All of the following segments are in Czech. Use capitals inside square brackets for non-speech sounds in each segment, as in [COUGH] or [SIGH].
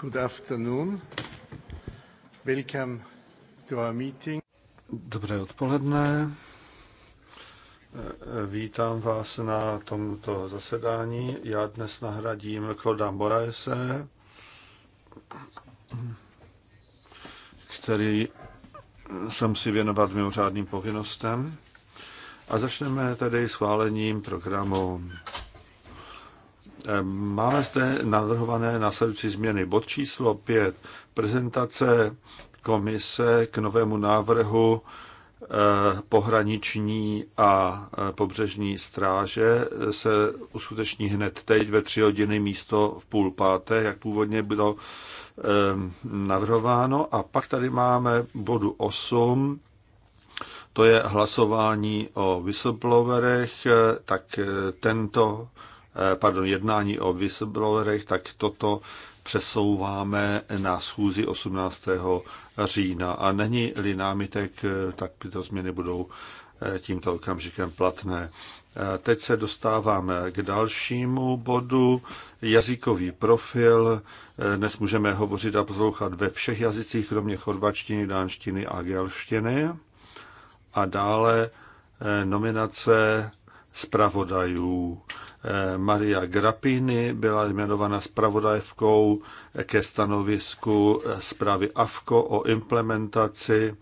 Good, afternoon. Welcome to our meeting. Dobré odpoledne. Vítám vás na tomto zasedání. Já dnes nahradím Claude'a Moraese, který jsem si věnovat mimořádným povinnostem. A začneme tedy schválením programu. Máme zde navrhované následující změny. Bod číslo 5. Prezentace komise k novému návrhu eh, pohraniční a eh, pobřežní stráže se uskuteční hned teď ve tři hodiny místo v půl páté, jak původně bylo eh, navrhováno. A pak tady máme bodu 8, to je hlasování o whistleblowerech, tak tento Eh, pardon, jednání o whistleblowerech, tak toto přesouváme na schůzi 18. října. A není-li námitek, eh, tak tyto změny budou eh, tímto okamžikem platné. Teď se dostáváme k dalšímu bodu, jazykový profil. Dnes můžeme hovořit a poslouchat ve všech jazycích, kromě chorvačtiny, dánštiny a gelštiny. A dále nominace zpravodajů. Eh, Maria Grappini byla jmenována zpravodajkou ke stanovisku zprávy AFKO o implementaci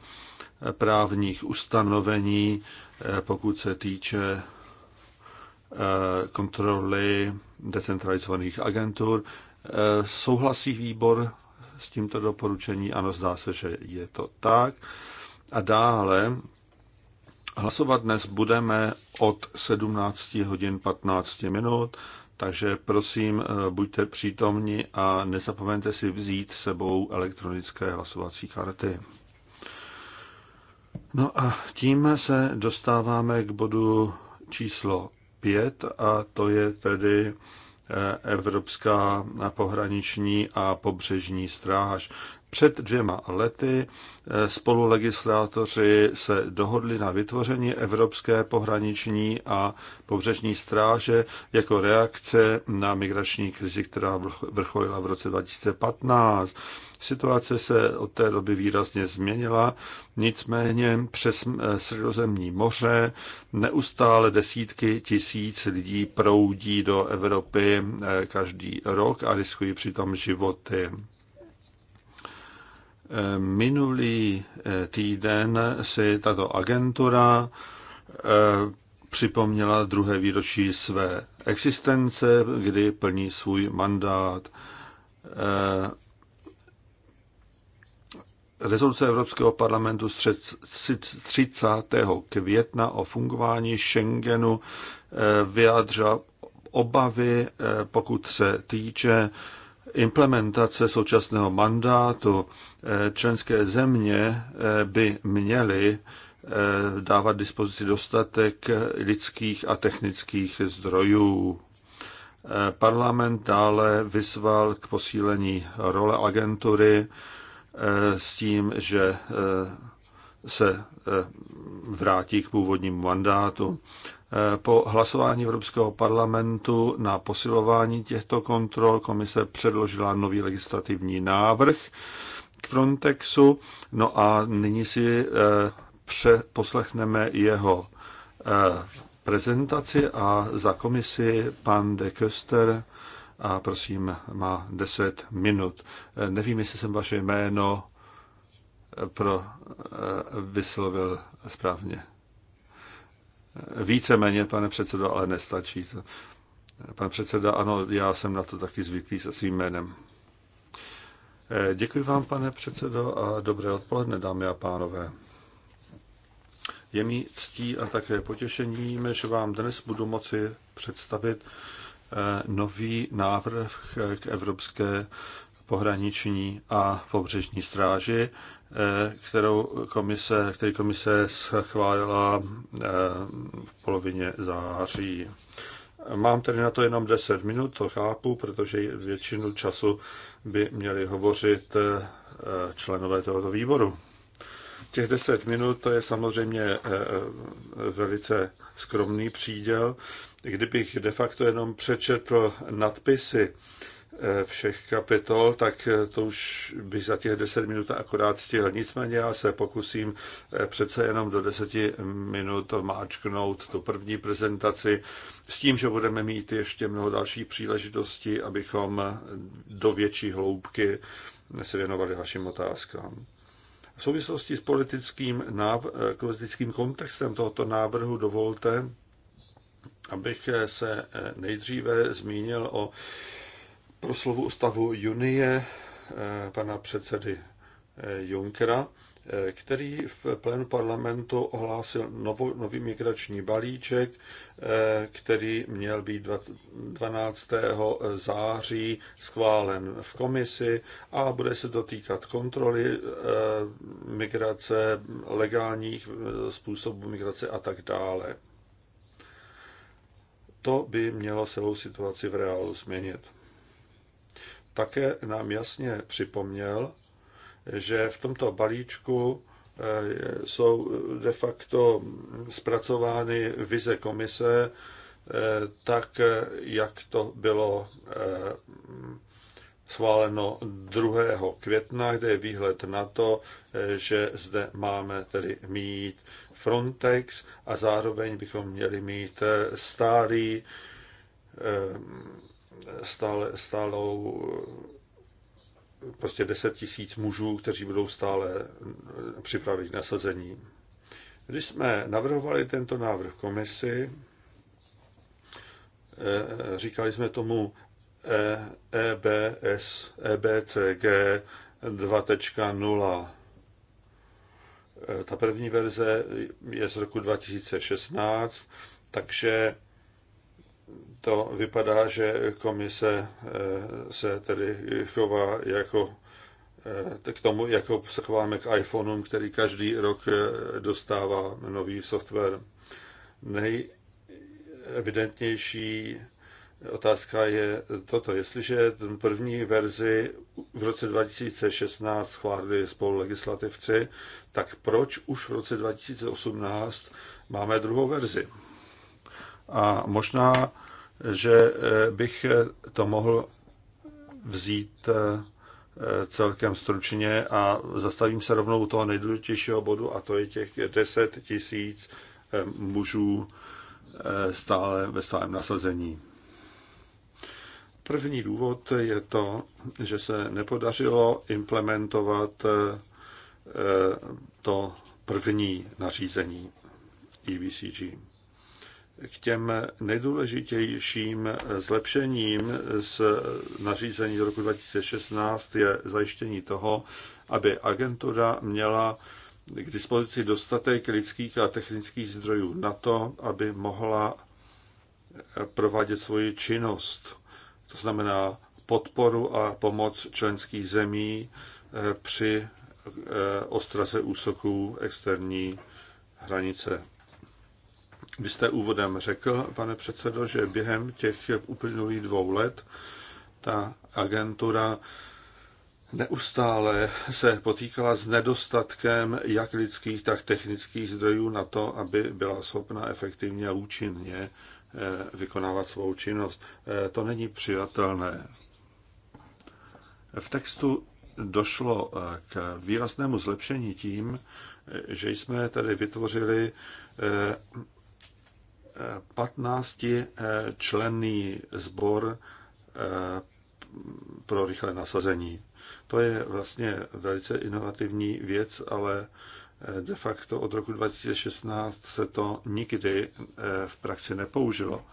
právních ustanovení, eh, pokud se týče eh, kontroly decentralizovaných agentur. Souhlasí výbor s tímto doporučení? Ano, zdá se, že je to tak. A dále Hlasovat dnes budeme od 17 hodin 15 minut, takže prosím, eh, buďte přítomni a nezapomeňte si vzít sebou elektronické hlasovací karty. No a tím se dostáváme k bodu číslo 5 a to je tedy eh, Evropská pohraniční a pobřežní stráž. Před dvěma lety eh, spolulegislátoři se dohodli na vytvoření Evropské pohraniční a pobřežní stráže jako reakce na migrační krizi, která vrcholila v roce 2015. Situace se od té doby výrazně změnila, nicméně přes eh, Středozemní moře neustále desítky tisíc lidí proudí do Evropy eh, každý rok a riskují přitom životy. Minulý eh, týden si tato agentura eh, připomněla druhé výročí své existence, kdy plní svůj mandát. Eh, rezoluce Evropského parlamentu z 30. května o fungování Schengenu vyjádřila obavy, pokud se týče implementace současného mandátu eh, členské země eh, by měly eh, dávat dispozici dostatek lidských a technických zdrojů. Parlament dále vyzval k posílení role agentury s tím, že se vrátí k původnímu mandátu. Eh, po hlasování Evropského parlamentu na posilování těchto kontrol komise předložila nový legislativní návrh k Frontexu. No a nyní si eh, poslechneme jeho eh, prezentaci a za komisi pan de Köster a prosím, má 10 minut. Nevím, jestli jsem vaše jméno pro vyslovil správně. Víceméně, pane předsedo, ale nestačí to. Pan předseda, ano, já jsem na to taky zvyklý se svým jménem. Eh, děkuji vám, pane předsedo, a dobré odpoledne, dámy a pánové. Je mi ctí a také potěšení, že vám dnes budu moci představit eh, nový návrh eh, k Evropské pohraniční a pobřežní stráži, Eh, kterou komise, který komise schválila eh, v polovině září. Mám tedy na to jenom 10 minut, to chápu, protože většinu času by měli hovořit eh, členové tohoto výboru. Těch 10 minut to je samozřejmě velice skromný příděl. Kdybych de facto jenom přečetl nadpisy, Eh, všech kapitol, tak eh, to už bych za těch 10 minut akorát stihl. Nicméně já se pokusím eh, přece jenom do 10 minut máčknout tu první prezentaci s tím, že budeme mít ještě mnoho dalších příležitostí, abychom do větší hloubky se věnovali vašim otázkám. V souvislosti s politickým, náv- politickým kontextem tohoto návrhu dovolte, abych se nejdříve zmínil o proslovu o stavu Unie eh, pana předsedy eh, Junckera, eh, který v plénu parlamentu ohlásil novo, nový migrační balíček, který měl být 12. září schválen v komisi a bude se dotýkat kontroly migrace, legálních způsobů migrace a tak dále. To by mělo celou situaci v reálu změnit také nám jasně připomněl, že v tomto balíčku eh, jsou de facto zpracovány vize komise eh, tak, jak to bylo eh, schváleno 2. května, kde je výhled na to, že zde máme tedy mít Frontex a zároveň bychom měli mít stálý stále, stálou eh, prostě 10 tisíc mužů, kteří budou stále eh, připravit nasazení. Když jsme navrhovali tento návrh komisi, eh, říkali jsme tomu EBS, EBCG 2.0. Ta první verze je z roku 2016, takže to vypadá, že komise eh, se tedy chová jako eh, k tomu, jako se chováme k iPhoneům, který každý rok eh, dostává nový software. Nejevidentnější otázka je toto. Jestliže první verzi v roce 2016 schválili legislativci, tak proč už v roce 2018 máme druhou verzi? A možná že eh, bych eh, to mohl vzít eh, celkem stručně a zastavím se rovnou u toho nejdůležitějšího bodu a to je těch 10 tisíc mužů stále ve stálem nasazení. První důvod je to, že se nepodařilo implementovat to první nařízení EBCG k těm nejdůležitějším zlepšením z nařízení z roku 2016 je zajištění toho, aby agentura měla k dispozici dostatek lidských a technických zdrojů na to, aby mohla provádět svoji činnost. To znamená podporu a pomoc členských zemí eh, při eh, ostraze úsoků externí hranice. Vy jste úvodem řekl, pane předsedo, že během těch uplynulých dvou let ta agentura neustále se potýkala s nedostatkem jak lidských, tak technických zdrojů na to, aby byla schopna efektivně a účinně eh, vykonávat svou činnost. Eh, to není přijatelné. V textu došlo eh, k výraznému zlepšení tím, že jsme tady vytvořili 15 eh, členný sbor eh, pro rychlé nasazení. To je vlastně velice inovativní věc, ale eh, de facto od roku 2016 se to nikdy v praxi nepoužilo.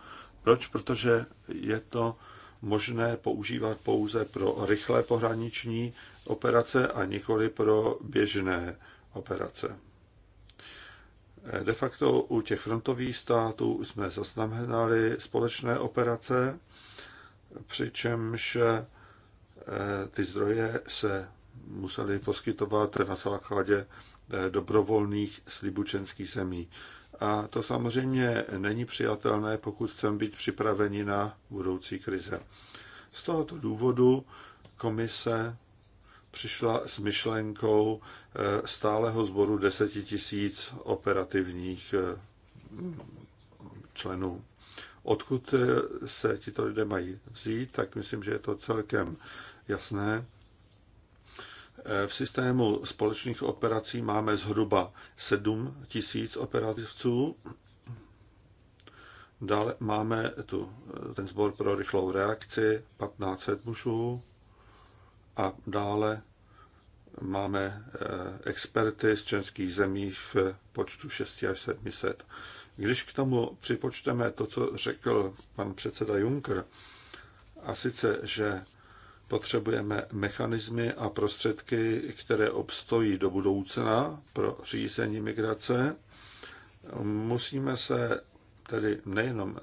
Proč? Protože je to možné používat pouze pro rychlé pohraniční operace a nikoli pro běžné operace. De facto u těch frontových států jsme zaznamenali společné operace, přičemž eh, ty zdroje se museli poskytovat na základě eh, dobrovolných slibučenských zemí. A to samozřejmě není přijatelné, pokud chceme být připraveni na budoucí krize. Z tohoto důvodu komise přišla s myšlenkou eh, stáleho sboru 10 tisíc operativních eh, členů. Odkud eh, se tito lidé mají vzít, tak myslím, že je to celkem jasné. V systému společných operací máme zhruba 7 tisíc operativců. Dále máme tu ten sbor pro rychlou reakci, 1500 mužů. A dále máme eh, experty z českých zemí v počtu 6 až 700. Když k tomu připočteme to, co řekl pan předseda Juncker, a sice, že potřebujeme mechanismy a prostředky, které obstojí do budoucna pro řízení migrace, musíme se tedy nejenom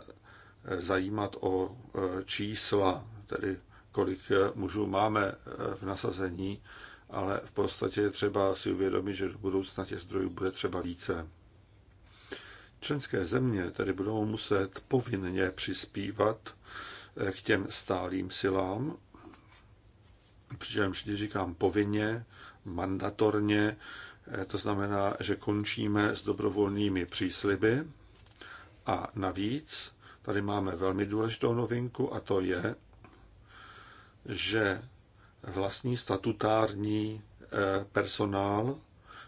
eh, zajímat o eh, čísla, tedy kolik eh, mužů máme eh, v nasazení, ale v podstatě je třeba si uvědomit, že do budoucna těch zdrojů bude třeba více. Členské země tedy budou muset povinně přispívat eh, k těm stálým silám, přičemž když říkám povinně, mandatorně, to znamená, že končíme s dobrovolnými přísliby a navíc tady máme velmi důležitou novinku a to je, že vlastní statutární eh, personál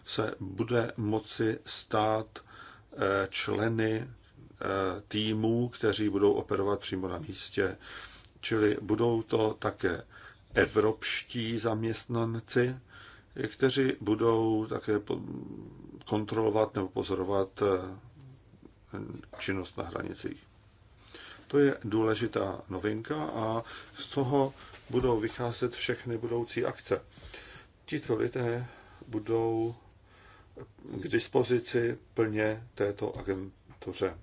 se bude moci stát eh, členy eh, týmů, kteří budou operovat přímo na místě. Čili budou to také evropští zaměstnanci, kteří budou také kontrolovat nebo pozorovat činnost na hranicích. To je důležitá novinka a z toho budou vycházet všechny budoucí akce. Tito lidé budou k dispozici plně této agentuře.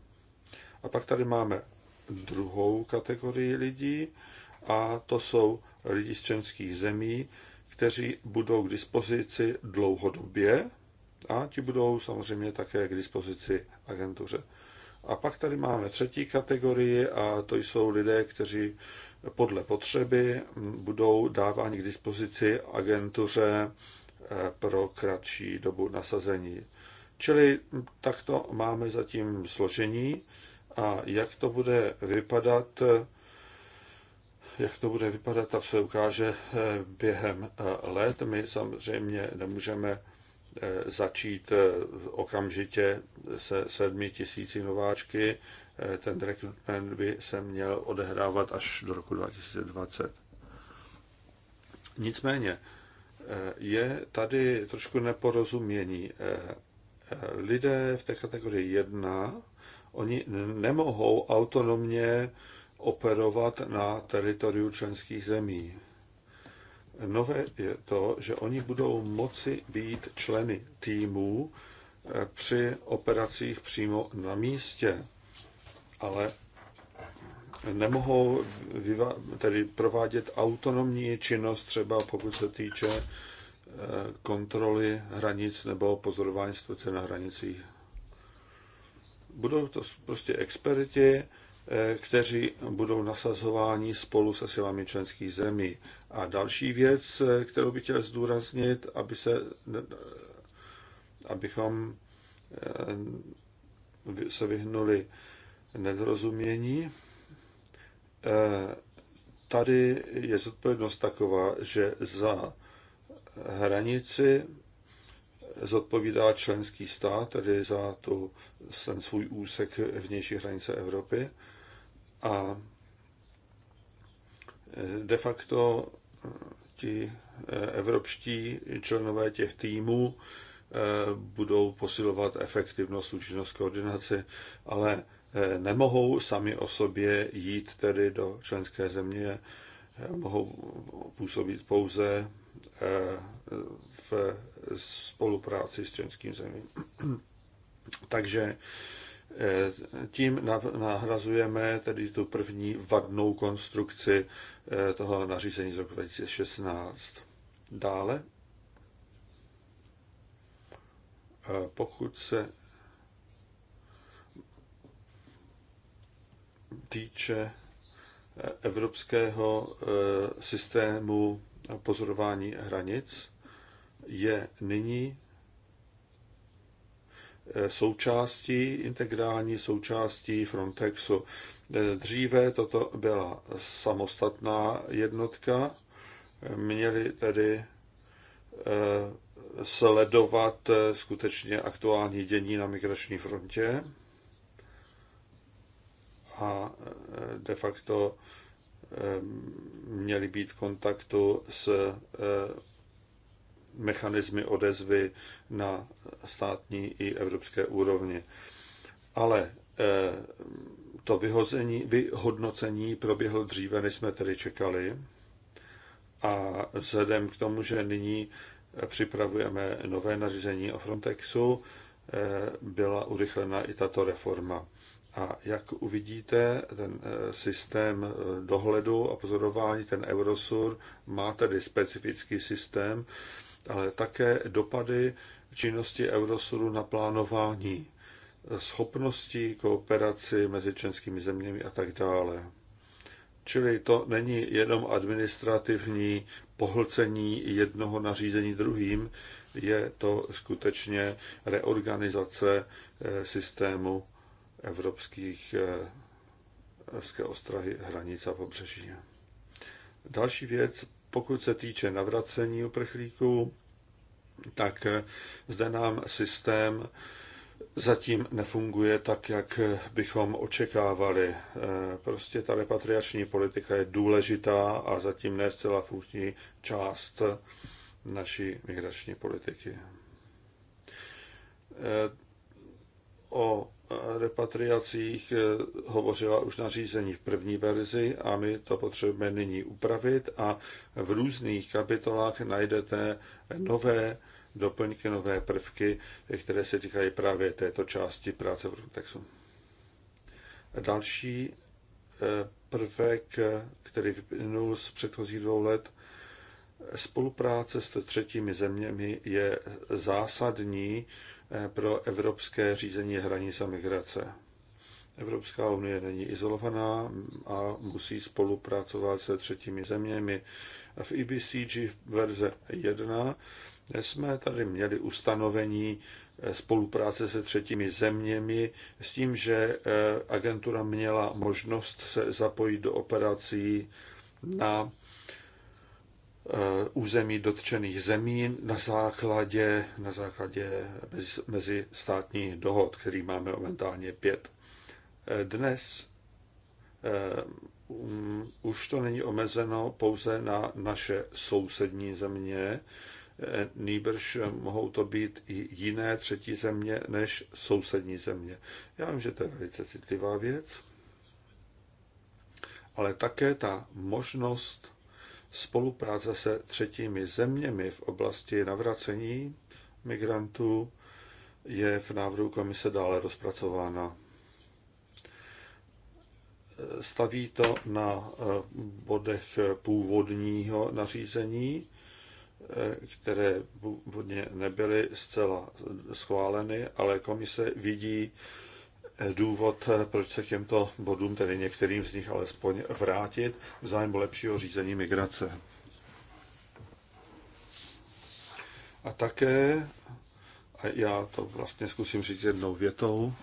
A pak tady máme druhou kategorii lidí, a to jsou lidi z členských zemí, kteří budou k dispozici dlouhodobě a ti budou samozřejmě také k dispozici agentuře. A pak tady máme třetí kategorii a to jsou lidé, kteří podle potřeby budou dáváni k dispozici agentuře eh, pro kratší dobu nasazení. Čili takto máme zatím složení a jak to bude vypadat, jak to bude vypadat, tak se ukáže eh, během eh, let. My samozřejmě nemůžeme začít okamžitě se sedmi tisíci nováčky, Eh, ten rekrutment by se měl odehrávat až do roku 2020. Nicméně eh, je tady trošku neporozumění. Eh, lidé v té kategorii 1, oni nemohou autonomně operovat na teritoriu členských zemí. Nové je to, že oni budou moci být členy týmů při operacích přímo na místě ale nemohou vyva- tedy provádět autonomní činnost, třeba pokud se týče eh, kontroly hranic nebo pozorování situace na hranicích. Budou to prostě experti, eh, kteří budou nasazováni spolu se silami členských zemí. A další věc, eh, kterou bych chtěl zdůraznit, aby se, abychom se vyhnuli nedorozumění. Eh, tady je zodpovědnost taková, že za hranici zodpovídá členský stát, tedy za tu, ten svůj úsek vnější hranice Evropy. A eh, de facto eh, ti evropští členové těch týmů budou posilovat efektivnost, účinnost koordinaci, ale Eh, nemohou sami o sobě jít tedy do členské země, eh, mohou působit pouze eh, v spolupráci s členským zemím. [CLEARS THROAT] Takže tím nahrazujeme tedy tu první vadnou konstrukci toho nařízení z roku 2016. Dále, pokud se týče eh, evropského eh, systému pozorování hranic, je nyní eh, součástí, integrální součástí Frontexu. Dříve toto byla samostatná jednotka, měli tedy sledovat skutečně aktuální dění na migrační frontě a e, de facto e, měli být v kontaktu s e, mechanismy odezvy na státní i evropské úrovni. Ale to vyhození, vyhodnocení proběhlo dříve, než jsme tedy čekali. A vzhledem k tomu, že nyní připravujeme nové nařízení o Frontexu, byla urychlena i tato reforma. A jak uvidíte, ten eh, systém eh, dohledu a pozorování, ten Eurosur, má tedy specifický systém, ale také dopady činnosti Eurosuru na plánování eh, schopností, kooperaci mezi českými zeměmi a tak dále. Čili to není jenom administrativní pohlcení jednoho nařízení druhým, je to skutečně reorganizace systému evropských eh, evropské ostrahy hranic a pobřeží. Další věc, pokud se týče navracení uprchlíků, tak eh, zde nám systém zatím nefunguje tak, jak eh, bychom očekávali. Prostě ta repatriační politika je důležitá a zatím ne zcela funkční část naší migrační politiky. O repatriacích eh, hovořila už nařízení v první verzi a my to potřebujeme nyní upravit a v různých kapitolách najdete nové doplňky, nové prvky, které se týkají právě této části práce v Frontexu. Další eh, prvek, který vyplynul z předchozích dvou let, spolupráce s třetími zeměmi je zásadní pro evropské řízení hranic a migrace. Evropská unie není izolovaná a musí spolupracovat se třetími zeměmi. V IBCG verze 1 jsme tady měli ustanovení spolupráce se třetími zeměmi s tím, že eh, agentura měla možnost se zapojit do operací na Eh, území dotčených zemí na základě, na základě mezistátních dohod, který máme momentálně pět. Eh, dnes eh, um, už to není omezeno pouze na naše sousední země, nýbrž mohou to být i jiné třetí země než sousední země. Já vím, že to je velice citlivá věc, ale také ta možnost spolupráce se třetími zeměmi v oblasti navracení migrantů je v návrhu komise dále rozpracována. Staví to na eh, bodech původního nařízení, eh, které původně nebyly zcela schváleny, ale komise vidí důvod, proč se k těmto bodům, tedy některým z nich alespoň vrátit v zájmu lepšího řízení migrace. A také, a já to vlastně zkusím říct jednou větou,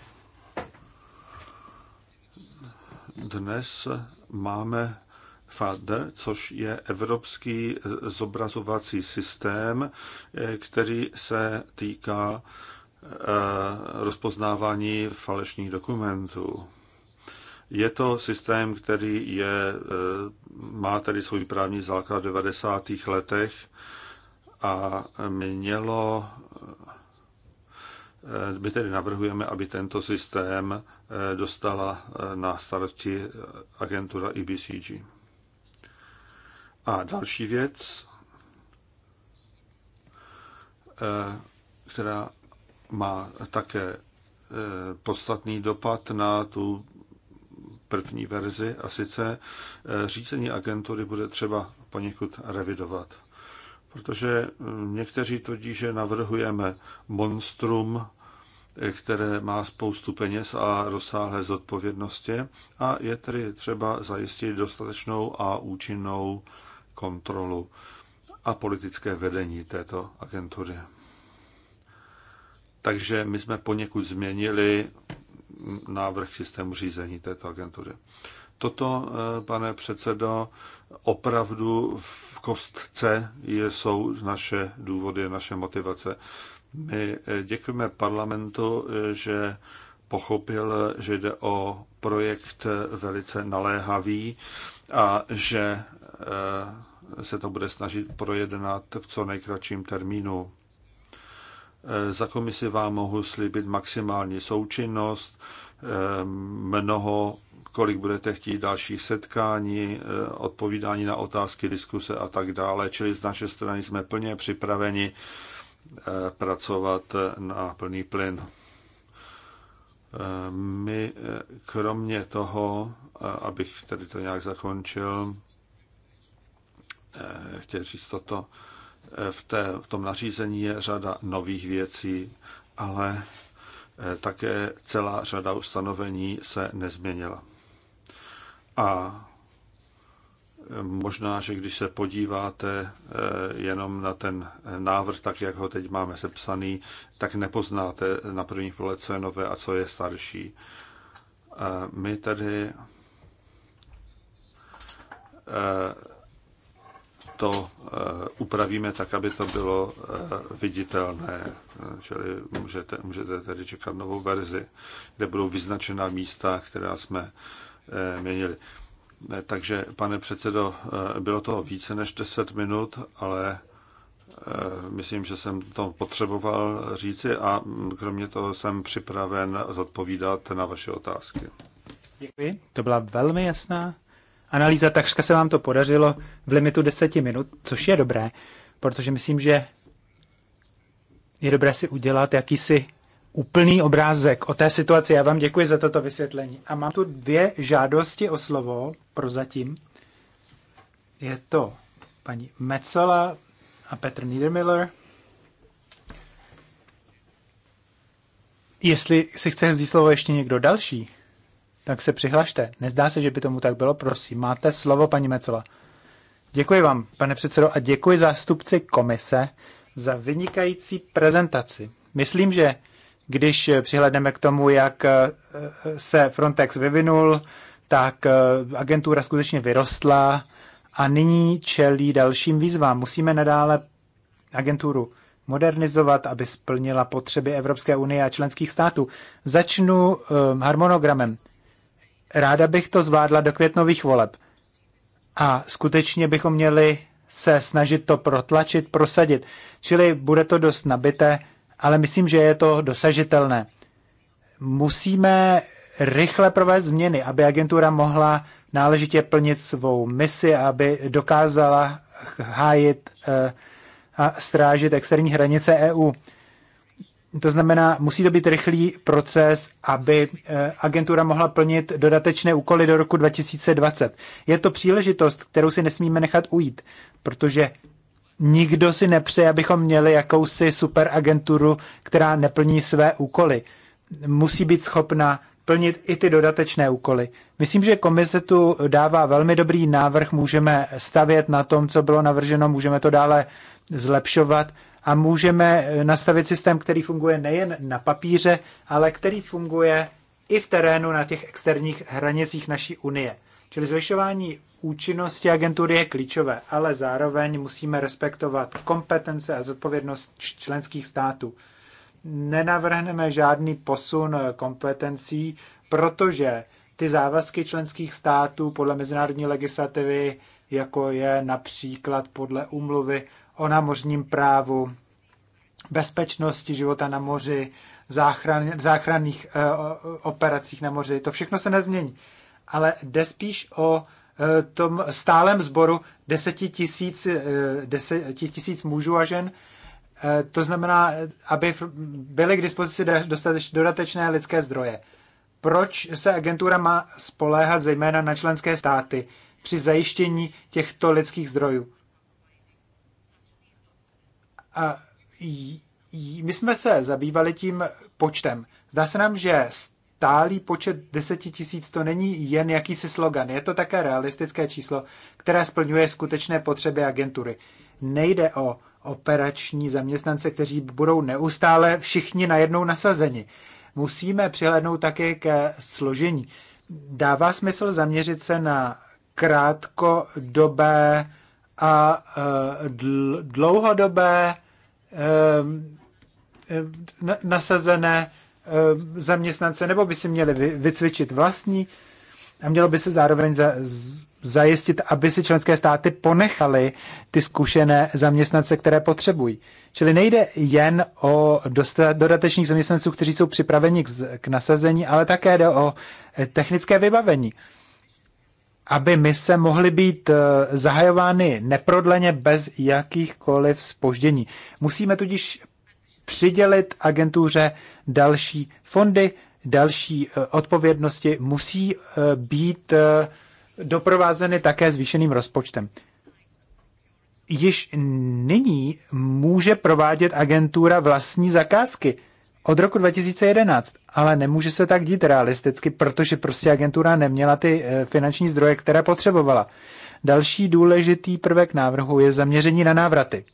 dnes máme FADR, což je evropský zobrazovací systém, eh, který se týká Eh, rozpoznávání falešných dokumentů. Je to systém, který je, eh, má tedy svůj právní základ v 90. letech a mělo, eh, my tedy navrhujeme, aby tento systém dostala na starosti agentura IBCG. E a další věc, která má také e, podstatný dopad na tu první verzi a sice e, řízení agentury bude třeba poněkud revidovat. Protože někteří tvrdí, že navrhujeme monstrum, e, které má spoustu peněz a rozsáhlé zodpovědnosti a je tedy třeba zajistit dostatečnou a účinnou kontrolu a politické vedení této agentury takže my jsme poněkud změnili návrh systému řízení této agentury. Toto, eh, pane předsedo, opravdu v kostce jsou naše důvody, naše motivace. My eh, děkujeme parlamentu, eh, že pochopil, že jde o projekt velice naléhavý a že se to bude snažit projednat v co nejkratším termínu. Eh, za komisi vám mohu slíbit maximální součinnost, eh, mnoho, kolik budete chtít dalších setkání, eh, odpovídání na otázky, diskuse a tak dále. Čili z naší strany jsme plně připraveni pracovat na plný plyn. My kromě toho, abych tady to nějak zakončil, chtěl říct toto, v, té, v tom nařízení je řada nových věcí, ale eh, také celá řada ustanovení se nezměnila. A eh, možná, že když se podíváte eh, jenom na ten návrh, tak jak ho teď máme sepsaný, tak nepoznáte na první pohled, co je nové a co je starší. My tedy to eh, upravíme tak, aby to bylo eh, viditelné. Čili můžete, můžete tedy čekat novou verzi, kde budou vyznačená místa, která jsme eh, měnili. Takže, pane předsedo, bylo to více než 10 minut, ale myslím, že jsem to potřeboval říci a mm, kromě toho jsem připraven zodpovídat na vaše otázky. Děkuji, to byla velmi jasná analýza, takřka se vám to podařilo v limitu 10 minut, což je dobré, protože myslím, že je dobré si udělat jakýsi úplný obrázek o té situaci. Já vám děkuji za toto vysvětlení. A mám tu dvě žádosti o slovo prozatím. Je to paní Metzola a Petr Niedermiller. Jestli si chce vzít slovo ještě někdo další, tak se přihlašte. Nezdá se, že by tomu tak bylo, prosím. Máte slovo, paní Mecola. Děkuji vám, pane předsedo, a děkuji zástupci komise za vynikající prezentaci. Myslím, že když přihledneme k tomu, jak eh, se Frontex vyvinul, tak eh, agentura skutečně vyrostla a nyní čelí dalším výzvám. Musíme nadále agenturu modernizovat, aby splnila potřeby Evropské unie a členských států. Začnu eh, harmonogramem. Ráda bych to zvládla do květnových voleb. A skutečně bychom měli se snažit to protlačit, prosadit. Čili bude to dost nabité, ale myslím, že je to dosažitelné. Musíme rychle provést změny, aby agentura mohla náležitě plnit svou misi, aby dokázala hájit eh, a strážit externí hranice EU. To znamená, musí to být rychlý proces, aby eh, agentura mohla plnit dodatečné úkoly do roku 2020. Je to příležitost, kterou si nesmíme nechat ujít, protože nikdo si nepřeje, abychom měli jakousi superagenturu, která neplní své úkoly. Musí být schopna plnit i ty dodatečné úkoly. Myslím, že komise tu dává velmi dobrý návrh, můžeme stavět na tom, co bylo navrženo, můžeme to dále zlepšovat a můžeme eh, nastavit systém, který funguje nejen na papíře, ale který funguje i v terénu na těch externích hranicích naší Unie. Čili zvyšování účinnosti agentury je klíčové, ale zároveň musíme respektovat kompetence a zodpovědnost členských států. Nenavrhneme žádný posun eh, kompetencí, protože ty závazky členských států podle mezinárodní legislativy, jako je například podle úmluvy o námořním právu, bezpečnosti života na moři, záchran, záchranných e, operacích na moři. To všechno se nezmění. Ale jde spíš o e, tom stálem sboru deseti tisíc, e, eh, deseti tisíc mužů a žen. E, to znamená, aby byly k dispozici dostateč, dodatečné lidské zdroje. Proč se agentura má spoléhat zejména na členské státy při zajištění těchto lidských zdrojů? A my jsme se zabývali tím počtem. Zdá se nám, že stálý počet 10 tisíc to není jen jakýsi slogan, je to také realistické číslo, které splňuje skutečné potřeby agentury. Nejde o operační zaměstnance, kteří budou neustále všichni najednou nasazeni. Musíme přihlednout také ke složení. Dává smysl zaměřit se na krátkodobé a e, dlouhodobé Ehm, ehm, nasazené ehm, zaměstnance, nebo by si měli vycvičit vlastní a mělo by se zároveň za, zajistit, aby si členské státy ponechaly ty zkušené zaměstnance, které potřebují. Čili nejde jen o dodatečných zaměstnanců, kteří jsou připraveni k, k nasazení, ale také jde o eh, technické vybavení aby mise mohly být eh, zahajovány neprodleně bez jakýchkoliv spoždění. Musíme tudíž přidělit agentuře další fondy, další eh, odpovědnosti, musí eh, být doprovázeny také zvýšeným rozpočtem. Již nyní může provádět agentura vlastní zakázky od roku 2011, ale nemůže se tak dít realisticky, protože prostě agentura neměla ty eh, finanční zdroje, které potřebovala. Další důležitý prvek návrhu je zaměření na návraty.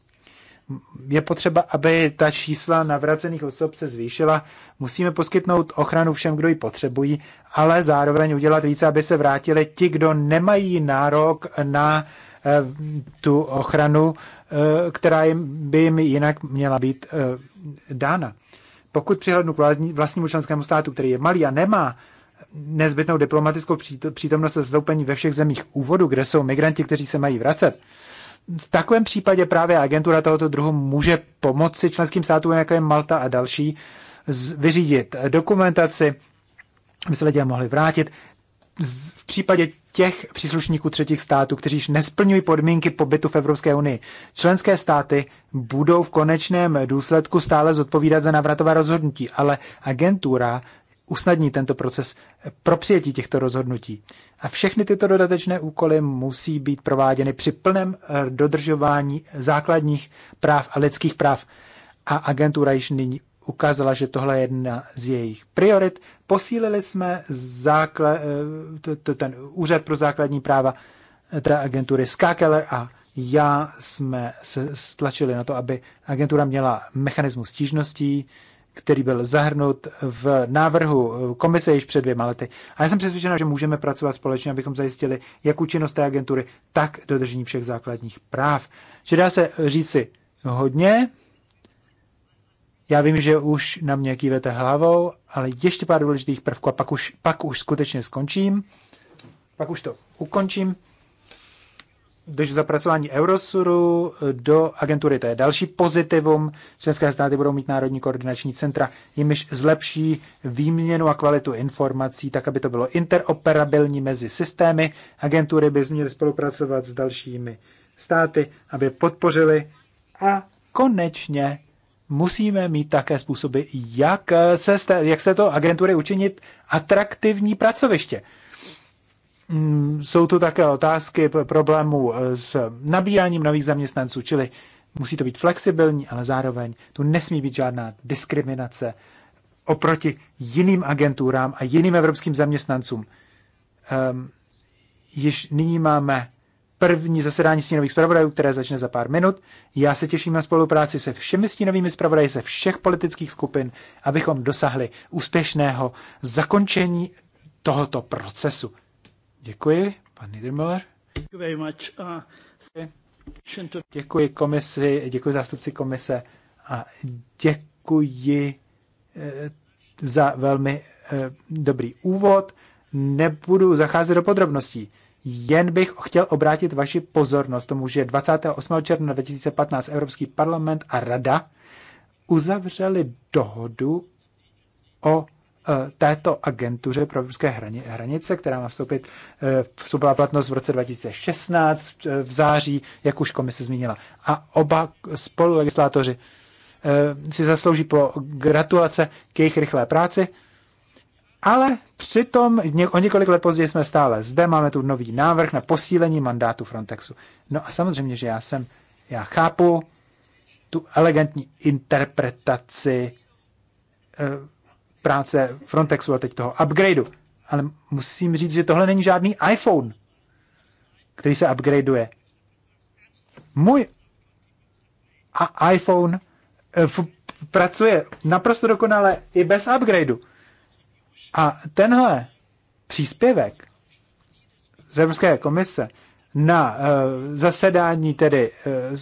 Je potřeba, aby ta čísla navracených osob se zvýšila. Musíme poskytnout ochranu všem, kdo ji potřebují, ale zároveň udělat více, aby se vrátili ti, kdo nemají nárok na eh, tu ochranu, eh, která jim by jim jinak měla být dána. Pokud přihlednu k vlastnímu členskému státu, který je malý a nemá nezbytnou diplomatickou přítomnost a zloupení ve všech zemích úvodu, kde jsou migranti, kteří se mají vracet, v takovém případě právě agentura tohoto druhu může pomoci členským státům, jako je Malta a další, vyřídit dokumentaci, aby se lidé mohli vrátit v případě těch příslušníků třetích států, kteří již nesplňují podmínky pobytu v Evropské unii. Členské státy budou v konečném důsledku stále zodpovídat za navratové rozhodnutí, ale agentura usnadní tento proces pro přijetí těchto rozhodnutí. A všechny tyto dodatečné úkoly musí být prováděny při plném eh, dodržování základních práv a lidských práv. A agentura již nyní ukázala, že tohle je jedna z jejich priorit. Posílili jsme zákle, eh, ten úřad pro základní práva eh, té agentury Skakeller a já jsme se stlačili na to, aby agentura měla mechanismus stížností, který byl zahrnut v návrhu komise již před dvěma lety. A já jsem přesvědčena, že můžeme pracovat společně, abychom zajistili jak účinnost té agentury, tak dodržení všech základních práv. Že dá se říci hodně, já vím, že už na mě kývete hlavou, ale ještě pár důležitých prvků a pak už, pak už skutečně skončím. Pak už to ukončím. Když zapracování Eurosuru do agentury, to je další pozitivum. Členské státy budou mít národní koordinační centra, jimiž zlepší výměnu a kvalitu informací, tak aby to bylo interoperabilní mezi systémy. Agentury by měly spolupracovat s dalšími státy, aby podpořili a konečně musíme mít také způsoby, jak eh, se, jak se to agentury učinit atraktivní pracoviště. Mm, jsou tu také otázky problémů eh, s nabíráním nových zaměstnanců, čili musí to být flexibilní, ale zároveň tu nesmí být žádná diskriminace oproti jiným agenturám a jiným evropským zaměstnancům. Um, již nyní máme první zasedání stínových zpravodajů, které začne za pár minut. Já se těším na spolupráci se všemi stínovými zpravodaji ze všech politických skupin, abychom dosahli úspěšného zakončení tohoto procesu. Děkuji, pan Niedermüller. Uh, děkuji komisi, děkuji zástupci komise a děkuji eh, za velmi eh, dobrý úvod. Nebudu zacházet do podrobností jen bych chtěl obrátit vaši pozornost tomu, že 28. června 2015 Evropský parlament a Rada uzavřeli dohodu o e, této agentuře pro evropské hranice, která má vstoupit, e, v platnost v roce 2016 e, v září, jak už komise zmínila. A oba spolulegislátoři si zaslouží po gratulace k jejich rychlé práci ale přitom o několik let později jsme stále zde, máme tu nový návrh na posílení mandátu Frontexu. No a samozřejmě, že já jsem, já chápu tu elegantní interpretaci eh, práce Frontexu a teď toho upgradeu. Ale musím říct, že tohle není žádný iPhone, který se upgradeuje. Můj a iPhone eh, pracuje naprosto dokonale i bez upgradeu. A tenhle příspěvek z Evropské komise na uh, zasedání tedy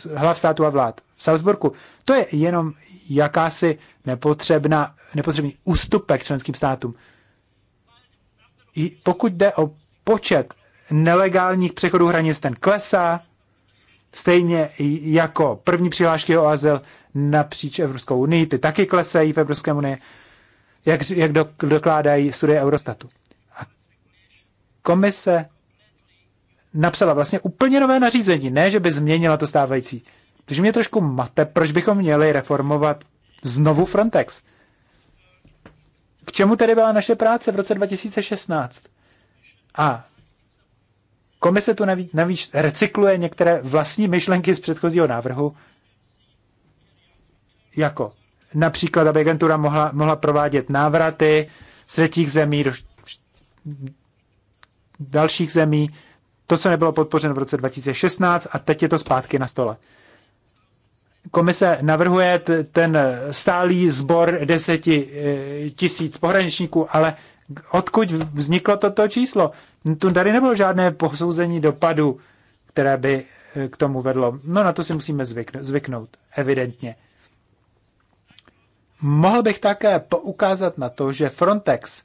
uh, hlav státu a vlád v Salzburku, to je jenom jakási nepotřebná, nepotřebný ústupek členským státům. I pokud jde o počet nelegálních přechodů hranic, ten klesá, stejně jako první přihlášky o azyl napříč Evropskou unii, ty taky klesají v Evropské unii jak, jak dokládají studie Eurostatu. A komise napsala vlastně úplně nové nařízení, ne, že by změnila to stávající. Takže mě trošku mate, proč bychom měli reformovat znovu Frontex. K čemu tedy byla naše práce v roce 2016? A komise tu navíc, navíc recykluje některé vlastní myšlenky z předchozího návrhu, jako například, aby agentura mohla, mohla provádět návraty z třetích zemí do dalších zemí. To, co nebylo podpořeno v roce 2016 a teď je to zpátky na stole. Komise navrhuje ten stálý sbor deseti eh, tisíc pohraničníků, ale odkud vzniklo toto číslo? Tu tady nebylo žádné posouzení dopadu, které by eh, k tomu vedlo. No na to si musíme zvyknout evidentně. Mohl bych také poukázat na to, že Frontex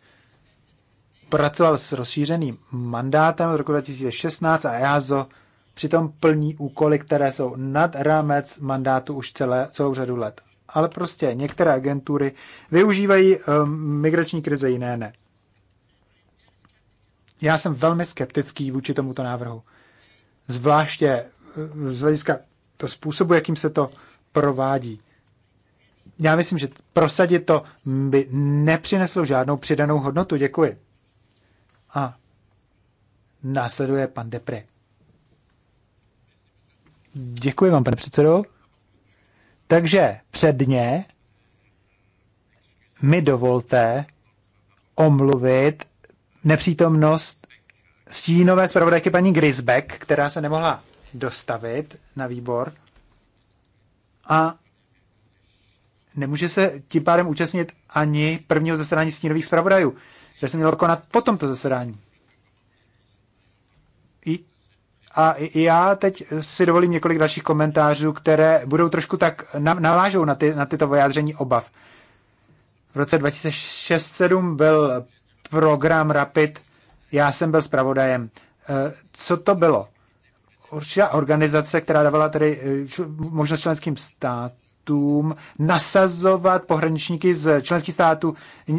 pracoval s rozšířeným mandátem od roku 2016 a EASO přitom plní úkoly, které jsou nad rámec mandátu už celé, celou řadu let. Ale prostě některé agentury využívají um, migrační krize, jiné ne. Já jsem velmi skeptický vůči tomuto návrhu. Zvláště uh, z hlediska to způsobu, jakým se to provádí já myslím, že prosadit to by nepřineslo žádnou přidanou hodnotu. Děkuji. A následuje pan Depre. Děkuji vám, pane předsedo. Takže předně mi dovolte omluvit nepřítomnost stínové zpravodajky paní Grisbeck, která se nemohla dostavit na výbor. A nemůže se tím pádem účastnit ani prvního zasedání stínových zpravodajů, které se mělo konat po tomto zasedání. I, a i já teď si dovolím několik dalších komentářů, které budou trošku tak navážou na, ty, na tyto vyjádření obav. V roce 2006-2007 byl program Rapid, já jsem byl zpravodajem. E, co to bylo? Určitá organizace, která dávala tedy e, možnost členským státům, státům nasazovat pohraničníky z členských států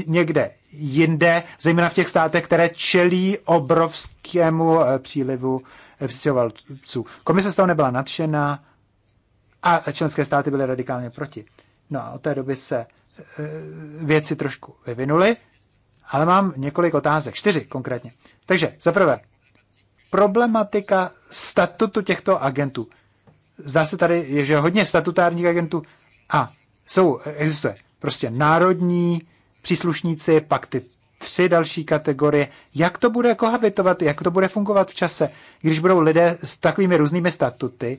někde jinde, zejména v těch státech, které čelí obrovskému eh, přílivu eh, přistěhovalců. Komise z toho nebyla nadšená a členské státy byly radikálně proti. No a od té doby se eh, věci trošku vyvinuly, ale mám několik otázek, čtyři konkrétně. Takže za prvé, problematika statutu těchto agentů zdá se tady, je, že hodně statutárních agentů a jsou, existuje prostě národní příslušníci, pak ty tři další kategorie. Jak to bude kohabitovat, jak to bude fungovat v čase, když budou lidé s takovými různými statuty,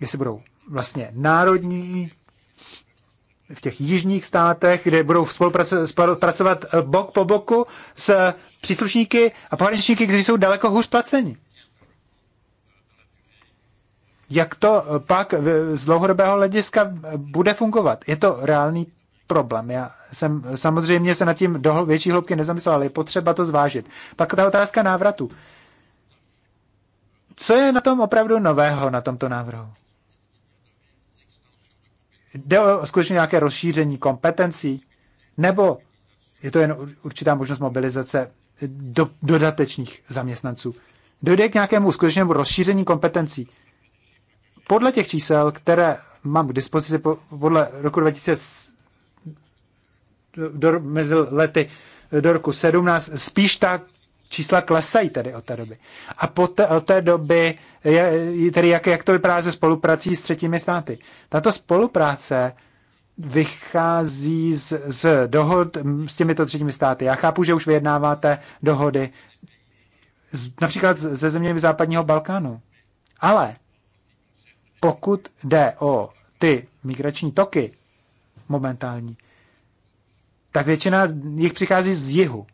jestli budou vlastně národní, v těch jižních státech, kde budou spolupracovat bok po boku s příslušníky a pohraničníky, kteří jsou daleko hůř placeni jak to eh, pak eh, z dlouhodobého hlediska bude fungovat. Je to reálný problém. Já jsem eh, samozřejmě se nad tím do větší hloubky nezamyslel, ale je potřeba to zvážit. Pak ta otázka návratu. Co je na tom opravdu nového na tomto návrhu? Jde o skutečně nějaké rozšíření kompetencí? Nebo je to jen určitá možnost mobilizace do, dodatečných zaměstnanců? Dojde k nějakému skutečnému rozšíření kompetencí? Podle těch čísel, které mám k dispozici podle roku 2000, do, mezi lety do roku 17, spíš ta čísla klesají tedy od té doby. A po té, od té doby, je, tedy jak, jak to vypadá se spoluprací s třetími státy. Tato spolupráce vychází z, z dohod s těmito třetími státy. Já chápu, že už vyjednáváte dohody z, například ze zeměmi západního Balkánu. Ale pokud jde o ty migrační toky momentální, tak většina jich přichází z jihu.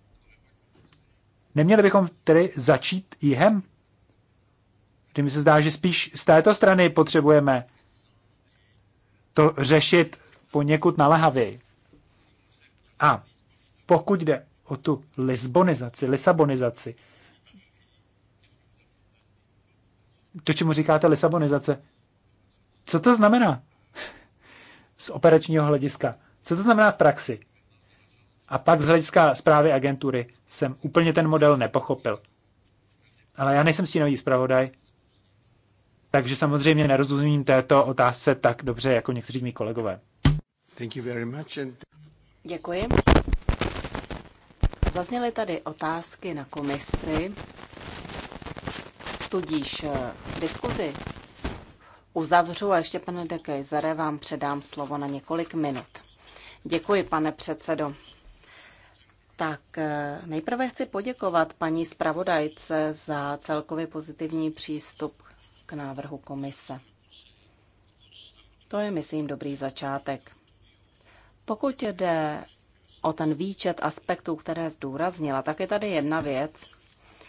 Neměli bychom tedy začít jihem? Kdy mi se zdá, že spíš z této strany potřebujeme to řešit poněkud naléhavěji. A pokud jde o tu lisbonizaci, lisabonizaci, to, čemu říkáte lisabonizace, co to znamená z operačního hlediska? Co to znamená v praxi? A pak z hlediska zprávy agentury jsem úplně ten model nepochopil. Ale já nejsem stínový zpravodaj, takže samozřejmě nerozumím této otázce tak dobře jako někteří mý kolegové. Thank you very much and... Děkuji. Zazněly tady otázky na komisi, tudíž v eh, diskuzi uzavřu a ještě, pane de Kejzere, vám předám slovo na několik minut. Děkuji, pane předsedo. Tak eh, nejprve chci poděkovat paní zpravodajce za celkově pozitivní přístup k návrhu komise. To je, myslím, dobrý začátek. Pokud jde o ten výčet aspektů, které zdůraznila, tak je tady jedna věc,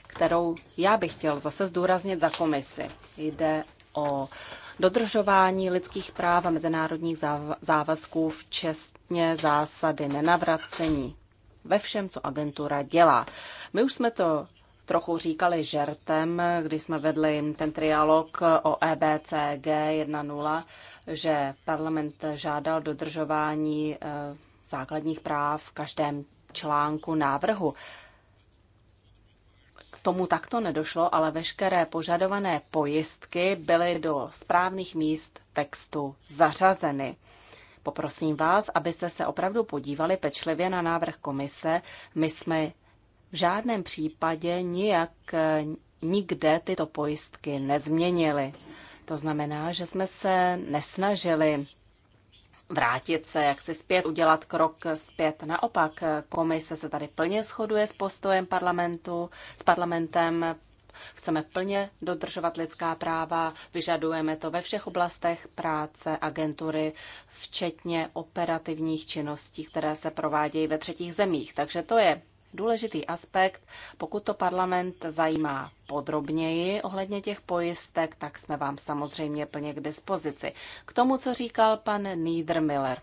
kterou já bych chtěl zase zdůraznit za komisi. Jde o dodržování lidských práv a mezinárodních závazků, včetně zásady nenavracení ve všem, co agentura dělá. My už jsme to trochu říkali žertem, když jsme vedli ten trialog o EBCG 1.0, že parlament žádal dodržování eh, základních práv v každém článku návrhu tomu takto nedošlo, ale veškeré požadované pojistky byly do správných míst textu zařazeny. Poprosím vás, abyste se opravdu podívali pečlivě na návrh komise. My jsme v žádném případě nijak eh, nikde tyto pojistky nezměnili. To znamená, že jsme se nesnažili vrátit se jak si zpět, udělat krok zpět. Naopak, komise se tady plně shoduje s postojem parlamentu, s parlamentem, Chceme plně dodržovat lidská práva, vyžadujeme to ve všech oblastech práce agentury, včetně operativních činností, které se provádějí ve třetích zemích. Takže to je důležitý aspekt. Pokud to parlament zajímá podrobněji ohledně těch pojistek, tak jsme vám samozřejmě plně k dispozici. K tomu, co říkal pan Niedermiller.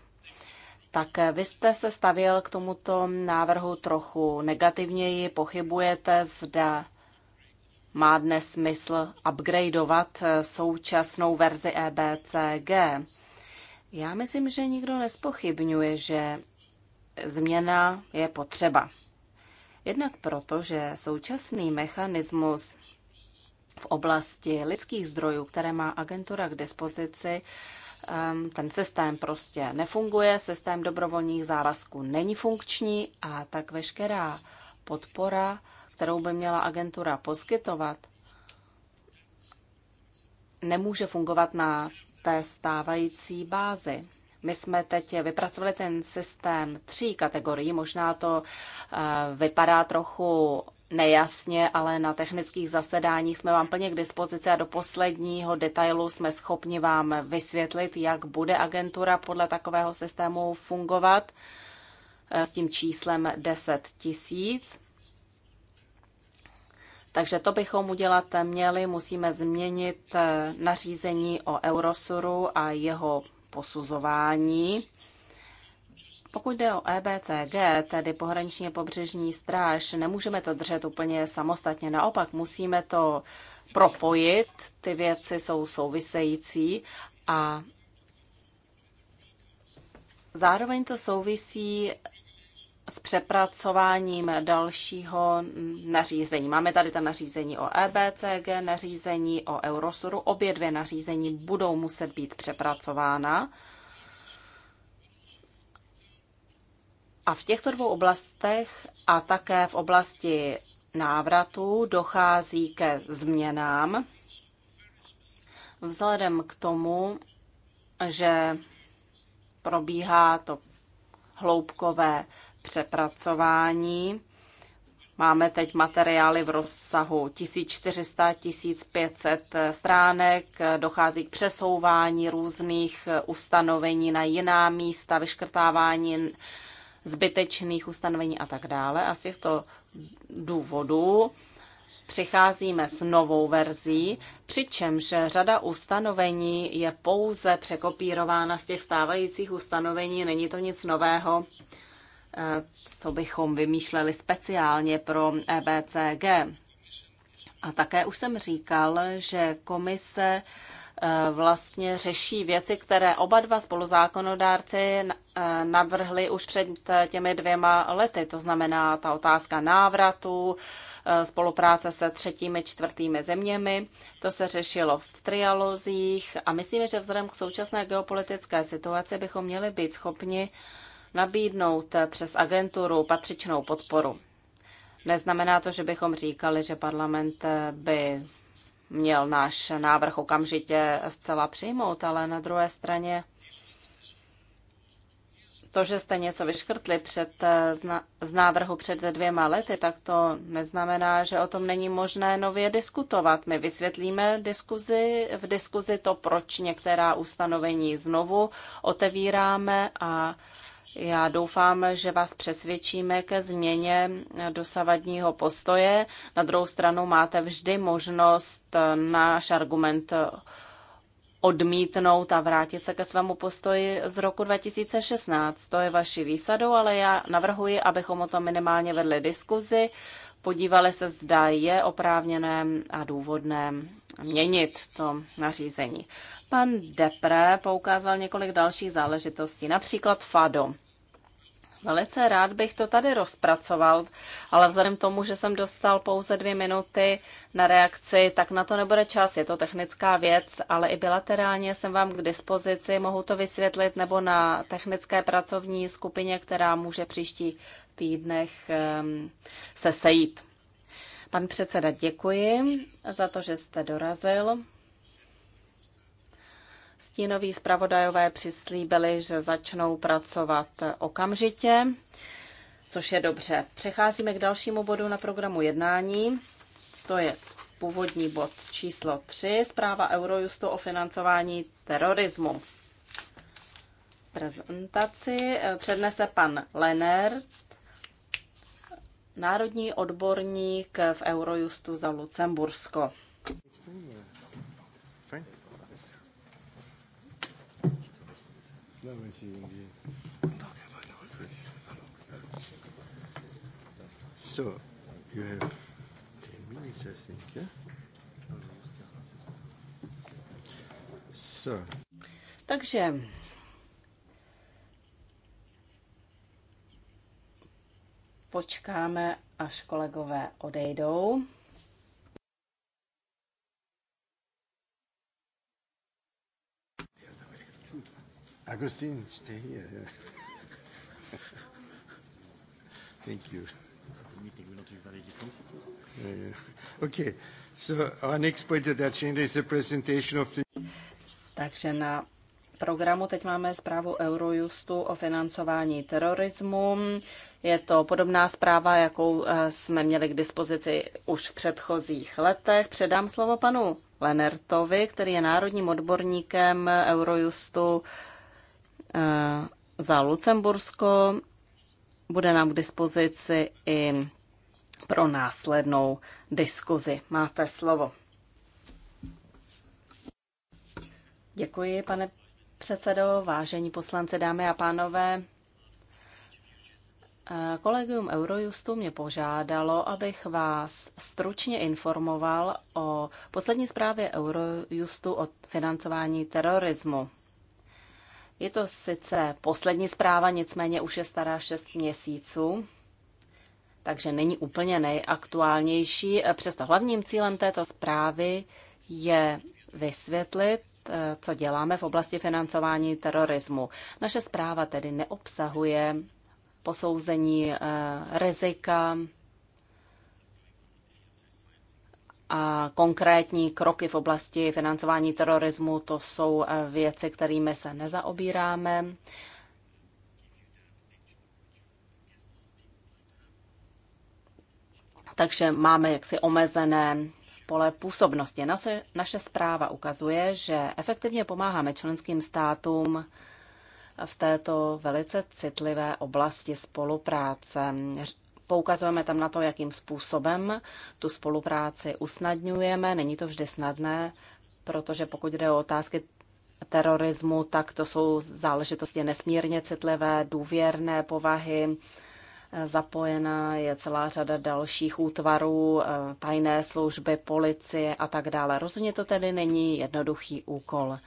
Tak vy jste se stavěl k tomuto návrhu trochu negativněji, pochybujete, zda má dnes smysl upgradeovat současnou verzi EBCG. Já myslím, že nikdo nespochybňuje, že změna je potřeba. Jednak proto, že současný mechanismus v oblasti lidských zdrojů, které má agentura k dispozici, ten systém prostě nefunguje, systém dobrovolných závazků není funkční a tak veškerá podpora, kterou by měla agentura poskytovat, nemůže fungovat na té stávající bázi. My jsme teď vypracovali ten systém tří kategorií, možná to eh, vypadá trochu nejasně, ale na technických zasedáních jsme vám plně k dispozici a do posledního detailu jsme schopni vám vysvětlit, jak bude agentura podle takového systému fungovat eh, s tím číslem 10 tisíc. Takže to bychom udělat měli. Musíme změnit eh, nařízení o Eurosuru a jeho posuzování. Pokud jde o EBCG, tedy pohraničně pobřežní stráž, nemůžeme to držet úplně samostatně. Naopak musíme to propojit, ty věci jsou související a zároveň to souvisí s přepracováním dalšího nařízení. Máme tady ta nařízení o EBCG, nařízení o Eurosuru. Obě dvě nařízení budou muset být přepracována. A v těchto dvou oblastech a také v oblasti návratu dochází ke změnám. Vzhledem k tomu, že probíhá to hloubkové přepracování. Máme teď materiály v rozsahu 1400-1500 stránek, dochází k přesouvání různých ustanovení na jiná místa, vyškrtávání zbytečných ustanovení a tak dále. A z těchto důvodů přicházíme s novou verzí, přičemž řada ustanovení je pouze překopírována z těch stávajících ustanovení, není to nic nového, co bychom vymýšleli speciálně pro EBCG. A také už jsem říkal, že komise e, vlastně řeší věci, které oba dva spoluzákonodárci e, navrhli už před těmi dvěma lety. To znamená ta otázka návratu, e, spolupráce se třetími, čtvrtými zeměmi. To se řešilo v trialozích a myslíme, že vzhledem k současné geopolitické situaci bychom měli být schopni uh, nabídnout eh, přes agenturu patřičnou podporu. Neznamená to, že bychom říkali, že parlament eh, by měl náš návrh okamžitě zcela přijmout, ale na druhé straně to, že jste něco vyškrtli před, eh, z návrhu před dvěma lety, tak to neznamená, že o tom není možné nově diskutovat. My vysvětlíme diskuzi, v diskuzi to, proč některá ustanovení znovu otevíráme a já doufám, že vás přesvědčíme ke změně dosavadního postoje. Na druhou stranu máte vždy možnost náš argument odmítnout a vrátit se ke svému postoji z roku 2016. To je vaší výsadou, ale já navrhuji, abychom o tom minimálně vedli diskuzi, podívali se, zda je oprávněné a důvodné měnit to nařízení. Pan Depre poukázal několik dalších záležitostí, například FADO. Velice rád bych to tady rozpracoval, ale vzhledem k tomu, že jsem dostal pouze dvě minuty na reakci, tak na to nebude čas. Je to technická věc, ale i bilaterálně jsem vám k dispozici, mohu to vysvětlit, nebo na technické pracovní skupině, která může příští týdnech ehm, se sejít. Pan předseda, děkuji za to, že jste dorazil. Stínoví zpravodajové přislíbili, že začnou pracovat okamžitě, což je dobře. Přecházíme k dalšímu bodu na programu jednání. To je původní bod číslo 3, zpráva Eurojustu o financování terorismu. Prezentaci přednese pan Lenert, národní odborník v Eurojustu za Lucembursko. Thank you. So, you have 10 minutes, I think, yeah? So. Takže počkáme, až kolegové odejdou. Agustin, stay here. Thank you. The meeting will not be very defensive. Okay. So our next point of the agenda is the presentation of the... Takže na programu teď máme zprávu Eurojustu o financování terorismu. Je to podobná zpráva, jakou eh, jsme měli k dispozici už v předchozích letech. Předám slovo panu Lenertovi, který je národním odborníkem Eurojustu za Lucembursko. Bude nám k dispozici i pro následnou diskuzi. Máte slovo. Děkuji, pane předsedo, vážení poslanci, dámy a pánové. Kolegium Eurojustu mě požádalo, abych vás stručně informoval o poslední zprávě Eurojustu o financování terorismu. Je to sice poslední zpráva, nicméně už je stará 6 měsíců, takže není úplně nejaktuálnější. Přesto hlavním cílem této zprávy je vysvětlit, co děláme v oblasti financování terorismu. Naše zpráva tedy neobsahuje posouzení eh, rizika a konkrétní kroky v oblasti financování terorismu, to jsou eh, věci, kterými se nezaobíráme. Takže máme jaksi omezené pole působnosti. Naše, naše zpráva ukazuje, že efektivně pomáháme členským státům v této velice citlivé oblasti spolupráce poukazujeme tam na to, jakým způsobem tu spolupráci usnadňujeme. Není to vždy snadné, protože pokud jde o otázky terorismu, tak to jsou záležitosti nesmírně citlivé, důvěrné povahy. Zapojená je celá řada dalších útvarů, eh, tajné služby, policie a tak dále. Rozhodně to tedy není jednoduchý úkol.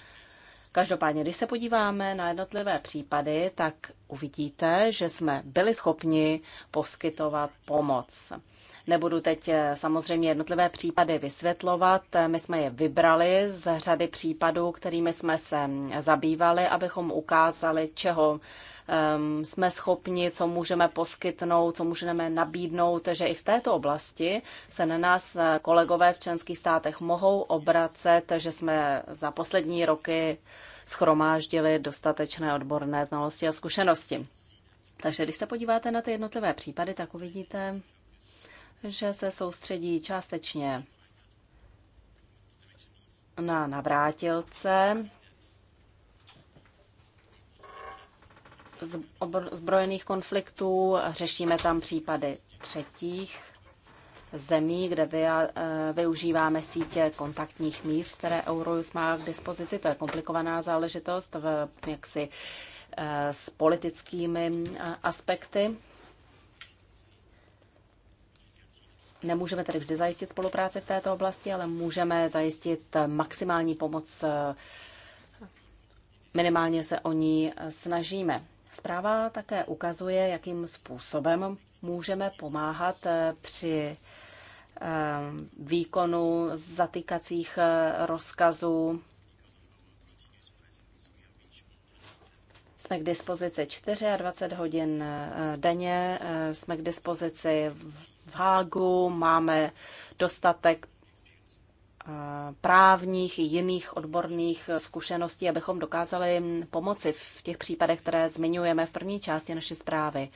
Každopádně, když se podíváme na jednotlivé případy, tak uvidíte, že jsme byli schopni poskytovat pomoc. Nebudu teď eh, samozřejmě jednotlivé případy vysvětlovat. Eh, my jsme je vybrali z řady případů, kterými jsme se mm, zabývali, abychom ukázali, čeho jsme schopni, co můžeme poskytnout, co můžeme nabídnout, že i v této oblasti se na nás eh, kolegové v členských státech mohou obracet, že jsme za poslední roky schromáždili dostatečné odborné znalosti a zkušenosti. Takže když se podíváte na ty jednotlivé případy, tak uvidíte, že se soustředí částečně na navrátilce, zbrojených konfliktů, řešíme tam případy třetích zemí, kde eh, využíváme sítě kontaktních míst, které Eurojust má k dispozici. To je komplikovaná záležitost v, jaksi, eh, s politickými eh, aspekty. Nemůžeme tedy vždy zajistit spolupráci v této oblasti, ale můžeme zajistit maximální pomoc. Minimálně se o ní snažíme. Zpráva také ukazuje, jakým způsobem můžeme pomáhat eh, při eh, výkonu zatýkacích eh, rozkazů. Jsme k dispozici 24 hodin denně, jsme k dispozici v Hágu, máme dostatek právních i jiných odborných zkušeností, abychom dokázali pomoci v těch případech, které zmiňujeme v první části naší zprávy.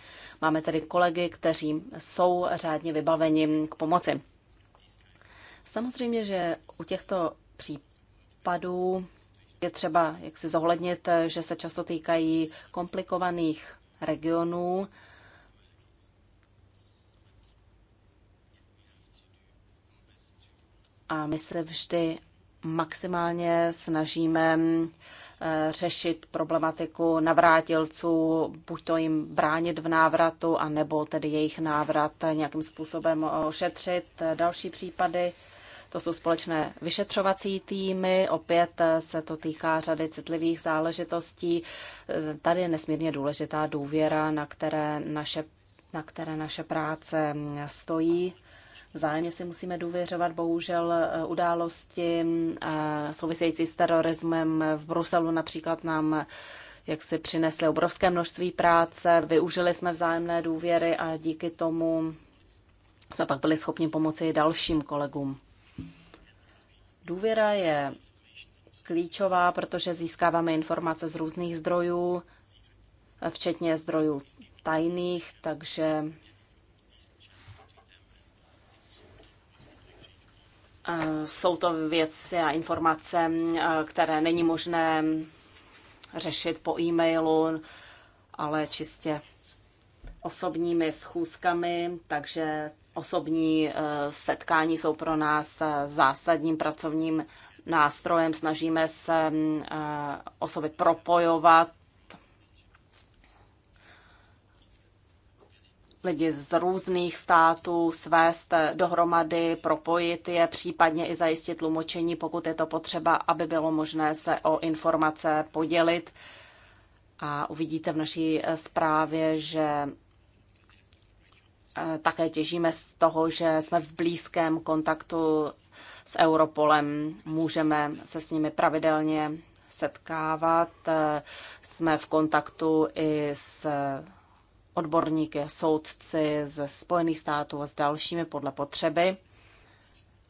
Máme tedy kolegy, kteří jsou řádně vybaveni k pomoci. Samozřejmě, že u těchto případů je třeba jak si zohlednit, že se často týkají komplikovaných regionů, a my se vždy maximálně snažíme eh, řešit problematiku navrátilců, buď to jim bránit v návratu, anebo tedy jejich návrat nějakým způsobem ošetřit. Další případy, to jsou společné vyšetřovací týmy, opět eh, se to týká řady citlivých záležitostí. Eh, tady je nesmírně důležitá důvěra, na které naše, na které naše práce mm, stojí. Vzájemně si musíme důvěřovat, bohužel eh, události eh, související s terorismem v Bruselu například nám eh, jak si přinesli obrovské množství práce, využili jsme vzájemné důvěry a díky tomu jsme pak byli schopni pomoci i dalším kolegům. Důvěra je klíčová, protože získáváme informace z různých zdrojů, včetně zdrojů tajných, takže Eh, jsou to věci a informace, eh, které není možné řešit po e-mailu, ale čistě osobními schůzkami, takže osobní eh, setkání jsou pro nás zásadním pracovním nástrojem. Snažíme se mm, osoby propojovat lidi z různých států svést dohromady, propojit je, případně i zajistit tlumočení, pokud je to potřeba, aby bylo možné se o informace podělit. A uvidíte v naší eh, zprávě, že eh, také těžíme z toho, že jsme v blízkém kontaktu s Europolem, můžeme se s nimi pravidelně setkávat. Eh, jsme v kontaktu i s odborníky, soudci ze Spojených států a s dalšími podle potřeby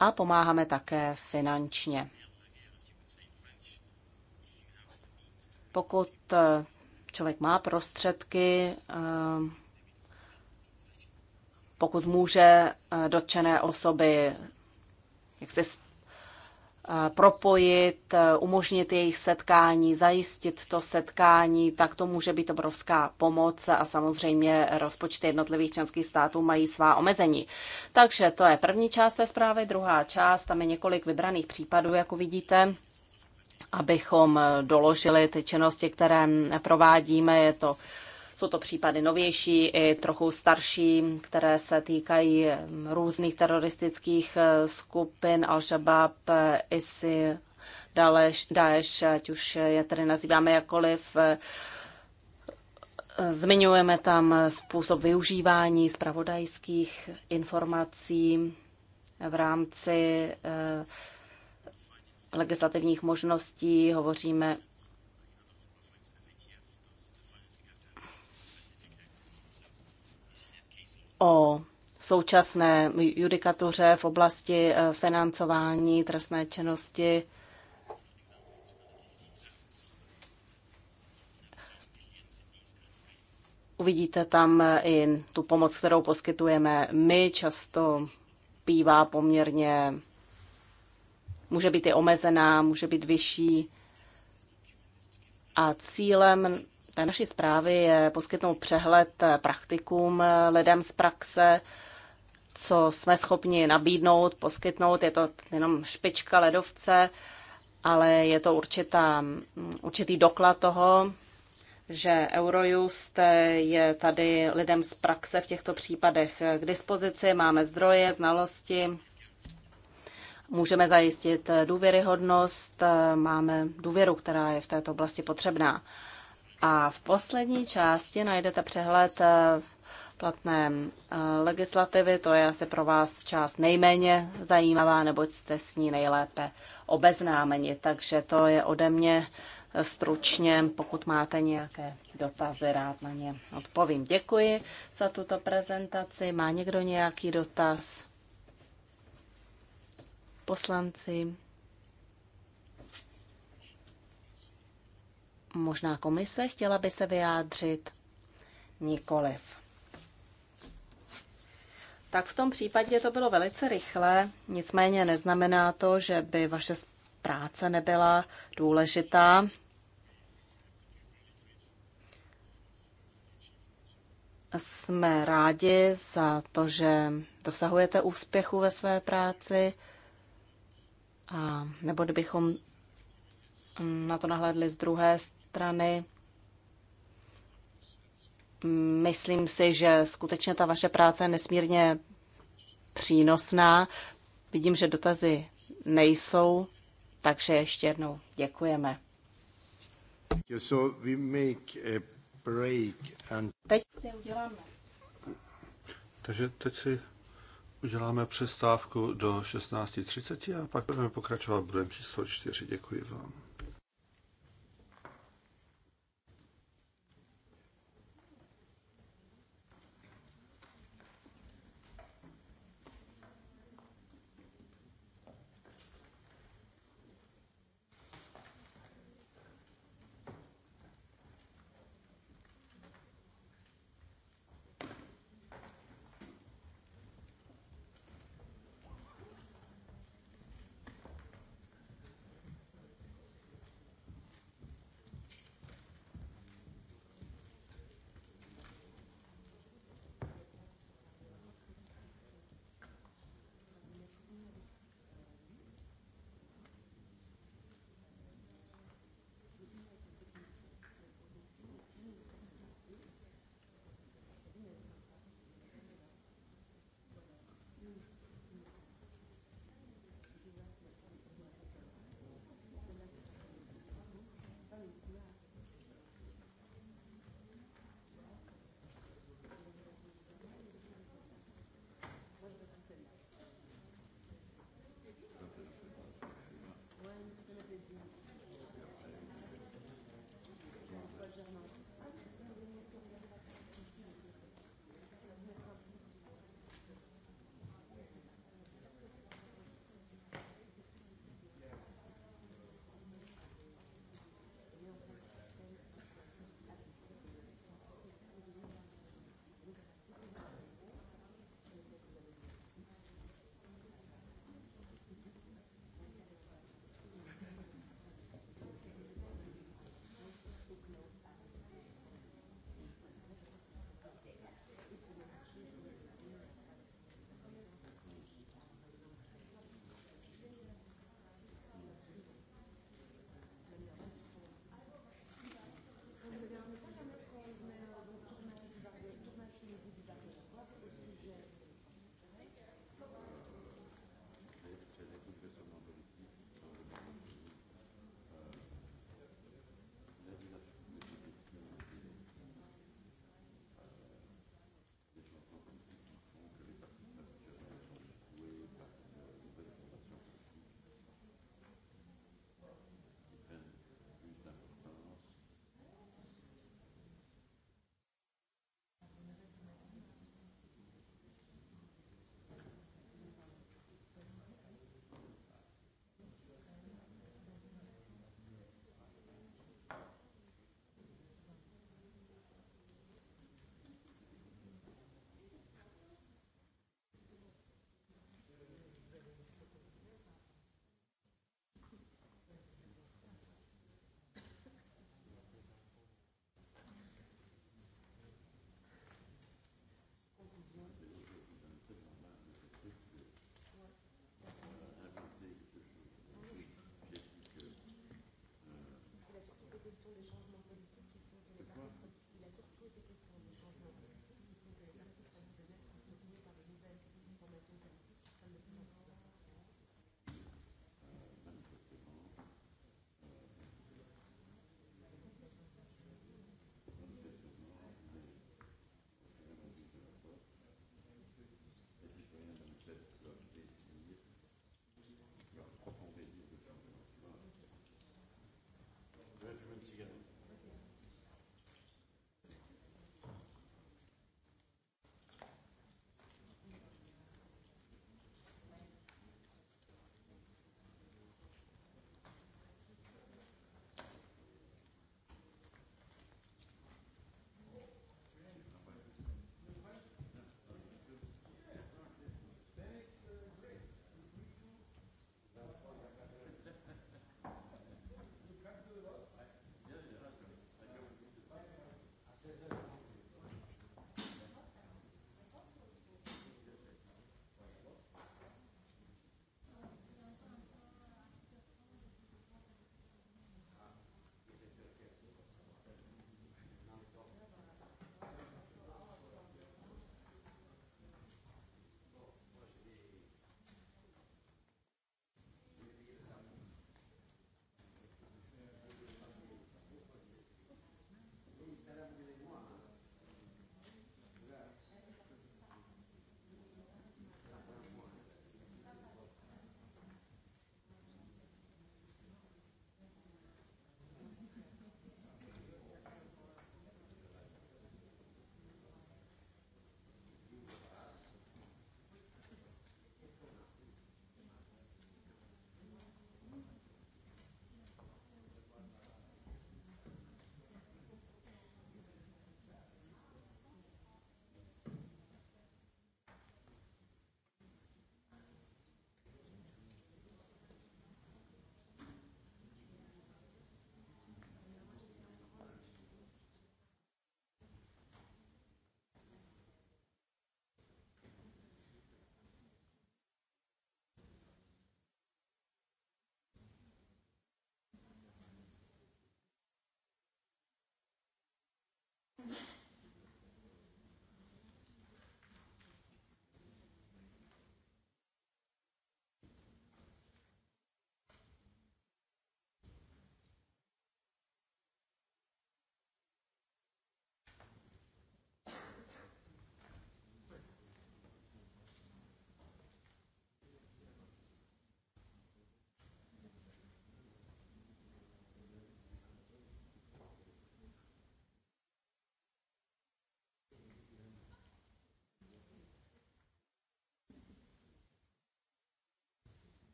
a pomáháme také finančně. Pokud eh, člověk má prostředky, eh, pokud může eh, dotčené osoby jak se Eh, propojit, eh, umožnit jejich setkání, zajistit to setkání, tak to může být obrovská pomoc a samozřejmě rozpočty jednotlivých členských států mají svá omezení. Takže to je první část té zprávy, druhá část, tam je několik vybraných případů, jako vidíte abychom eh, doložili ty činnosti, které mm, provádíme. Je to jsou to případy novější i trochu starší, které se týkají mm, různých teroristických eh, skupin Al-Shabaab, eh, ISIL, Daesh, ať už je tady nazýváme jakoliv, eh, Zmiňujeme tam způsob využívání zpravodajských informací v rámci legislativních možností. Hovoříme o současné judikatuře v oblasti eh, financování trestné činnosti. Uvidíte tam eh, i tu pomoc, kterou poskytujeme my. Často bývá poměrně, může být i omezená, může být vyšší. A cílem té naší zprávy je poskytnout přehled eh, praktikům, eh, lidem z praxe, co jsme schopni nabídnout, poskytnout. Je to jenom špička ledovce, ale je to určitá, mm, určitý doklad toho, že Eurojust eh, je tady lidem z praxe v těchto případech k dispozici, máme zdroje, znalosti, můžeme zajistit důvěryhodnost, máme důvěru, která je v této oblasti potřebná. A v poslední části najdete přehled eh, platné eh, legislativy, to je asi pro vás část nejméně zajímavá, neboť jste s ní nejlépe obeznámeni. Takže to je ode mě eh, stručně, pokud máte nějaké dotazy, rád na ně odpovím. Děkuji za tuto prezentaci. Má někdo nějaký dotaz? Poslanci? Možná komise chtěla by se vyjádřit? Nikoliv. Tak v tom případě to bylo velice rychlé, nicméně neznamená to, že by vaše práce nebyla důležitá. Jsme rádi za to, že dosahujete úspěchu ve své práci, a nebo kdybychom na to nahlédli z druhé strany, strany myslím si, že skutečně ta vaše práce je nesmírně přínosná. Vidím, že dotazy nejsou, takže ještě jednou děkujeme. So and... Teď si uděláme. Takže teď si uděláme přestávku do 16.30 a pak budeme pokračovat bodem číslo 4. Děkuji vám.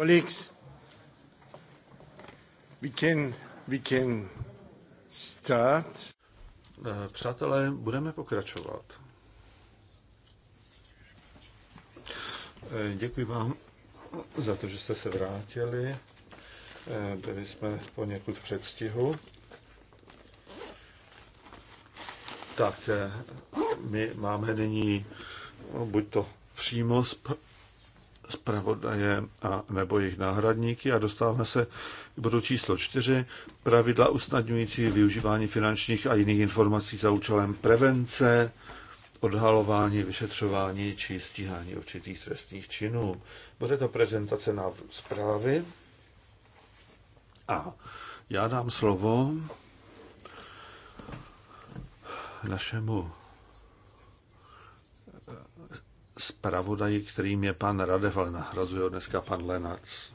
Colleagues, we can, we can start. Eh, přátelé, budeme pokračovat. Eh, děkuji vám za to, že jste se vrátili. Eh, byli jsme poněkud v předstihu. Tak my máme nyní no, buď to přímo zpravodaje a nebo jejich náhradníky a dostáváme se k bodu číslo 4, pravidla usnadňující využívání finančních a jiných informací za účelem prevence, odhalování, vyšetřování či stíhání určitých trestných činů. Bude to prezentace na zprávy a já dám slovo našemu zpravodaji, kterým je pan Radeval, nahrazuje ho dneska pan Lenac.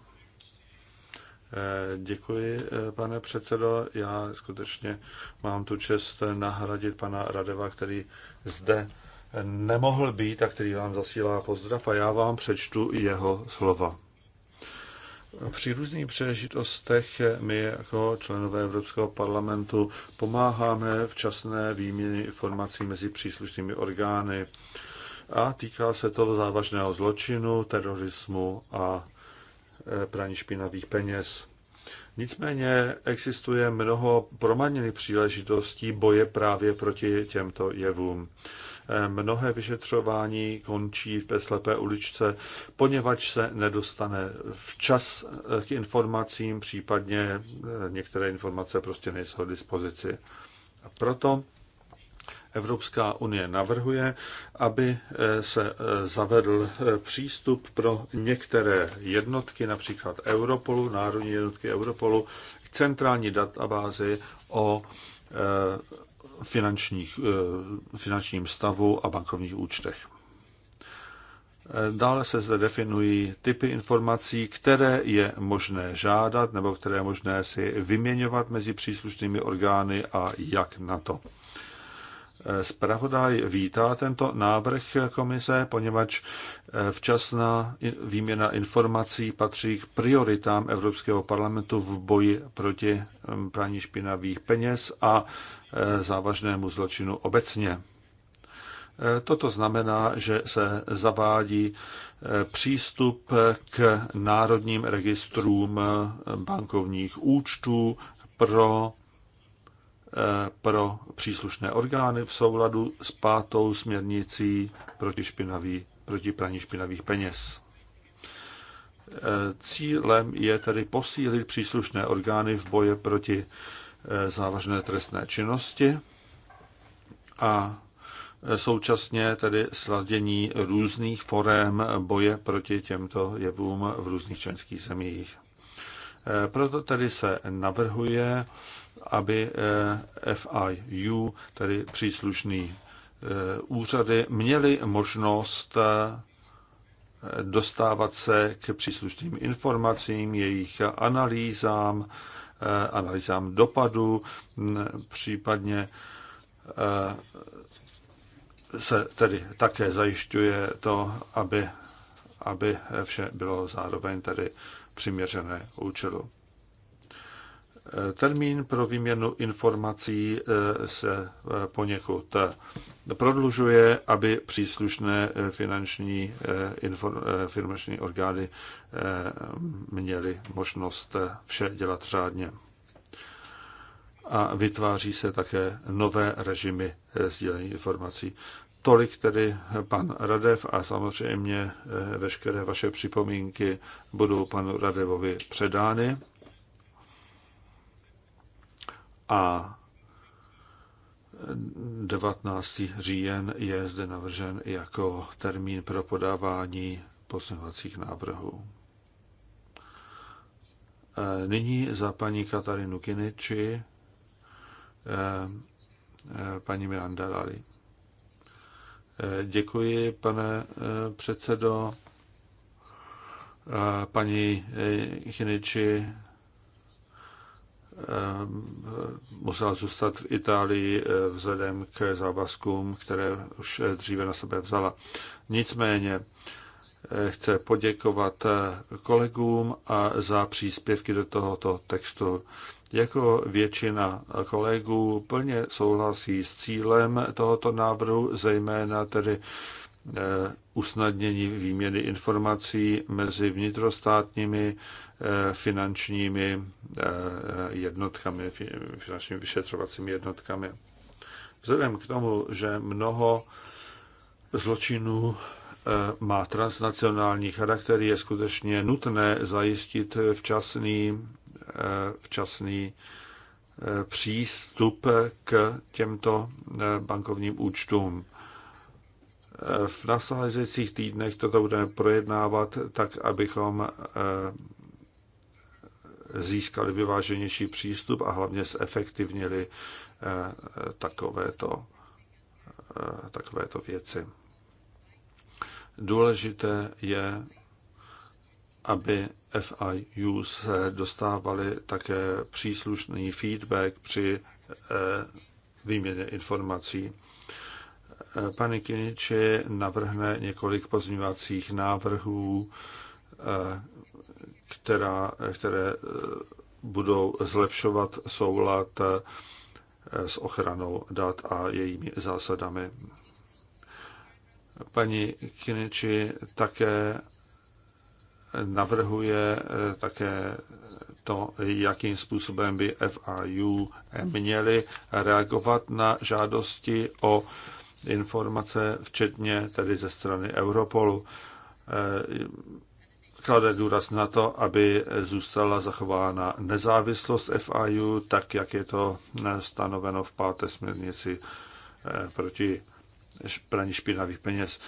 Eh, děkuji, eh, pane předsedo. Já skutečně mám tu čest nahradit pana Radeva, který zde nemohl být a který vám zasílá pozdrav a já vám přečtu jeho slova. Při různých příležitostech my jako členové Evropského parlamentu pomáháme včasné výměny informací mezi příslušnými orgány a týká se to závažného zločinu, terorismu a e, praní špinavých peněz. Nicméně existuje mnoho promaněných příležitostí boje právě proti těmto jevům. E, mnohé vyšetřování končí v slepé uličce, poněvadž se nedostane včas e, k informacím, případně některé informace prostě nejsou k dispozici. A proto Evropská unie navrhuje, aby eh, se eh, zavedl eh, přístup pro některé jednotky, například Europolu, národní jednotky Europolu, k centrální databázi o finančních, finančním stavu a bankovních účtech. Dále se zde definují typy informací, které je možné žádat nebo které je možné si vyměňovat mezi příslušnými orgány a jak na to. Spravodaj vítá tento návrh komise, poněvadž eh, včasná výměna informací patří k prioritám Evropského parlamentu v boji proti hm, praní špinavých peněz a eh, závažnému zločinu obecně. Eh, toto znamená, že se zavádí přístup k národním registrům bankovních účtů pro pro příslušné orgány v souladu s pátou směrnicí proti, špinavý, proti praní špinavých peněz. Cílem je tedy posílit příslušné orgány v boji proti eh, závažné trestné činnosti a současně tedy sladění různých forem boje proti těmto jevům v různých členských zemích. Eh, proto tedy se navrhuje aby eh, FIU, tedy příslušný eh, úřady, měly možnost eh, dostávat se k příslušným informacím, jejich analýzám, analýzám dopadu, případně se tedy také zajišťuje to, aby, aby vše bylo zároveň tedy přiměřené účelu. Termín pro výměnu informací eh, se eh, poněkud eh, prodlužuje, aby příslušné finanční, finanční orgány měly možnost vše dělat řádně. A vytváří se také nové režimy sdílení informací. Tolik tedy pan Radev a samozřejmě veškeré vaše připomínky budou panu Radevovi předány a 19. říjen je zde navržen jako termín pro podávání poslňovacích návrhů. E, nyní za paní Katarinu Kiniči, e, e, paní Miranda Lali. Děkuji, pane předsedo. Paní Kiniči Eh, musela zůstat v Itálii eh, vzhledem k závazkům, které už eh, dříve na sebe vzala. Nicméně chce poděkovat kolegům a za příspěvky do tohoto textu. Jako většina kolegů plně souhlasí s cílem tohoto návrhu, zejména tedy usnadnění výměny informací mezi vnitrostátními eh, finančními eh, jednotkami, finančními vyšetřovacími jednotkami. Vzhledem k tomu, že mnoho zločinů eh, má transnacionální charakter, je skutečně nutné zajistit včasný, včasný přístup k těmto bankovním účtům. V následujících týdnech toto budeme projednávat tak, abychom eh, získali vyváženější přístup a hlavně zefektivnili eh, takovéto, eh, takovéto věci. Důležité je, aby FIU se dostávali také příslušný feedback při výměně informací. Pane Kiniči navrhne několik pozměňovacích návrhů, eh, která, které eh, budou zlepšovat soulad eh, s ochranou dat a jejími zásadami. Paní Kiniči také navrhuje také to, jakým způsobem by FIU měli reagovat na žádosti o informace, včetně tedy ze strany Europolu. Eh, klade důraz na to, aby zůstala zachována nezávislost FIU, tak jak je to eh, stanoveno v páté směrnici eh, proti praní špinavých peněz.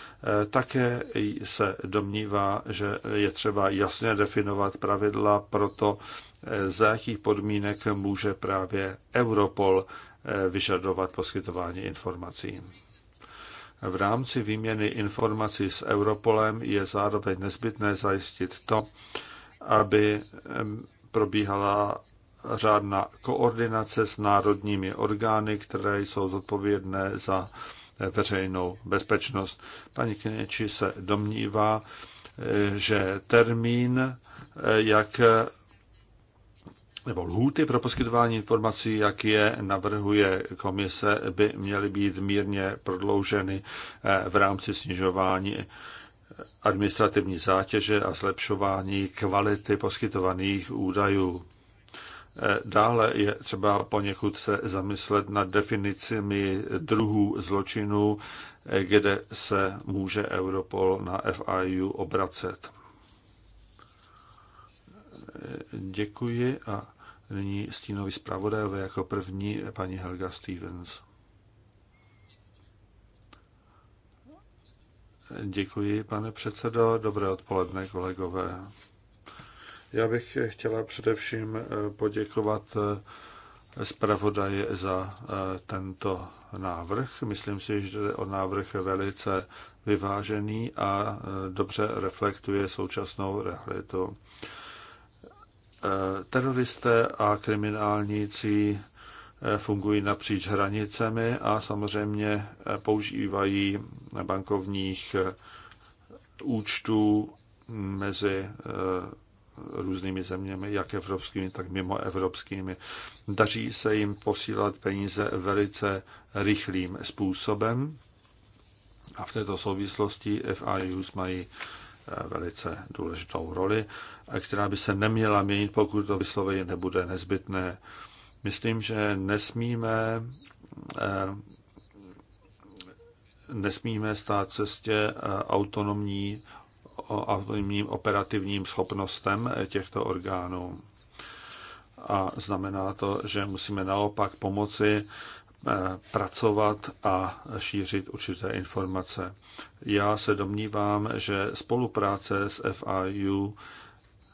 Také se domnívá, že je třeba jasně definovat pravidla pro to, za jakých podmínek může právě Europol vyžadovat poskytování informací. V rámci výměny informací s Europolem je zároveň nezbytné zajistit to, aby probíhala řádná koordinace s národními orgány, které jsou zodpovědné za veřejnou bezpečnost. Paní Kněči se domnívá, e, že termín, e, jak nebo lhůty pro poskytování informací, jak je navrhuje komise, by měly být mírně prodlouženy eh, v rámci snižování eh, administrativní zátěže a zlepšování kvality poskytovaných údajů. Eh, dále je třeba poněkud se zamyslet nad definicemi druhů zločinů, kde se může Europol na FIU obracet. Děkuji a Nyní stínový zpravodajové jako první paní Helga Stevens. Děkuji, pane předsedo. Dobré odpoledne, kolegové. Já bych chtěla především eh, poděkovat eh, zpravodaji za eh, tento návrh. Myslím si, že o návrh velice vyvážený a dobře reflektuje současnou realitu. Eh, teroristé a kriminálníci eh, fungují napříč hranicemi a samozřejmě eh, používají bankovních účtů mezi různými zeměmi, jak evropskými, tak mimo evropskými. Daří se jim posílat peníze velice rychlým způsobem a v této souvislosti FIUs mají velice důležitou roli, která by se neměla měnit, pokud to vysloveně nebude nezbytné. Myslím, že nesmíme eh, nesmíme stát cestě eh, autonomní, autonomním operativním schopnostem eh, těchto orgánů. A znamená to, že musíme naopak pomoci Eh, pracovat a šířit určité informace. Já se domnívám, že spolupráce s FIU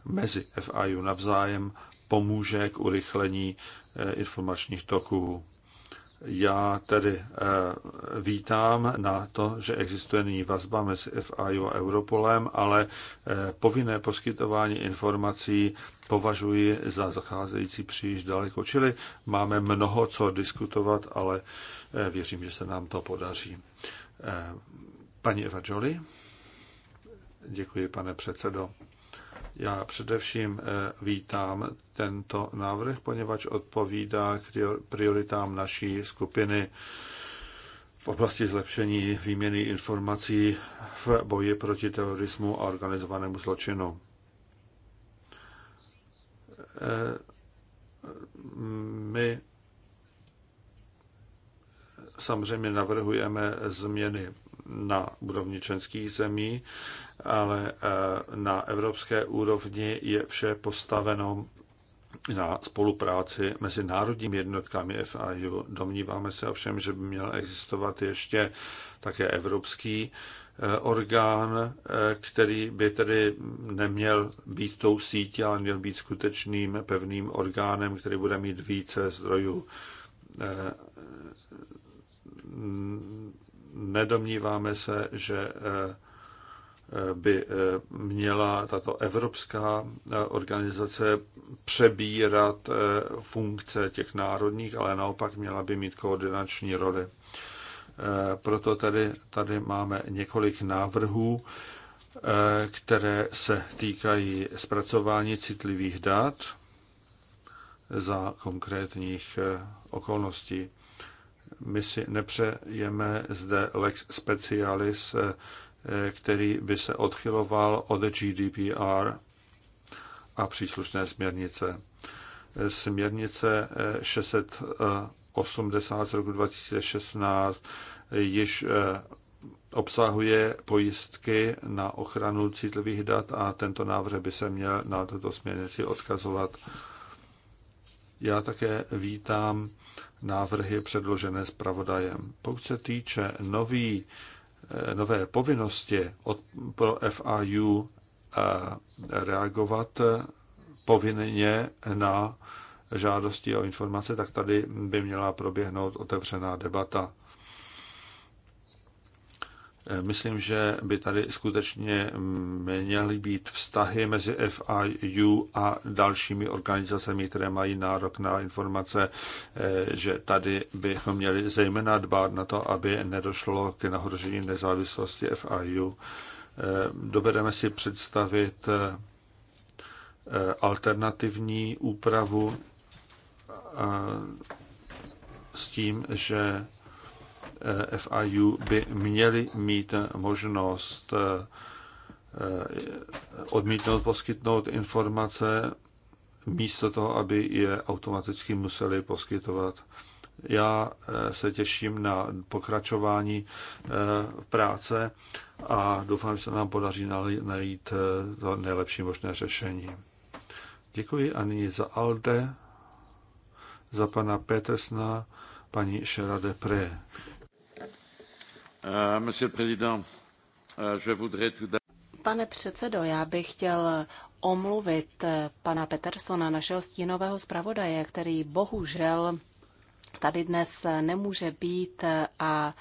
mezi FIU navzájem pomůže k urychlení eh, informačních toků. Já tedy eh, vítám na to, že existuje nyní vazba mezi FIU a Europolem, ale eh, povinné poskytování informací považuji za zacházející příliš daleko. Čili máme mnoho co diskutovat, ale eh, věřím, že se nám to podaří. Paní Eva Jolie? Děkuji, pane předsedo. Já především eh, vítám tento návrh, poněvadž odpovídá k prioritám naší skupiny v oblasti zlepšení výměny informací v boji proti terorismu a organizovanému zločinu. Eh, my samozřejmě navrhujeme změny na úrovni členských zemí, ale eh, na evropské úrovni je vše postaveno na spolupráci mezi národními jednotkami FIU. Domníváme se ovšem, že by měl existovat ještě také evropský eh, orgán, eh, který by tedy neměl být tou sítí, ale měl být skutečným pevným orgánem, který bude mít více zdrojů nedomníváme se, že eh, eh, by eh, měla tato evropská organizace přebírat funkce těch národních, ale naopak měla by mít koordinační roli. Proto tady, tady máme několik návrhů, které se týkají zpracování citlivých dat za konkrétních okolností. My si nepřejeme zde lex specialis, eh, který by se odchyloval od GDPR a příslušné směrnice. Eh, směrnice 680 eh, z roku 2016 již obsahuje pojistky na ochranu citlivých dat a tento návrh by se měl na tuto směrnici odkazovat. Já také vítám návrhy předložené zpravodajem. Pokud se týče nový, eh, nové povinnosti od, pro FIU eh, reagovat eh, povinně na žádosti o informace, tak tady by měla proběhnout otevřená debata. Eh, myslím, že by tady skutečně mm, měly být vztahy mezi FIU a dalšími organizacemi, které mají nárok na informace, eh, že tady bychom měli zejména dbát na to, aby nedošlo k nahoření nezávislosti FIU. Eh, dovedeme si představit alternativní úpravu s tím, že FIU by měli mít možnost eh, eh, odmítnout poskytnout informace místo toho, aby je automaticky museli poskytovat. Já eh, se těším na pokračování v práce a doufám, že se nám podaří najít to nejlepší možné řešení. Děkuji a nyní za Alde, za pana Petersna, paní Šerade Pre. Eh, eh, Pane předsedo, já bych chtěl omluvit eh, pana Petersona, našeho stínového zpravodaje, který bohužel tady dnes nemůže být a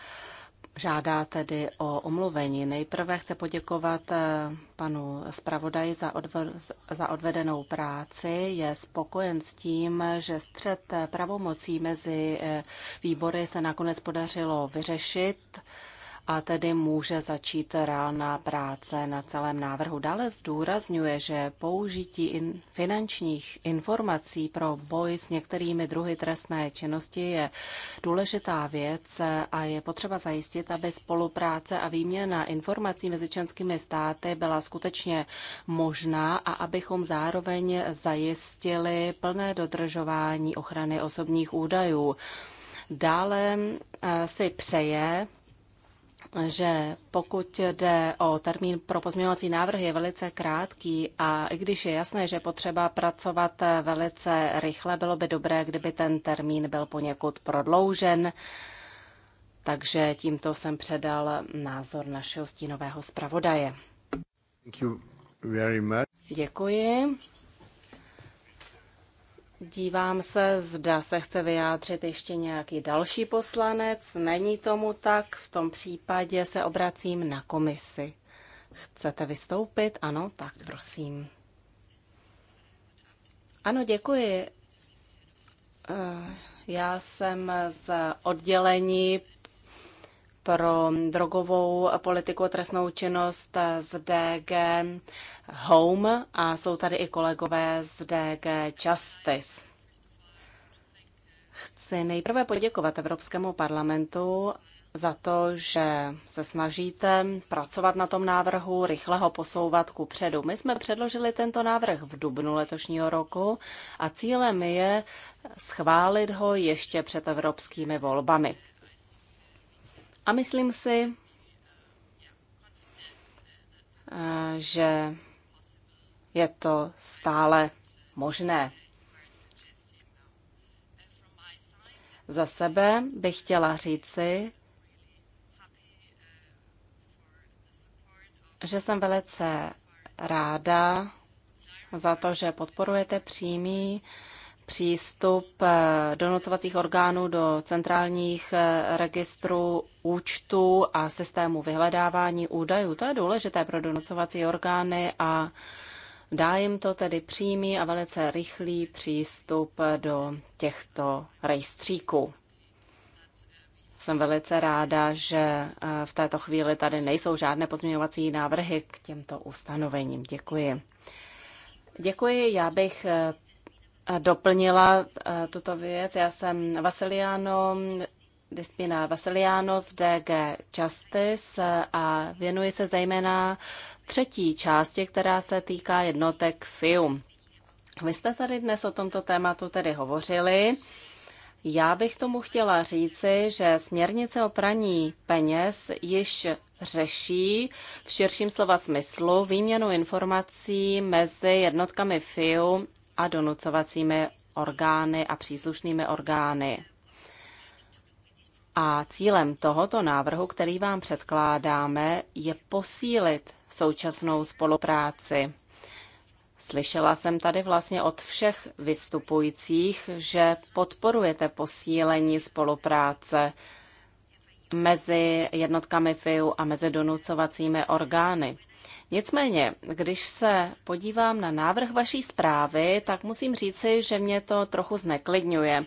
žádá tedy o omluvení. Nejprve chce poděkovat panu zpravodaji za, za odvedenou práci. Je spokojen s tím, že střet pravomocí mezi výbory se nakonec podařilo vyřešit a tedy může začít reálná práce na celém návrhu. Dále zdůrazňuje, že použití in finančních informací pro boj s některými druhy trestné činnosti je důležitá věc a je potřeba zajistit, aby spolupráce a výměna informací mezi členskými státy byla skutečně možná a abychom zároveň zajistili plné dodržování ochrany osobních údajů. Dále eh, si přeje že pokud jde o termín pro pozměňovací návrh, je velice krátký a i když je jasné, že potřeba pracovat velice rychle, bylo by dobré, kdyby ten termín byl poněkud prodloužen. Takže tímto jsem předal názor našeho stínového zpravodaje. Děkuji. Dívám se, zda se chce vyjádřit ještě nějaký další poslanec. Není tomu tak, v tom případě se obracím na komisi. Chcete vystoupit? Ano, tak prosím. Ano, děkuji. Eh, já jsem z oddělení pro drogovou politiku a trestnou činnost z DG Home a jsou tady i kolegové z DG Justice. Chci nejprve poděkovat Evropskému parlamentu za to, že se snažíte pracovat na tom návrhu, rychle ho posouvat ku předu. My jsme předložili tento návrh v dubnu letošního roku a cílem je schválit ho ještě před evropskými volbami. A myslím si, že je to stále možné. Za sebe bych chtěla říci, že jsem velice ráda za to, že podporujete přímý přístup eh, donocovacích orgánů do centrálních eh, registrů účtů a systému vyhledávání údajů. To je důležité pro donocovací orgány a Dá jim to tedy přímý a velice rychlý přístup do těchto rejstříků. Jsem velice ráda, že eh, v této chvíli tady nejsou žádné pozměňovací návrhy k těmto ustanovením. Děkuji. Děkuji, já bych eh, doplnila eh, tuto věc. Já jsem Vasiliano, Despina Vasiliano z DG Justice a věnuji se zejména třetí části, která se týká jednotek FIUM. Vy jste tady dnes o tomto tématu tedy hovořili. Já bych tomu chtěla říci, že směrnice o praní peněz již řeší v širším slova smyslu výměnu informací mezi jednotkami FIU a donucovacími orgány a příslušnými orgány a cílem tohoto návrhu, který vám předkládáme, je posílit současnou spolupráci. Slyšela jsem tady vlastně od všech vystupujících, že podporujete posílení spolupráce mezi jednotkami FIU a mezi donucovacími orgány. Nicméně, když se podívám na návrh vaší zprávy, tak musím říci, že mě to trochu zneklidňuje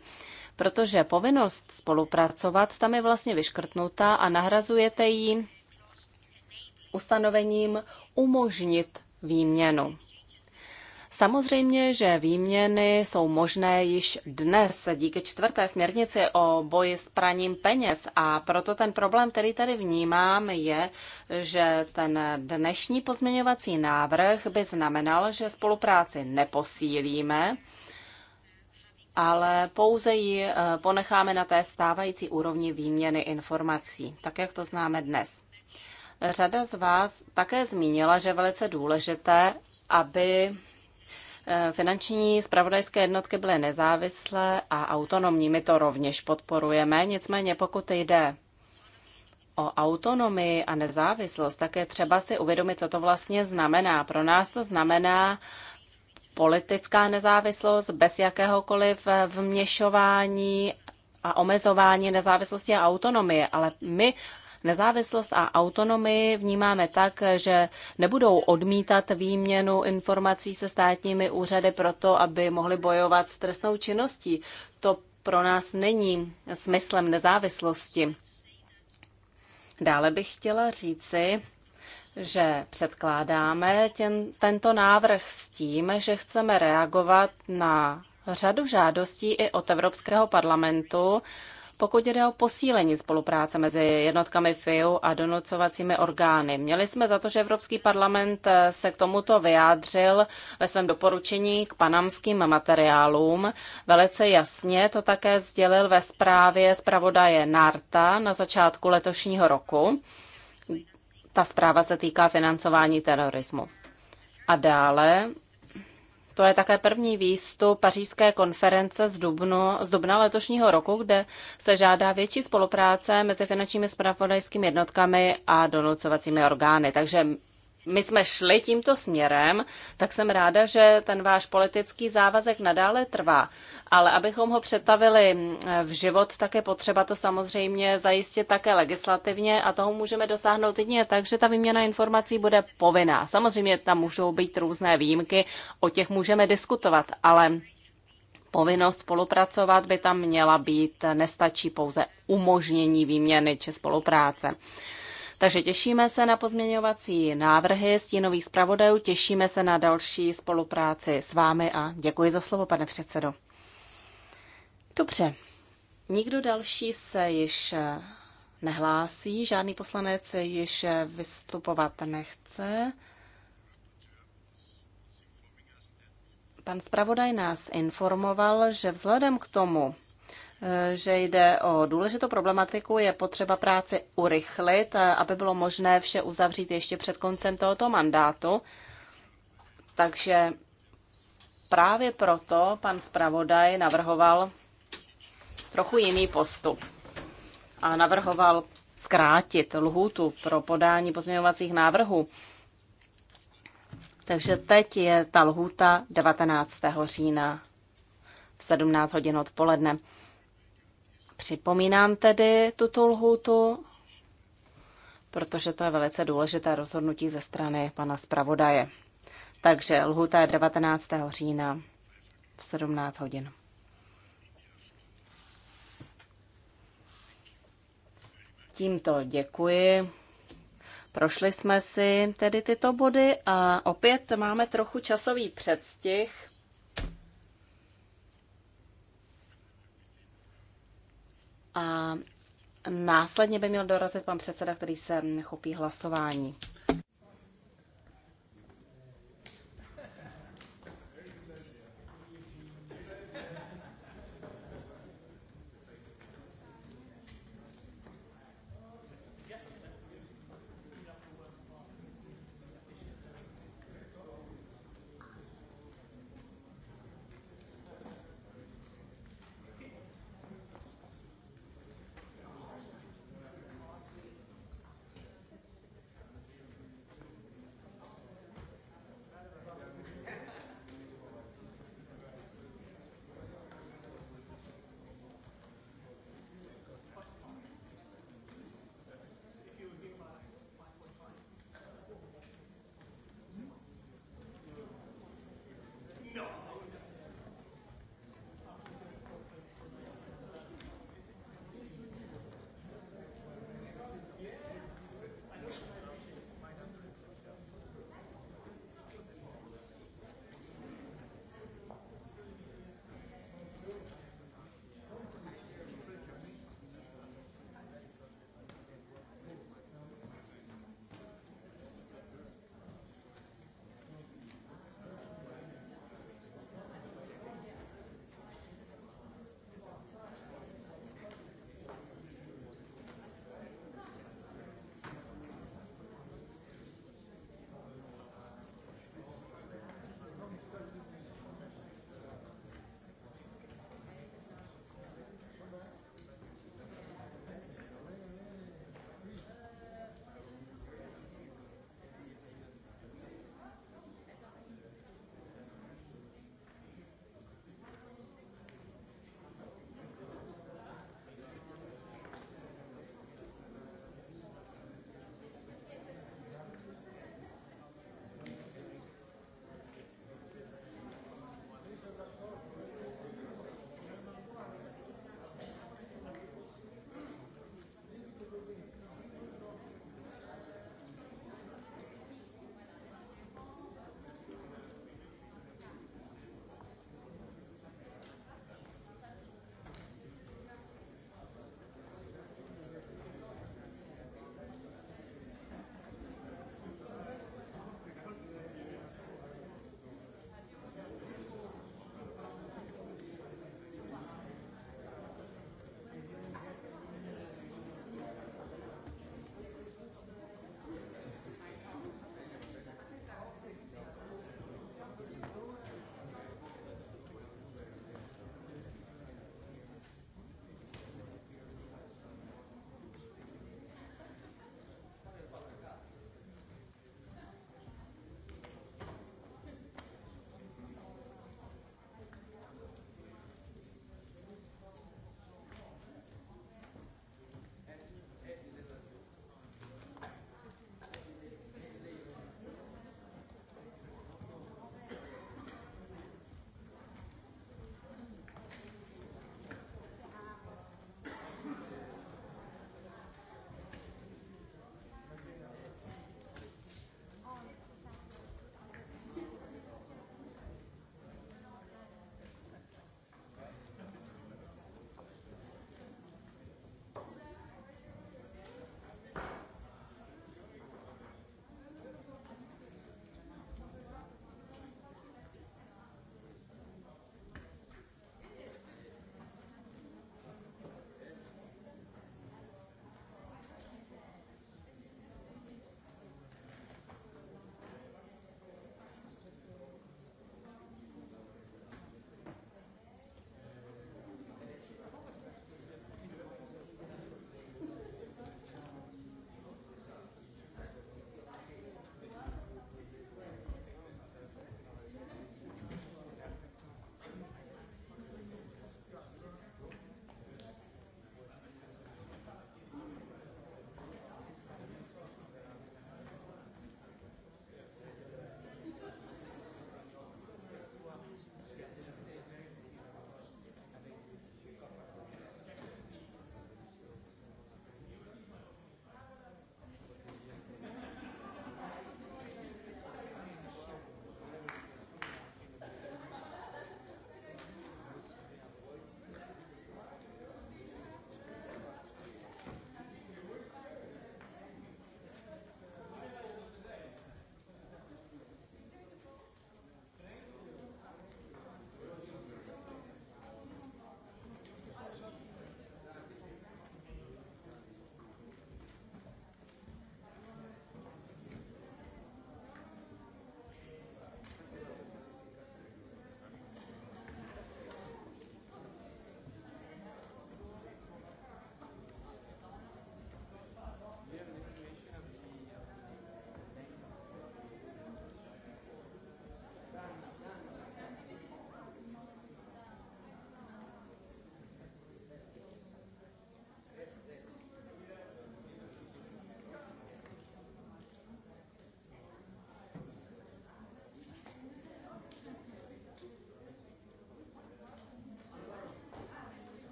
protože povinnost spolupracovat tam je vlastně vyškrtnutá a nahrazujete ji ustanovením umožnit výměnu. Samozřejmě, že výměny jsou možné již dnes díky čtvrté směrnici o boji s praním peněz a proto ten problém, který tady vnímám, je, že ten dnešní pozměňovací návrh by znamenal, že spolupráci neposílíme, ale pouze ji eh, ponecháme na té stávající úrovni výměny informací, tak jak to známe dnes. Řada z vás také zmínila, že je velice důležité, aby eh, Finanční spravodajské jednotky byly nezávislé a autonomní. My to rovněž podporujeme, nicméně pokud jde o autonomii a nezávislost, tak je třeba si uvědomit, co to vlastně znamená. Pro nás to znamená politická nezávislost bez jakéhokoliv eh, vměšování a omezování nezávislosti a autonomie, ale my Nezávislost a autonomii vnímáme tak, že nebudou odmítat výměnu informací se státními úřady proto, aby mohli bojovat s trestnou činností. To pro nás není smyslem nezávislosti. Dále bych chtěla říci, že předkládáme těn, tento návrh s tím, že chceme reagovat na řadu žádostí i od Evropského parlamentu, pokud jde o posílení spolupráce mezi jednotkami FIU a donucovacími orgány. Měli jsme za to, že Evropský parlament se k tomuto vyjádřil ve svém doporučení k panamským materiálům. Velice jasně to také sdělil ve zprávě zpravodaje Narta na začátku letošního roku ta zpráva se týká financování terorismu. A dále, to je také první výstup pařížské konference z, Dubnu, z dubna letošního roku, kde se žádá větší spolupráce mezi finančními spravodajskými jednotkami a donucovacími orgány. Takže my jsme šli tímto směrem, tak jsem ráda, že ten váš politický závazek nadále trvá. Ale abychom ho přetavili v život, tak je potřeba to samozřejmě zajistit také legislativně a toho můžeme dosáhnout jedině tak, že ta výměna informací bude povinná. Samozřejmě tam můžou být různé výjimky, o těch můžeme diskutovat, ale povinnost spolupracovat by tam měla být, nestačí pouze umožnění výměny či spolupráce. Takže těšíme se na pozměňovací návrhy stínových zpravodajů, těšíme se na další spolupráci s vámi a děkuji za slovo, pane předsedo. Dobře, nikdo další se již nehlásí, žádný poslanec již vystupovat nechce. Pan zpravodaj nás informoval, že vzhledem k tomu, že jde o důležitou problematiku, je potřeba práci urychlit, aby bylo možné vše uzavřít ještě před koncem tohoto mandátu. Takže právě proto pan zpravodaj navrhoval trochu jiný postup a navrhoval zkrátit lhůtu pro podání pozměňovacích návrhů. Takže teď je ta lhůta 19. října v 17 hodin odpoledne. Připomínám tedy tuto lhůtu, protože to je velice důležité rozhodnutí ze strany pana zpravodaje. Takže lhůta je 19. října v 17 hodin. Tímto děkuji. Prošli jsme si tedy tyto body a opět máme trochu časový předstih, a následně by měl dorazit pan předseda, který se chopí hlasování.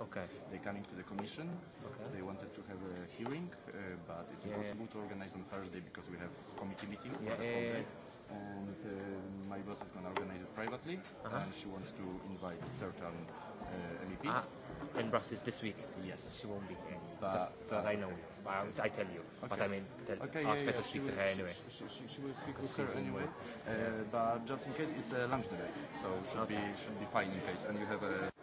Okay. They came into the commission. Okay. They wanted to have a hearing, uh, but it's impossible yeah. to organize on Thursday because we have committee meeting for yeah. the whole day. And uh, my boss is going to organize it privately, uh -huh. and she wants to invite certain uh, MEPs. Ah, in Brussels this week. Yes. She won't be here. But, Just but, uh, I know. I, I tell you. Okay. But I mean, tell, okay, ask yeah, her yeah. to speak to her anyway. She, she, she will speak with her anyway. Uh, yeah. But just in case, it's a lunch debate, so should okay. be should be fine in case. And you have a.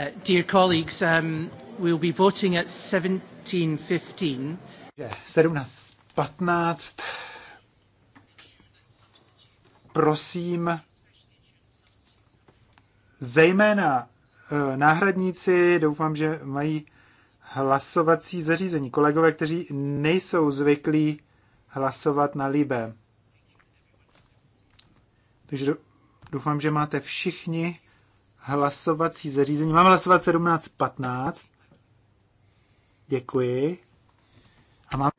Uh, dear colleagues, um, we'll be voting at 17.15. 17.15. Prosím, zejména uh, náhradníci, doufám, že mají hlasovací zařízení. Kolegové, kteří nejsou zvyklí hlasovat na Libe. Takže doufám, že máte všichni hlasovací zařízení. Máme hlasovat 17.15. Děkuji. A máme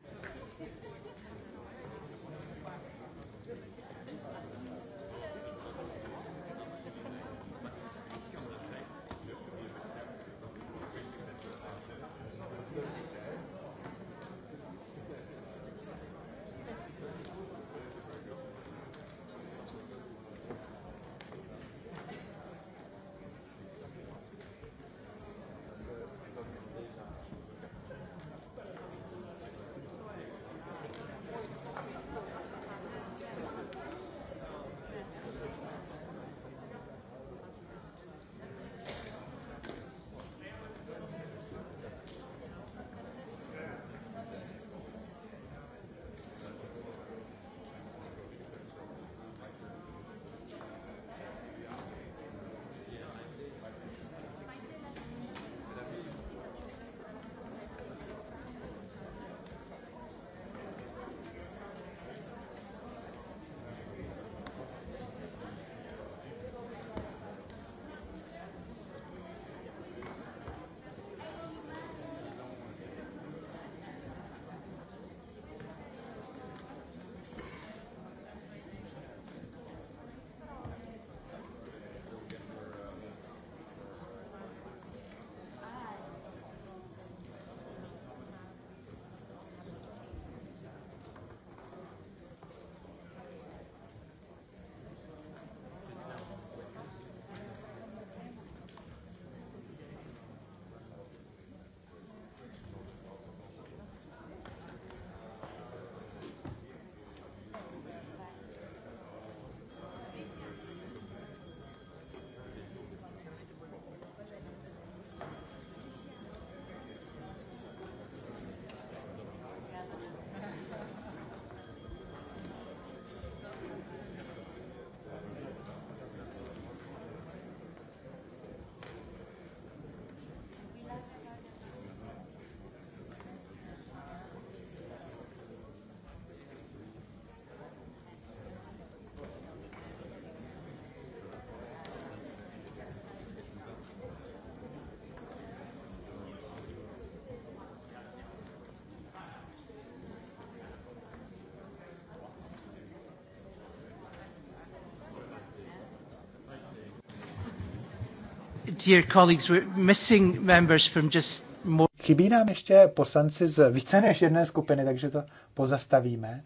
Dear colleagues, we're missing members from just more... Chybí nám ještě poslanci z více než jedné skupiny, takže to pozastavíme,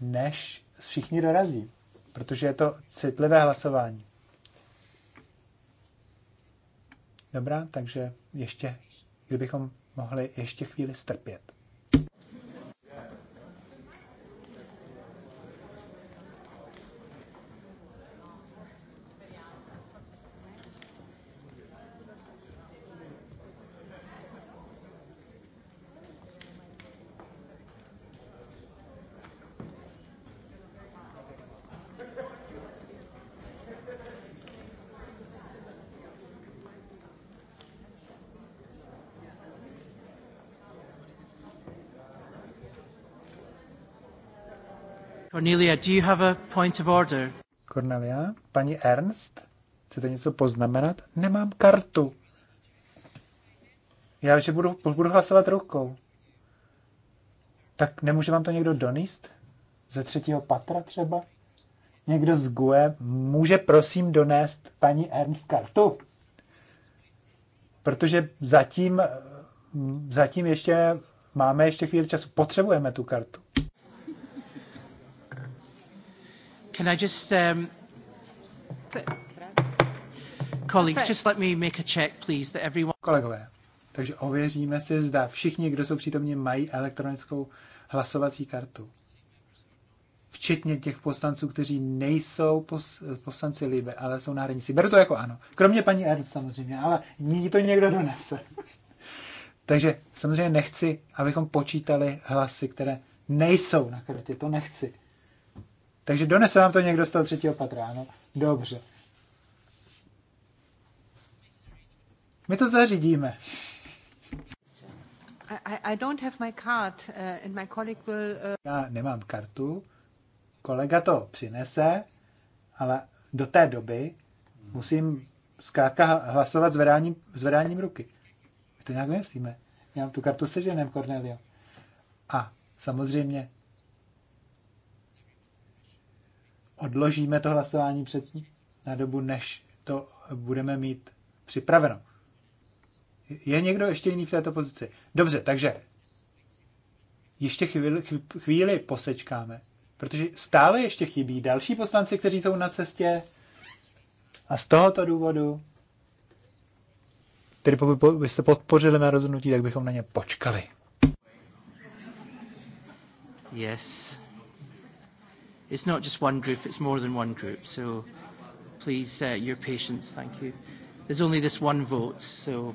než všichni dorazí, protože je to citlivé hlasování. Dobrá, takže ještě, kdybychom mohli ještě chvíli strpět. Cornelia, do you have a point of order? Cornelia, paní Ernst, chcete něco poznamenat? Nemám kartu. Já, že budu, budu hlasovat rukou. Tak nemůže vám to někdo donést? Ze třetího patra třeba? Někdo z GUE může prosím donést paní Ernst kartu? Protože zatím, zatím ještě máme ještě chvíli času. Potřebujeme tu kartu. Can I just... Um, colleagues, just let me make a check, please, that everyone... Kolegové, takže ověříme si, zda všichni, kdo jsou přítomní, mají elektronickou hlasovací kartu. Včetně těch poslanců, kteří nejsou pos, poslanci Libe, ale jsou na hranici. Beru to jako ano. Kromě paní Ernst samozřejmě, ale nikdy to někdo donese. [LAUGHS] Takže samozřejmě nechci, abychom počítali hlasy, které nejsou na kartě. To nechci. Takže donese vám to někdo z toho třetího patra, no? Dobře. My to zařídíme. I, I don't have my card uh, and my colleague will... Uh, Já nemám kartu, kolega to přinese, ale do té doby musím zkrátka hlasovat zvedáním, zvedáním ruky. My to nějak vymyslíme. Já mám tu kartu seženem, Cornelio. A samozřejmě odložíme to hlasování před na dobu, než to budeme mít připraveno. Je někdo ještě jiný v této pozici? Dobře, takže ještě chvíli, chvíli posečkáme, protože stále ještě chybí další poslanci, kteří jsou na cestě a z tohoto důvodu, tedy pokud byste podpořili mé rozhodnutí, tak bychom na ně počkali. Yes. It's not just one group, it's more than one group. So please, uh, your patience, thank you. There's only this one vote, so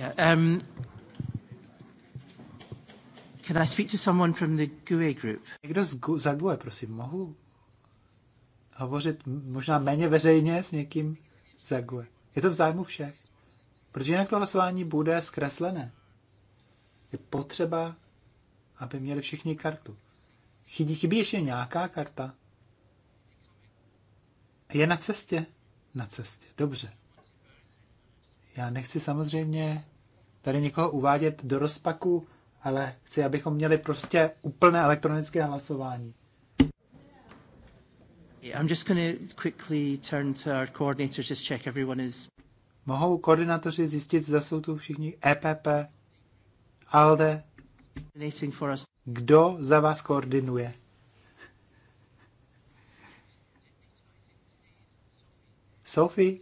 Yeah, um, can I speak to someone from the GUE group? Někdo z GUE, za GUE, prosím, mohu hovořit možná méně veřejně s někým za GUE. Je to v zájmu všech, protože jinak to hlasování bude zkreslené. Je potřeba, aby měli všichni kartu. Chybí, chybí ještě nějaká karta? Je na cestě? Na cestě, dobře. Já nechci samozřejmě tady někoho uvádět do rozpaku, ale chci, abychom měli prostě úplné elektronické hlasování. I'm just going to quickly turn to our coordinators, just check everyone is... Mohou koordinátoři zjistit, zda jsou tu všichni EPP, ALDE, kdo za vás koordinuje? Sophie,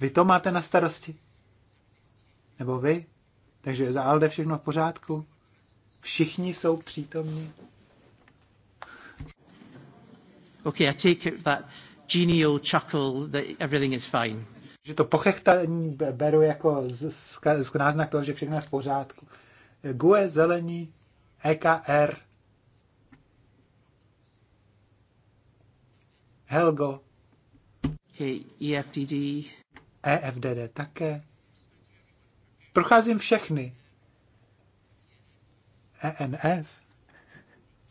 vy to máte na starosti? Nebo vy? Takže za Alde všechno v pořádku? Všichni jsou přítomní? Okay, I take it that genial chuckle that everything is fine. Že to pochechtání beru jako z, z, z náznak toho, že všechno je v pořádku. GUE, zelení, EKR, Helgo, okay, EFDD, EFDD také. Procházím všechny. ENF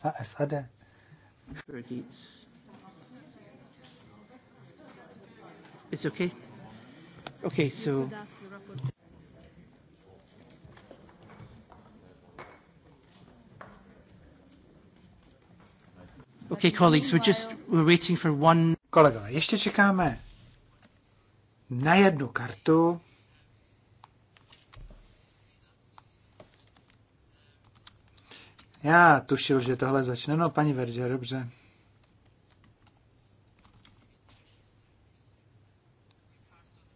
a SAD. It's okay. Okay, so Okay, colleagues, we're just we're waiting for one. Kolegové, ještě čekáme na jednu kartu. Já tušil, že tohle začne. No, paní Verže, dobře.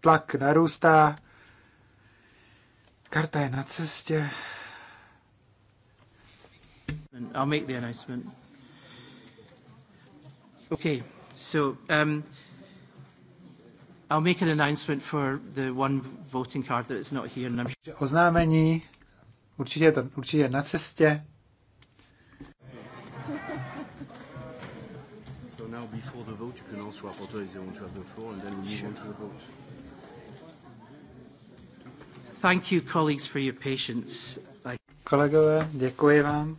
Tlak narůstá. Karta je na cestě. I'll make the announcement. Okay, so um, I'll make an announcement for the one voting card that is not here. And I'm... Oznámení, určitě, to, určitě na cestě. vote, you can also rapporteur if they want to have the floor, and then we move sure. on to the vote. Thank you, colleagues, for your patience. Kolegové, děkuji vám.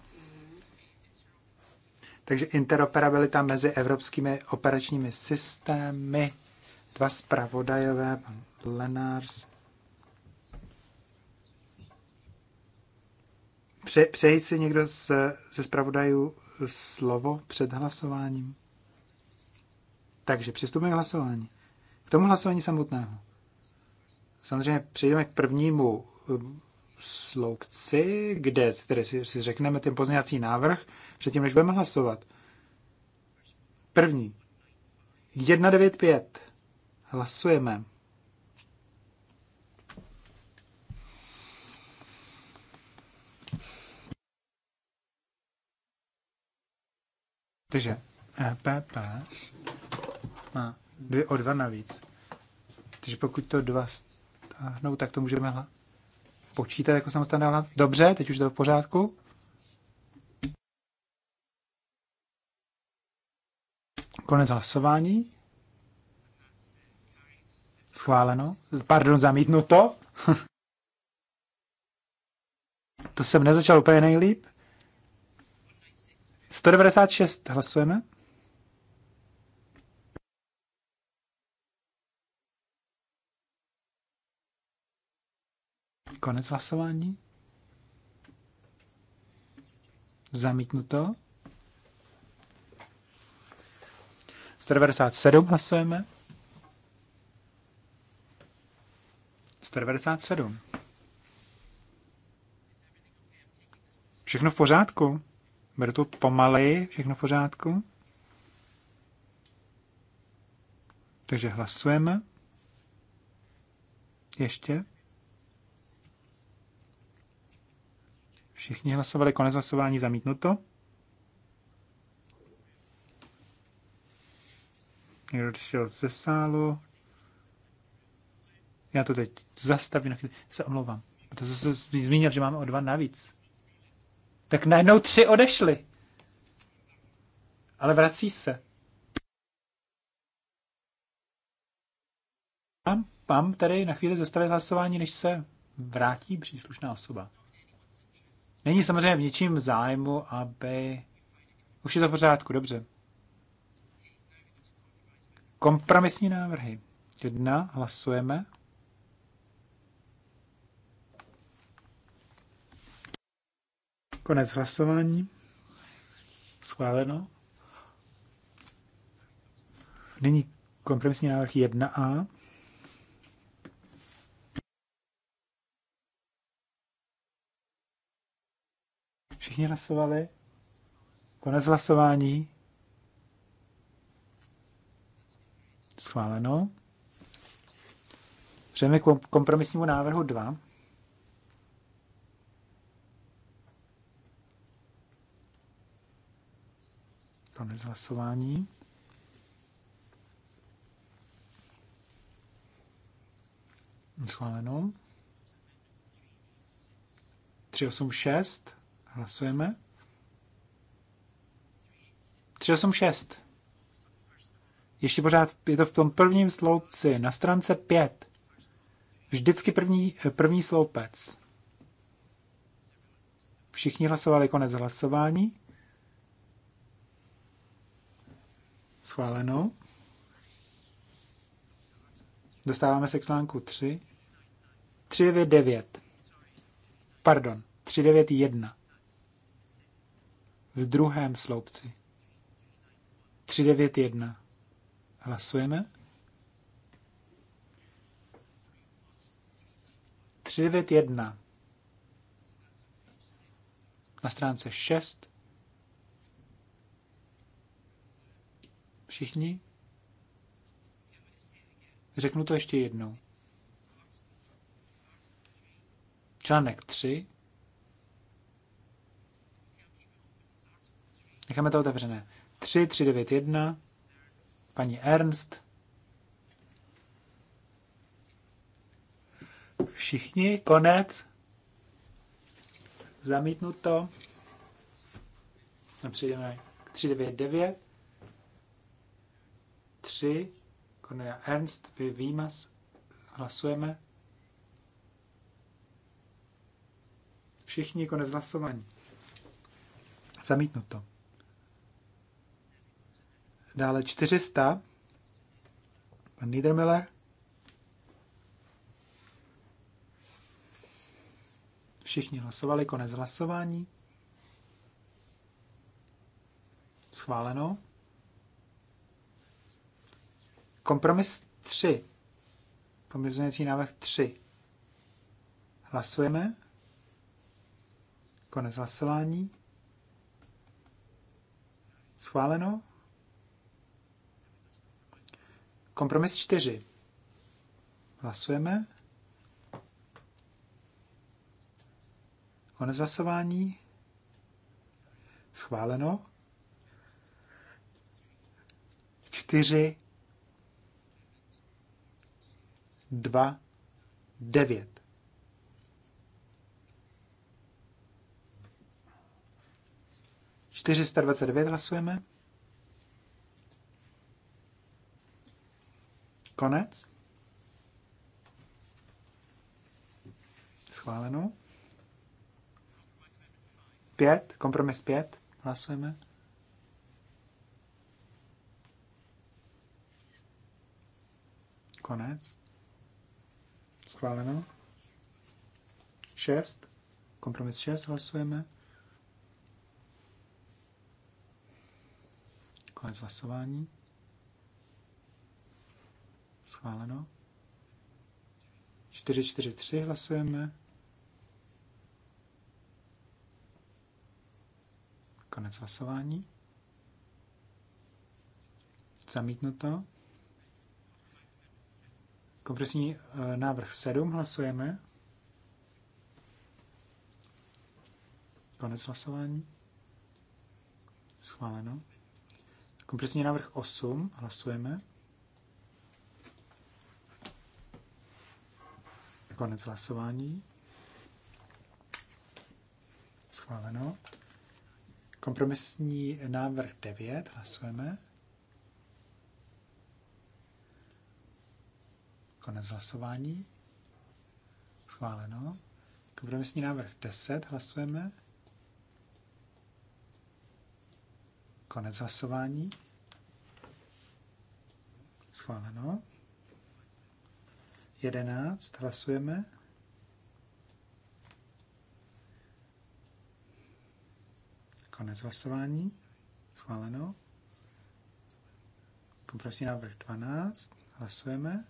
Takže interoperabilita mezi evropskými operačními systémy, dva zpravodajové, pan Lenars. Pře, přeji si někdo z, ze zpravodajů slovo před hlasováním? Takže přistupujeme k hlasování. K tomu hlasování samotného. Samozřejmě přejdeme k prvnímu eh, sloupci, kde tedy si, si řekneme ten pozněvací návrh, předtím, než budeme hlasovat. První. 195. Hlasujeme. Takže EPP eh, má dvě, o dva navíc. Takže pokud to dva stáhnou, tak to můžeme počítat jako samostatná hlava. Dobře, teď už to v pořádku. Konec hlasování. Schváleno. Pardon, zamítnuto. [LAUGHS] to jsem nezačal úplně nejlíp. 196 hlasujeme. Konec hlasování. Zamítnuto. 197 hlasujeme. 197. Všechno v pořádku. Beru to pomaleji, všechno v pořádku. Takže hlasujeme. Ještě. Všichni hlasovali konec hlasování zamítnuto. Někdo šel ze sálu. Já to teď zastavím, se omlouvám. To jsem zmínil, že máme o dva navíc. Tak najednou tři odešli. Ale vrací se. Pam, pam, tady na chvíli zastavit hlasování, než se vrátí příslušná osoba. Není samozřejmě v ničím zájmu, aby... Už je to v pořádku, dobře. Kompromisní návrhy. Jedna, hlasujeme. Konec hlasování. Schváleno. Nyní kompromisní návrh 1a. Všichni hlasovali? Konec hlasování. Schváleno. Přejeme k kompromisnímu návrhu 2. Konec hlasování. Schváleno. 386. Hlasujeme. 386. Ještě pořád je to v tom prvním sloupci, na stránce 5. Vždycky první, první sloupec. Všichni hlasovali konec hlasování. Schváleno. Dostáváme se k článku 3. 399. Pardon, 391 v druhém sloupci. 391. Hlasujeme. 391. Na stránce 6. Všichni? Řeknu to ještě jednou. Článek 3, Necháme to otevřené. 3, 3, 9, 1. Paní Ernst. Všichni, konec. Zamítnuto. A přejdeme k 3, 9, 9. 3. Cornelia Ernst, vy výmaz. Hlasujeme. Všichni konec hlasování. Zamítnuto. Dále 400. Pan Niedermiller. Všichni hlasovali, konec hlasování. Schváleno. Kompromis 3. Poměřenecí návrh 3. Hlasujeme. Konec hlasování. Schváleno. Kompromis 4. Hlasujeme. Konec hlasování. Schváleno. 4. 2. 9. Čtyřista dvacet devět hlasujeme. Konec. Schváleno. Pět, kompromis pět. Hlasujeme. Konec. Schváleno. Šest. Kompromis šest. Hlasujeme. Konec hlasování. Schváleno. 443 hlasujeme. Konec hlasování. Zamítnuto. Kompresní eh, návrh 7 hlasujeme. Konec hlasování. Schváleno. Kompresní návrh 8 hlasujeme. Konec hlasování. Schváleno. Kompromisní návrh 9. Hlasujeme. Konec hlasování. Schváleno. Kompromisní návrh 10. Hlasujeme. Konec hlasování. Schváleno. 11 hlasujeme. Konec hlasování. Schváleno. Kompresní návrh 12. Hlasujeme.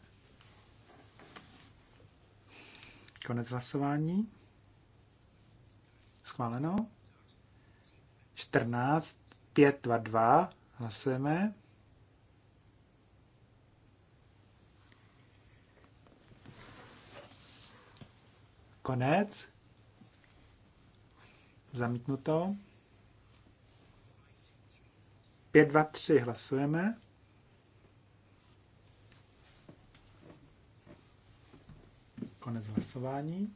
Konec hlasování. Schváleno. 14, 5, 2, 2. Hlasujeme. Konec. Zamítnuto. 5, 2, 3 hlasujeme. Konec hlasování.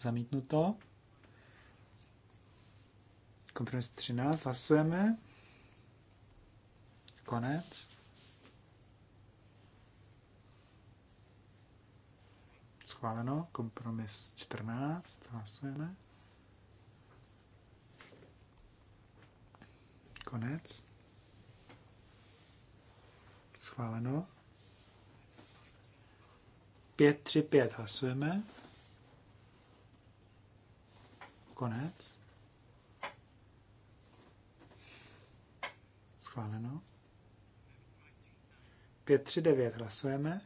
Zamítnuto. Kompromis 13 hlasujeme. Konec. Schváleno. Kompromis 14. Hlasujeme. Konec. Schváleno. 5. hlasujeme. Konec. Schváleno. 9. hlasujeme.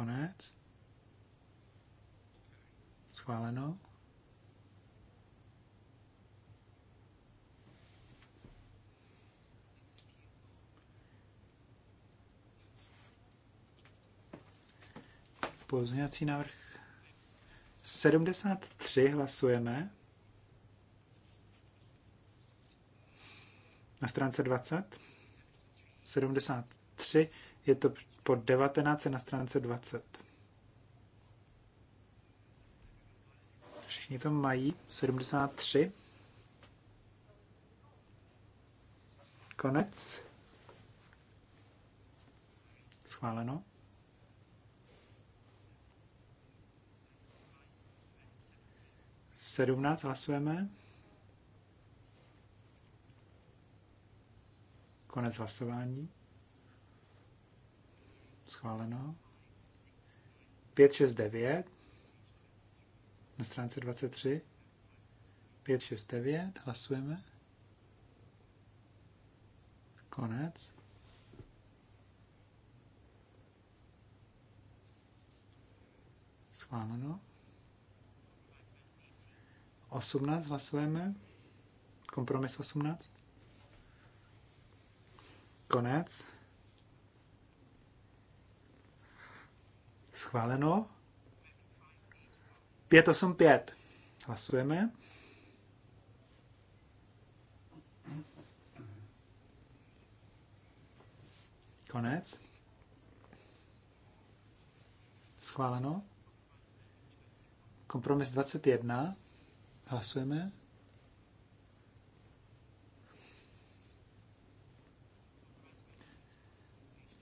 Konec. Schváleno. Pozměňovací návrh 73 hlasujeme. Na stránce 20. 73 je to po 19 na stránce 20. Všichni to mají. 73. Konec. Schváleno. Sedmnáct hlasujeme. Konec hlasování. Schváleno. 569 na stránce 23. 569, hlasujeme. Konec. Schváleno. 18 hlasujeme. Kompromis 18. Konec. Schváleno. 585. Hlasujeme. Konec. Schváleno. Kompromis 21. Hlasujeme.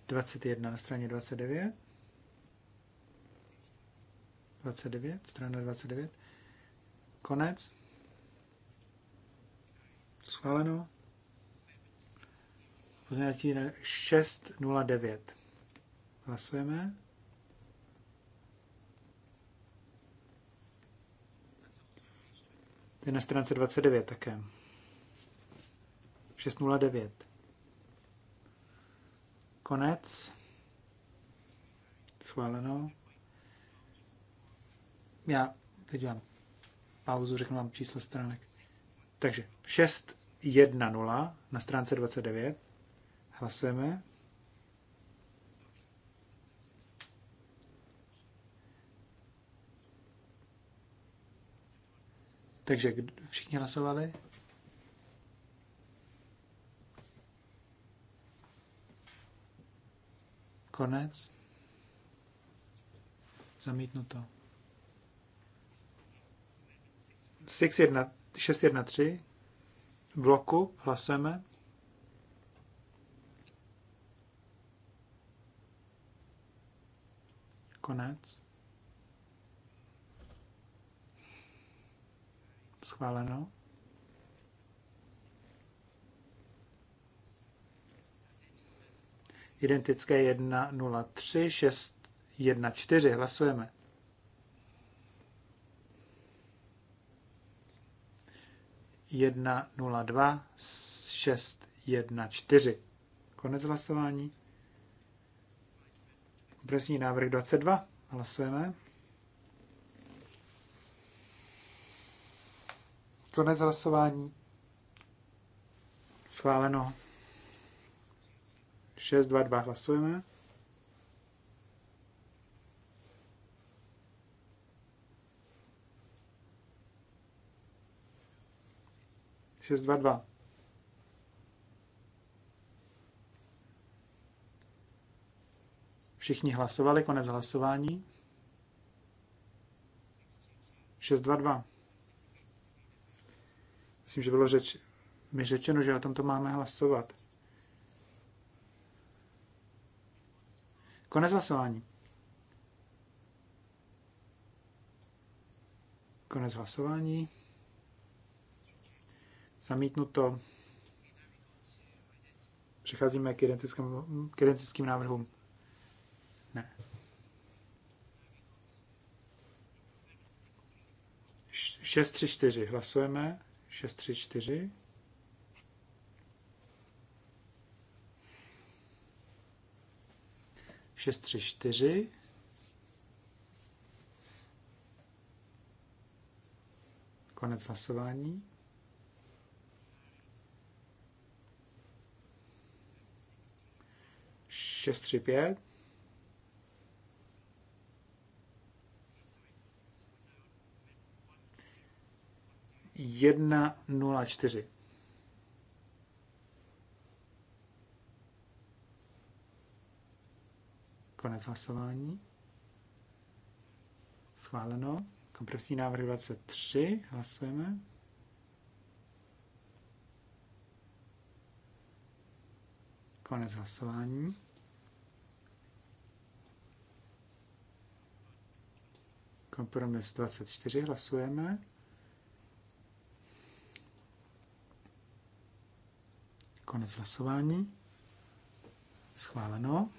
Dvacet jedna na straně dvacet devět. 29, strana 29. Konec. Schváleno. Pozměňovací 609. Hlasujeme. Je na stránce 29 také. 609. Konec. Schváleno. Já teď vám pauzu, řeknu vám číslo stránek. Takže 6.1.0 na stránce 29. Hlasujeme. Takže všichni hlasovali? Konec. Zamítnuto. 6.1.3 bloku hlasujeme. Konec. Schváleno. Identické 1, 4. Hlasujeme. 1.02.614. Konec hlasování. Kompresní návrh 22. Hlasujeme. Konec hlasování. Schváleno. 622 hlasujeme. 622. Všichni hlasovali, konec hlasování. 622. Myslím, že bylo řeč, mi řečeno, že o tomto máme hlasovat. Konec hlasování. Konec hlasování. Zamítnuto. Přecházíme k, identickým, k identickým návrhům. Ne. čtyři. hlasujeme. čtyři. Šest, tři, čtyři. Konec hlasování. 635. Jedna nula čtyři. Konec hlasování. Schváleno. Kompresní návrh 23. Hlasujeme. Konec hlasování. Kompromis 24 hlasujeme. Konec hlasování. Schváleno.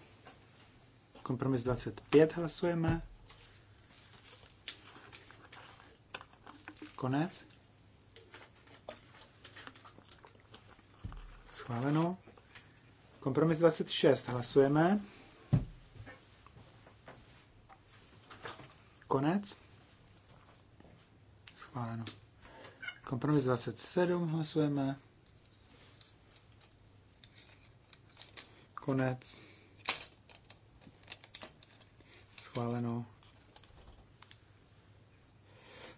Kompromis 25 hlasujeme. Konec. Schváleno. Kompromis 26 hlasujeme. Konec. Schváleno. Kompromis 27 hlasujeme. Konec. Schváleno.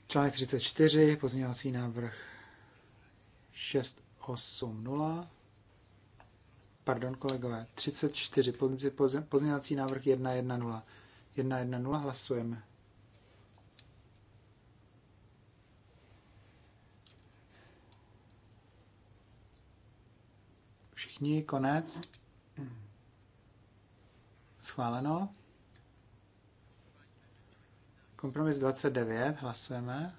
Článek 34, pozměňovací návrh 680. Pardon, kolegové, 34, pozměňovací návrh 110. 110 hlasujeme. všichni, konec. Schváleno. Kompromis 29, hlasujeme.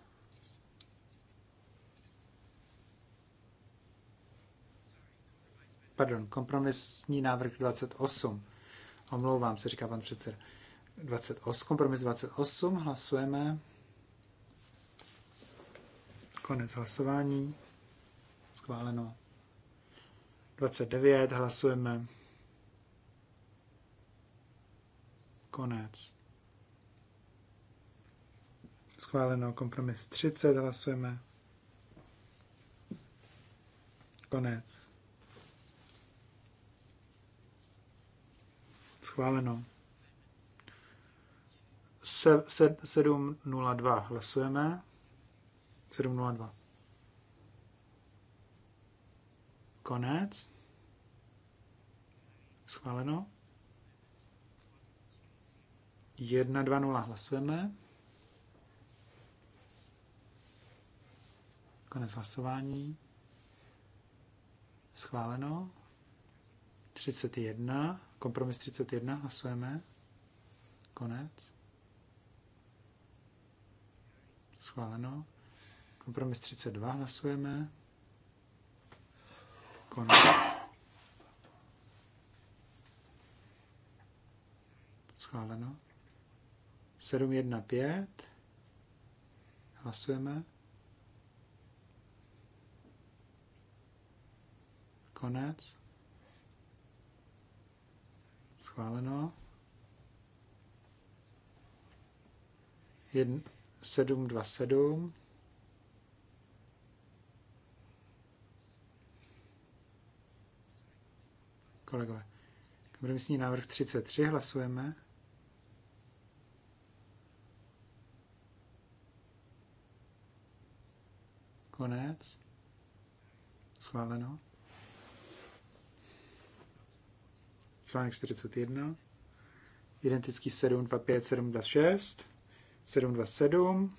Pardon, kompromisní návrh 28. Omlouvám se, říká pan předseda. 28, kompromis 28, hlasujeme. Konec hlasování. Schváleno. 29 hlasujeme. Konec. Schváleno kompromis 30 hlasujeme. Konec. Schváleno. 702 hlasujeme. 702. Konec. Schváleno. 1, 2, 0 hlasujeme. Konec hlasování. Schváleno. 31. Kompromis 31. Hlasujeme. Konec. Schváleno. Kompromis 32. Hlasujeme. Konec. Schváleno. 715. Hlasujeme. Konec. Schváleno. 727. kolegové. Kompromisní návrh 33 hlasujeme. Konec. Schváleno. Článek 41. Identický 725, 726, 727.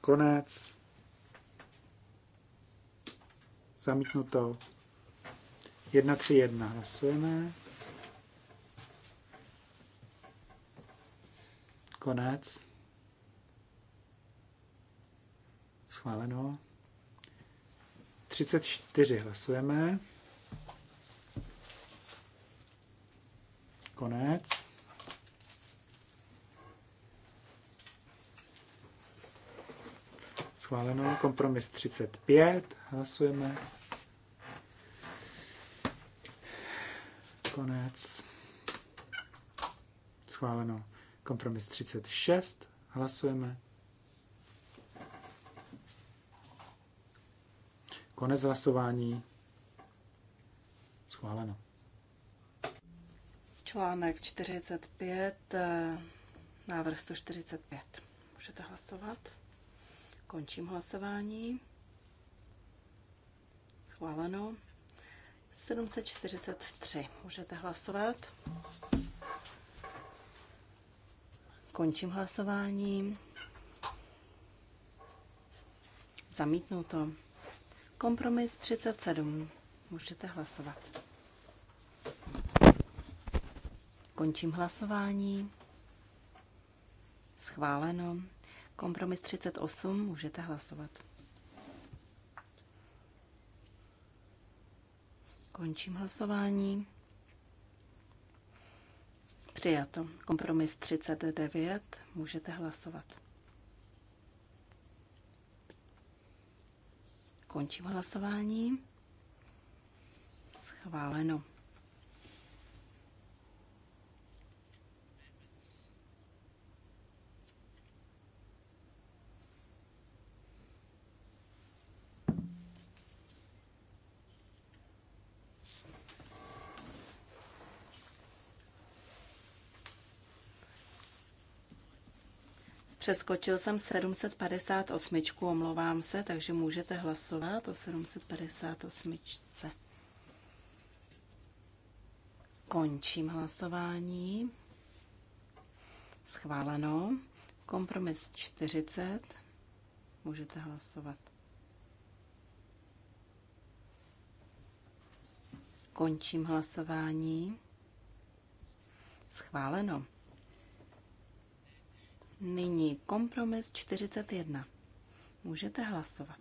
Konec. Zamítnuto. 1, 3, 1. Hlasujeme. Konec. Schváleno. 34 hlasujeme. Konec. Schváleno. Kompromis 35. Hlasujeme. Konec. Schváleno. Kompromis 36. Hlasujeme. Konec hlasování. Schváleno. Článek 45, eh, návrh 145. Můžete hlasovat. Končím hlasování. Schváleno. 743. Můžete hlasovat. Končím hlasování. Zamítnuto. Kompromis 37. Můžete hlasovat. Končím hlasování. Schváleno. Kompromis 38, můžete hlasovat. Končím hlasování. Přijato. Kompromis 39, můžete hlasovat. Končím hlasování. Schváleno. Přeskočil jsem 758, omlouvám se, takže můžete hlasovat o 758. Končím hlasování. Schváleno. Kompromis 40. Můžete hlasovat. Končím hlasování. Schváleno. Nyní kompromis 41. Můžete hlasovat.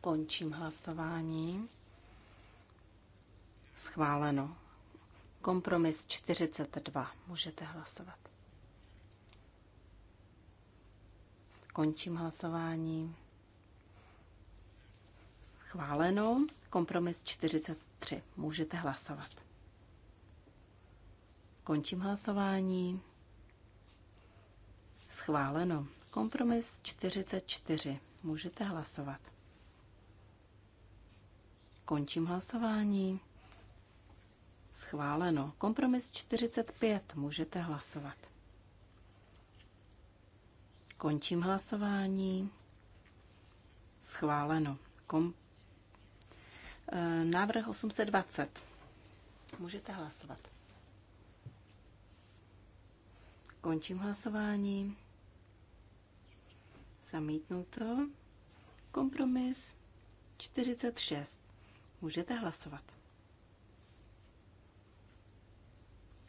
Končím hlasování. Schváleno. Kompromis 42. Můžete hlasovat. Končím hlasování. Schváleno. Kompromis 43. Můžete hlasovat. Končím hlasování. Schváleno. Kompromis 44. Můžete hlasovat. Končím hlasování. Schváleno. Kompromis 45. Můžete hlasovat. Končím hlasování. Schváleno. Kom... Eh, návrh 820. Můžete hlasovat. Končím hlasování. Zamítnuto. Kompromis 46. Můžete hlasovat.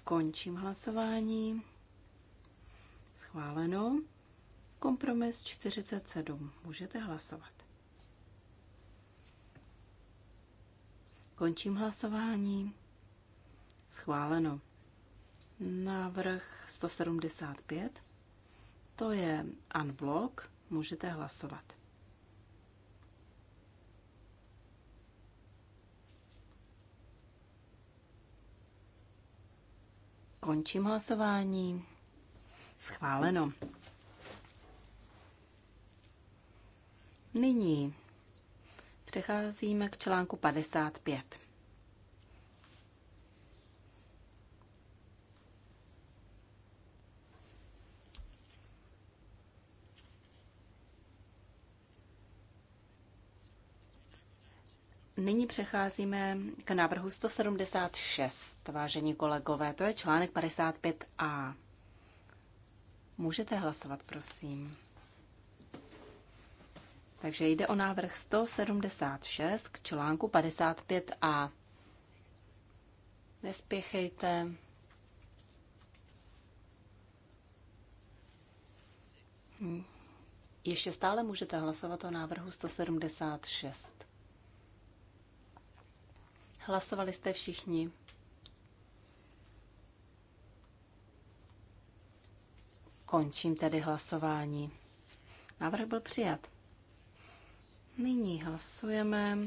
Končím hlasování. Schváleno. Kompromis 47. Můžete hlasovat. Končím hlasování. Schváleno. Návrh 175. To je unblock. Můžete hlasovat. Končím hlasování. Schváleno. Nyní přecházíme k článku 55. Nyní přecházíme k návrhu 176, vážení kolegové. To je článek 55a. Můžete hlasovat, prosím. Takže jde o návrh 176 k článku 55a. Nespěchejte. Ještě stále můžete hlasovat o návrhu 176. Hlasovali jste všichni. Končím tedy hlasování. Návrh byl přijat. Nyní hlasujeme.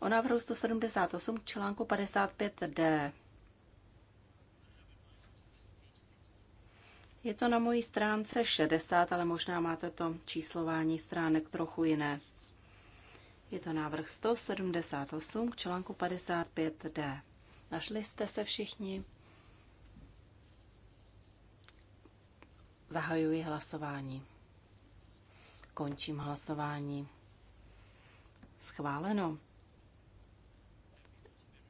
O návrhu 178 článku 55d. Je to na mojí stránce 60, ale možná máte to číslování stránek trochu jiné. Je to návrh 178 k článku 55D. Našli jste se všichni? Zahajuji hlasování. Končím hlasování. Schváleno.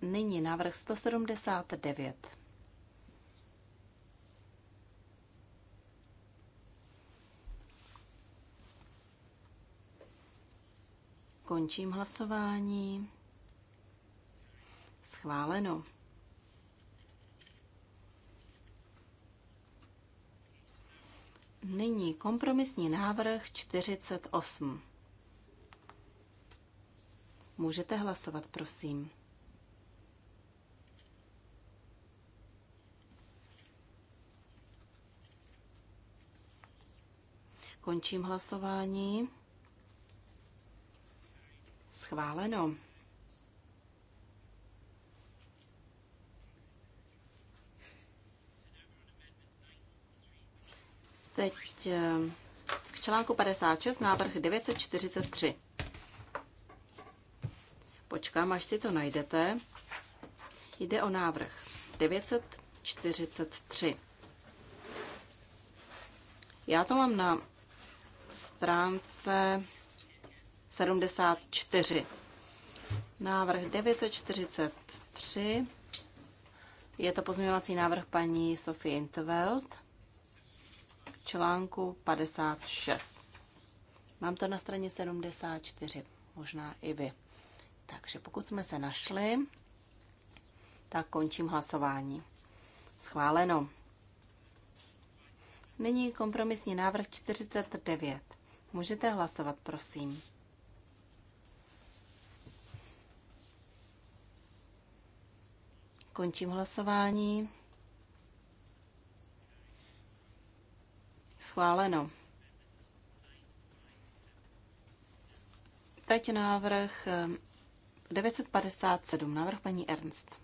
Nyní návrh 179. Končím hlasování. Schváleno. Nyní kompromisní návrh 48. Můžete hlasovat, prosím. Končím hlasování. Schváleno. Teď v eh, článku 56 návrh 943. Počkám, až si to najdete. Jde o návrh 943. Já to mám na stránce 74. Návrh 943. Je to pozměňovací návrh paní Sofie Intveld k článku 56. Mám to na straně 74, možná i vy. Takže pokud jsme se našli, tak končím hlasování. Schváleno. Nyní kompromisní návrh 49. Můžete hlasovat, prosím. Končím hlasování. Schváleno. Teď návrh 957, eh, návrh paní Ernst.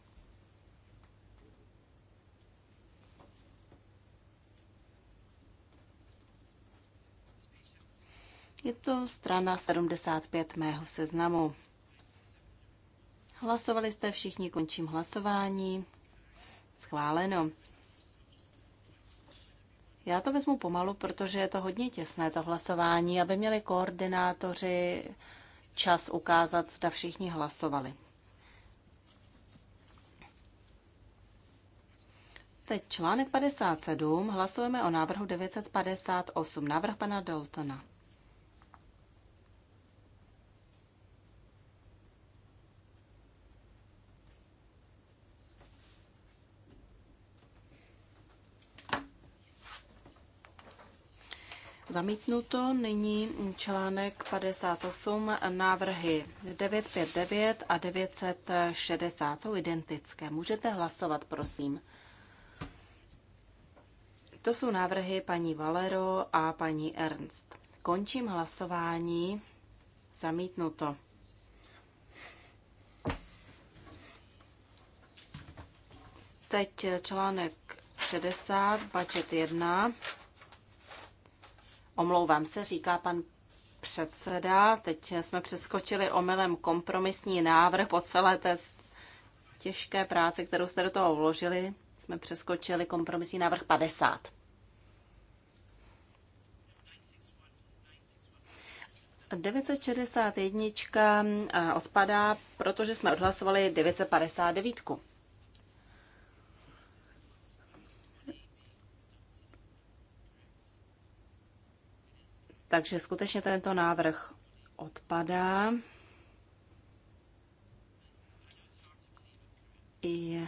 Je to strana 75 mého seznamu. Hlasovali jste všichni, končím hlasování. Schváleno. Já to vezmu pomalu, protože je to hodně těsné, to hlasování, aby měli koordinátoři čas ukázat, zda všichni hlasovali. Teď článek 57. Hlasujeme o návrhu 958. Návrh pana Daltona. Zamítnuto nyní článek 58, návrhy 959 a 960 jsou identické. Můžete hlasovat, prosím. To jsou návrhy paní Valero a paní Ernst. Končím hlasování. Zamítnuto. Teď článek 60, budget 1. Omlouvám se, říká pan předseda. Teď jsme přeskočili omylem kompromisní návrh po celé té těžké práci, kterou jste do toho vložili. Jsme přeskočili kompromisní návrh 50. A 961 odpadá, protože jsme odhlasovali 959. Takže skutečně tento návrh odpadá. Je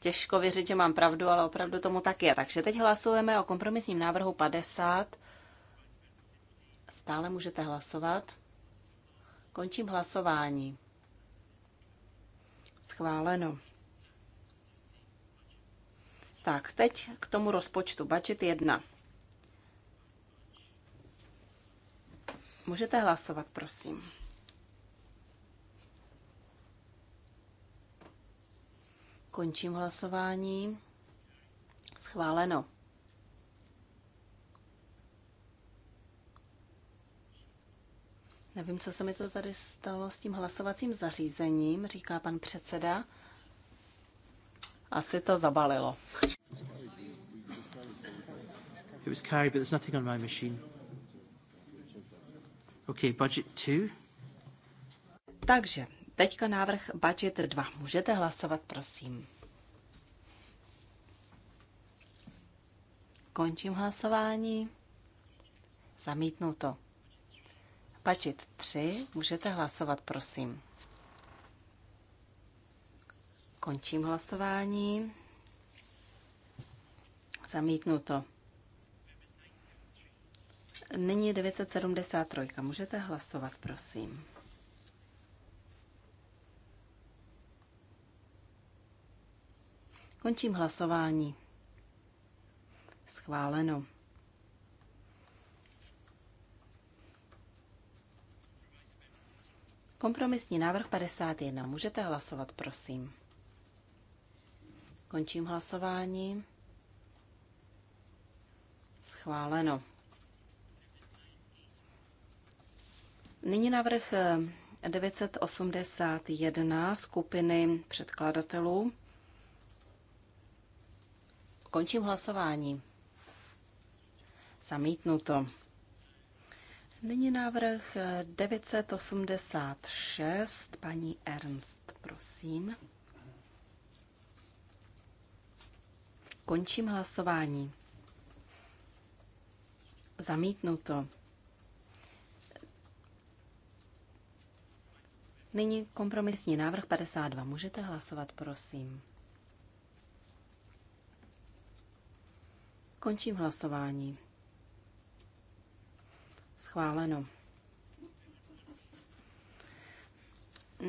těžko věřit, že mám pravdu, ale opravdu tomu tak je. Takže teď hlasujeme o kompromisním návrhu 50. Stále můžete hlasovat. Končím hlasování. Schváleno. Tak, teď k tomu rozpočtu. Budget 1. Můžete hlasovat, prosím. Končím hlasování. Schváleno. Nevím, co se mi to tady stalo s tím hlasovacím zařízením, říká pan předseda. Asi to zabalilo. It was carried, but there's nothing on my machine. Okay, budget two. Takže teďka návrh budget 2. Můžete hlasovat, prosím. Končím hlasování. Zamítnuto. Budget 3. Můžete hlasovat, prosím. Končím hlasování. Zamítnuto. Nyní 973. Můžete hlasovat, prosím. Končím hlasování. Schváleno. Kompromisní návrh 51. Můžete hlasovat, prosím. Končím hlasování. Schváleno. Nyní navrh 981 eh, skupiny předkladatelů. Končím hlasování. Zamítnuto. Nyní návrh 986, eh, paní Ernst, prosím. Končím hlasování. Zamítnuto. Nyní kompromisní návrh 52. Můžete hlasovat, prosím. Končím hlasování. Schváleno.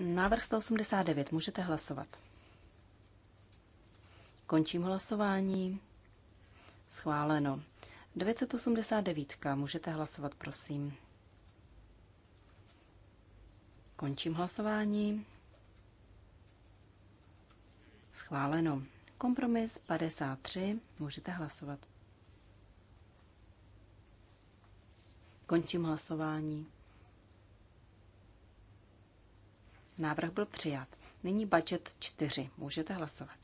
Návrh 189. Můžete hlasovat. Končím hlasování. Schváleno. 989. Můžete hlasovat, prosím. Končím hlasování. Schváleno. Kompromis 53. Můžete hlasovat. Končím hlasování. Návrh byl přijat. Nyní budget 4. Můžete hlasovat.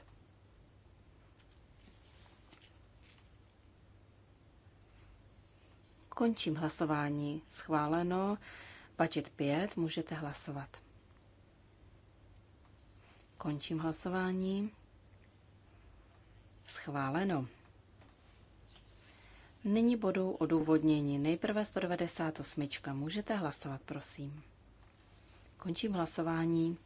Končím hlasování. Schváleno. Budget 5 můžete hlasovat. Končím hlasování. Schváleno. Nyní bodu odůvodnění. Nejprve 198. Můžete hlasovat, prosím. Končím hlasování.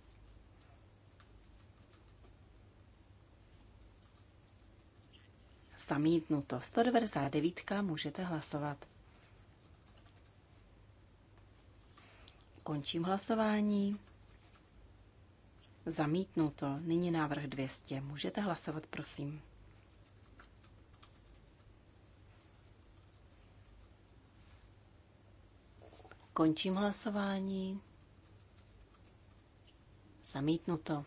Zamítnuto. 199. Můžete hlasovat. Končím hlasování. Zamítnuto. Nyní návrh 200. Můžete hlasovat, prosím. Končím hlasování. Zamítnuto.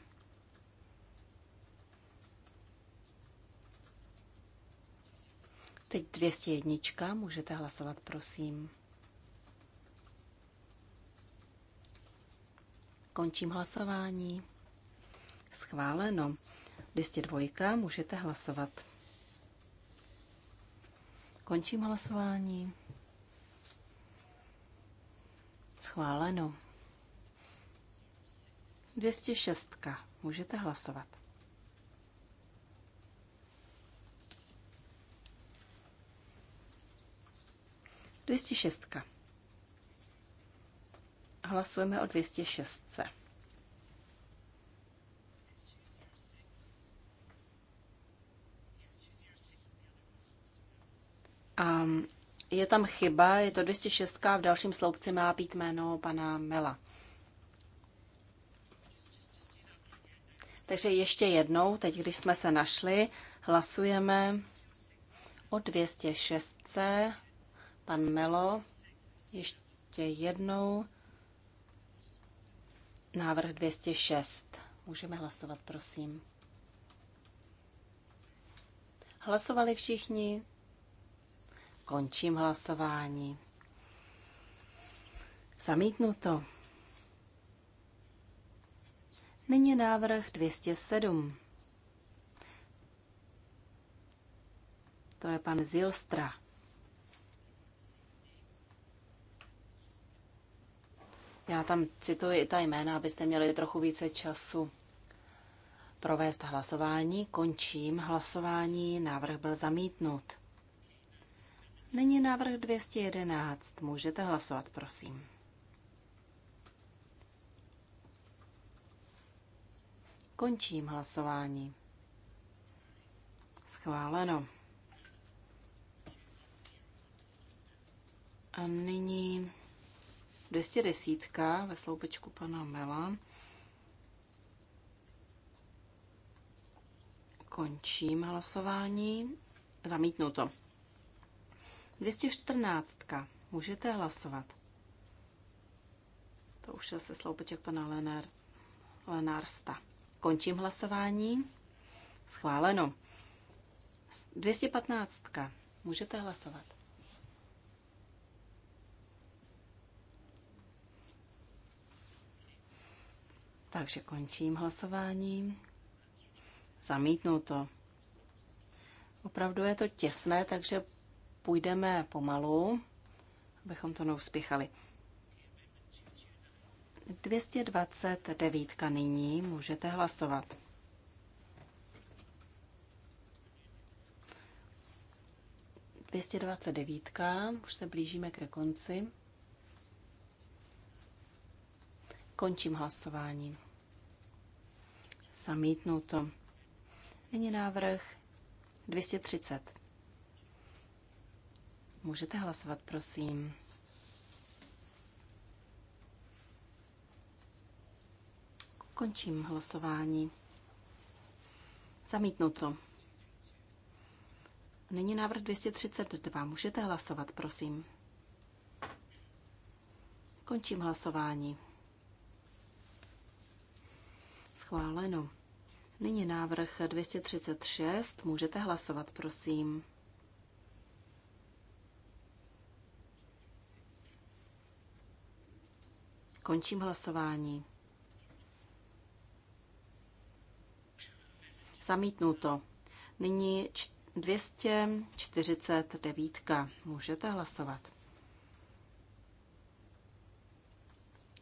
Teď 201. Můžete hlasovat, prosím. Končím hlasování. Schváleno. 202. Můžete hlasovat. Končím hlasování. Schváleno. 206. Můžete hlasovat. Dvěstě šestka. Hlasujeme o 206. A je tam chyba, je to 206 a v dalším sloupci má být jméno pana Mela. Takže ještě jednou, teď když jsme se našli, hlasujeme o 206. Pan Melo, ještě jednou Návrh 206. Můžeme hlasovat, prosím. Hlasovali všichni? Končím hlasování. Zamítnuto. Nyní návrh 207. To je pan Zilstra. Já tam cituji ta jména, abyste měli trochu více času provést hlasování. Končím hlasování. Návrh byl zamítnut. Nyní návrh 211. Můžete hlasovat, prosím. Končím hlasování. Schváleno. A nyní 210 ve sloupečku pana Mela. Končím hlasování. to. 214. Můžete hlasovat. To už je se sloupeček pana Lenár, Lenársta. Končím hlasování. Schváleno. 215. Můžete hlasovat. Takže končím hlasování. Zamítnu to. Opravdu je to těsné, takže půjdeme pomalu, abychom to neuspěchali. 229 nyní můžete hlasovat. Dvěstě dvacet devítka, už se blížíme ke konci. Končím hlasováním zamítnuto. Nyní návrh 230. Můžete hlasovat, prosím. Končím hlasování. Zamítnuto. Nyní návrh 232. Můžete hlasovat, prosím. Končím hlasování. Schváleno. Nyní návrh 236. Můžete hlasovat, prosím. Končím hlasování. Zamítnuto. Nyní 249. Můžete hlasovat.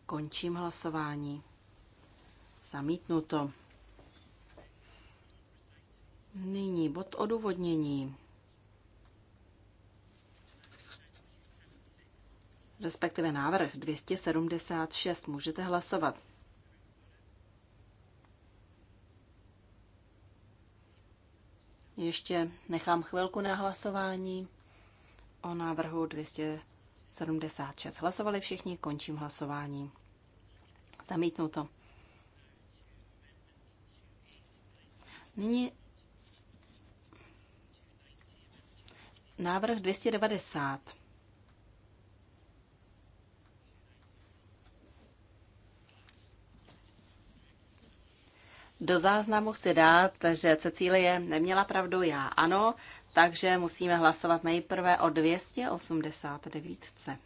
Končím hlasování. Zamítnuto. Nyní bod odůvodnění. Respektive návrh 276. Můžete hlasovat. Ještě nechám chvilku na hlasování o návrhu 276. Hlasovali všichni, končím hlasování. Zamítnuto. to. Nyní návrh 290. Do záznamu chci dát, že Cecílie neměla pravdu, já ano, takže musíme hlasovat nejprve o 289.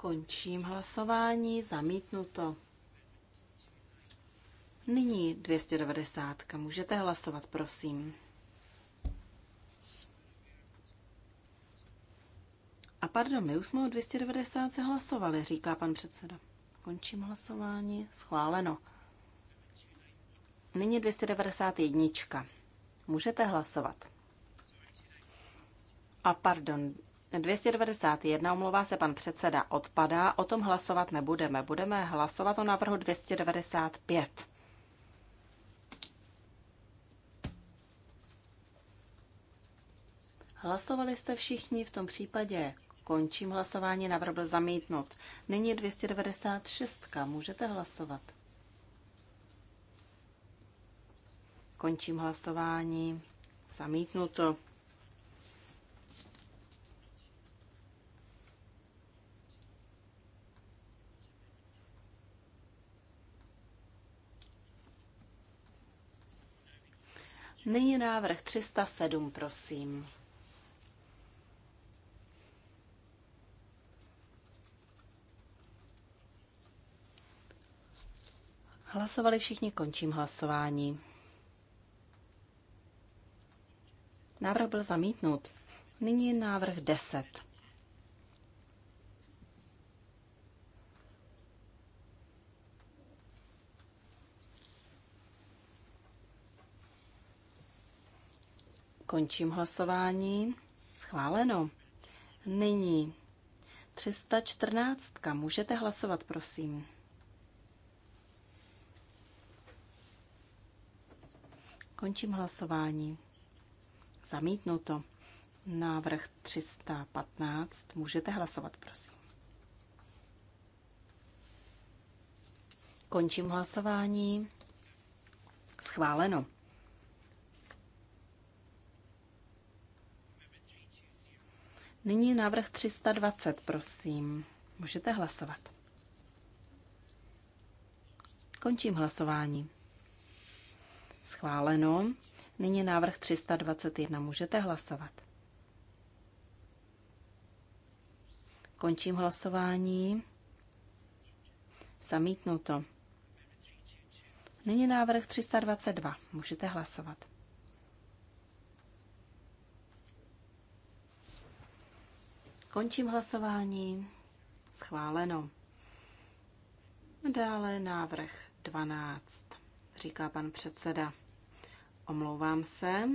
Končím hlasování, zamítnuto. Nyní 290. Můžete hlasovat, prosím. A pardon, my už jsme o 290 se hlasovali, říká pan předseda. Končím hlasování. Schváleno. Nyní 291. Můžete hlasovat. A pardon, 291, omlouvá se pan předseda, odpadá. O tom hlasovat nebudeme. Budeme hlasovat o návrhu 295. Hlasovali jste všichni, v tom případě končím hlasování, návrh byl zamítnut. Nyní 296, můžete hlasovat. Končím hlasování, zamítnuto. Nyní návrh 307, prosím. Hlasovali všichni, končím hlasování. Návrh byl zamítnut. Nyní návrh 10. Končím hlasování. Schváleno. Nyní 314. Můžete hlasovat, prosím. Končím hlasování. Zamítnuto. Návrh 315. Můžete hlasovat, prosím. Končím hlasování. Schváleno. Nyní návrh 320, prosím. Můžete hlasovat. Končím hlasování. Schváleno. Nyní návrh 321. Můžete hlasovat. Končím hlasování. Zamítnuto. Nyní návrh 322. Můžete hlasovat. Končím hlasování. Schváleno. Dále návrh 12, říká pan předseda. Omlouvám se.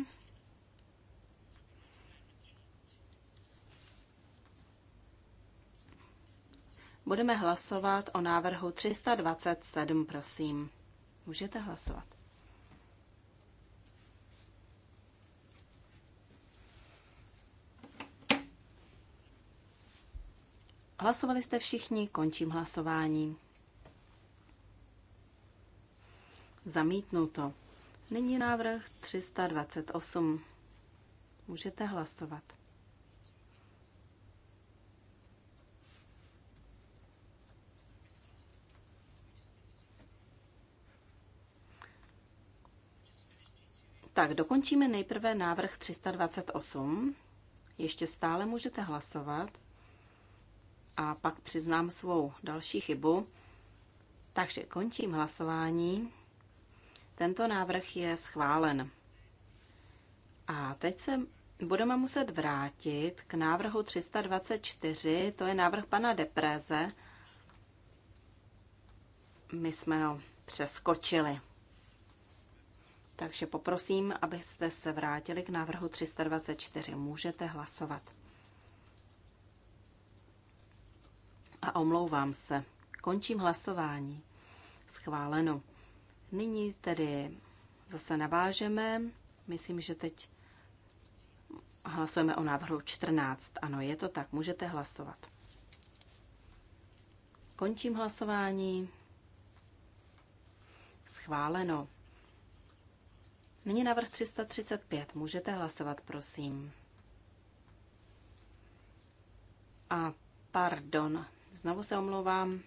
Budeme hlasovat o návrhu 327, prosím. Můžete hlasovat. Hlasovali jste všichni, končím hlasování. Zamítnuto. Nyní návrh 328. Můžete hlasovat. Tak, dokončíme nejprve návrh 328. Ještě stále můžete hlasovat a pak přiznám svou další chybu. Takže končím hlasování. Tento návrh je schválen. A teď se budeme muset vrátit k návrhu 324, to je návrh pana Depreze. My jsme ho přeskočili. Takže poprosím, abyste se vrátili k návrhu 324. Můžete hlasovat. A omlouvám se. Končím hlasování. Schváleno. Nyní tedy zase navážeme. Myslím, že teď hlasujeme o návrhu 14. Ano, je to tak, můžete hlasovat. Končím hlasování. Schváleno. Nyní návrh 335. Můžete hlasovat, prosím. A pardon, Znovu se omlouvám.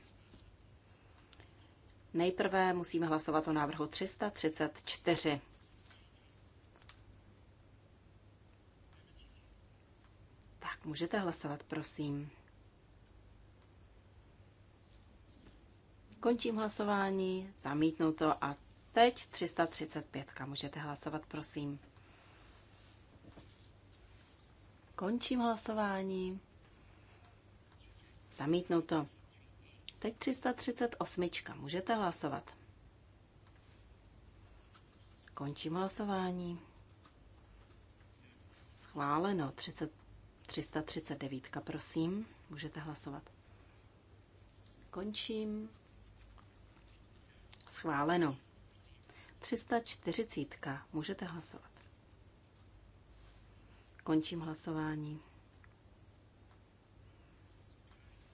Nejprve musíme hlasovat o návrhu 334. Tak, můžete hlasovat, prosím. Končím hlasování, zamítnu to a teď 335. Můžete hlasovat, prosím. Končím hlasování. Zamítnu to. Teď 338. Můžete hlasovat. Končím hlasování. Schváleno. 30, 339, prosím. Můžete hlasovat. Končím. Schváleno. 340. Můžete hlasovat. Končím hlasování.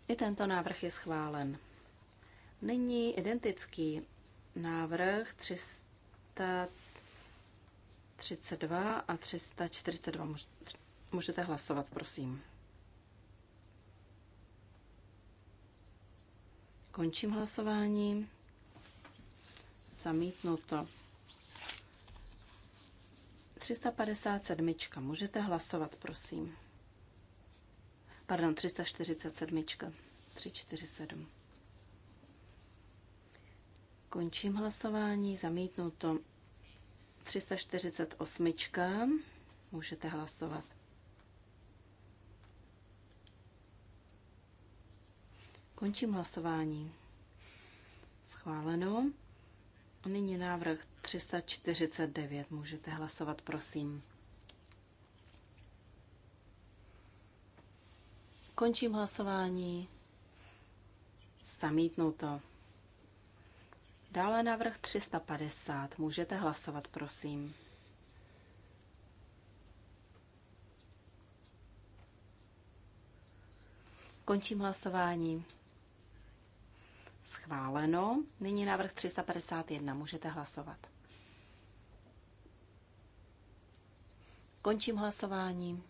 I tento návrh je schválen. Nyní identický návrh 332 a 342. Můžete hlasovat, prosím. Končím hlasování. Zamítnuto. 357. Můžete hlasovat, prosím pardon, 347. 347. Končím hlasování, zamítnu to, 348. Můžete hlasovat. Končím hlasování. Schváleno. Nyní návrh 349. Můžete hlasovat, prosím. Končím hlasování. Zamítnuto. Dále návrh 350. Můžete hlasovat, prosím. Končím hlasování. Schváleno. Nyní návrh 351. Můžete hlasovat. Končím hlasování.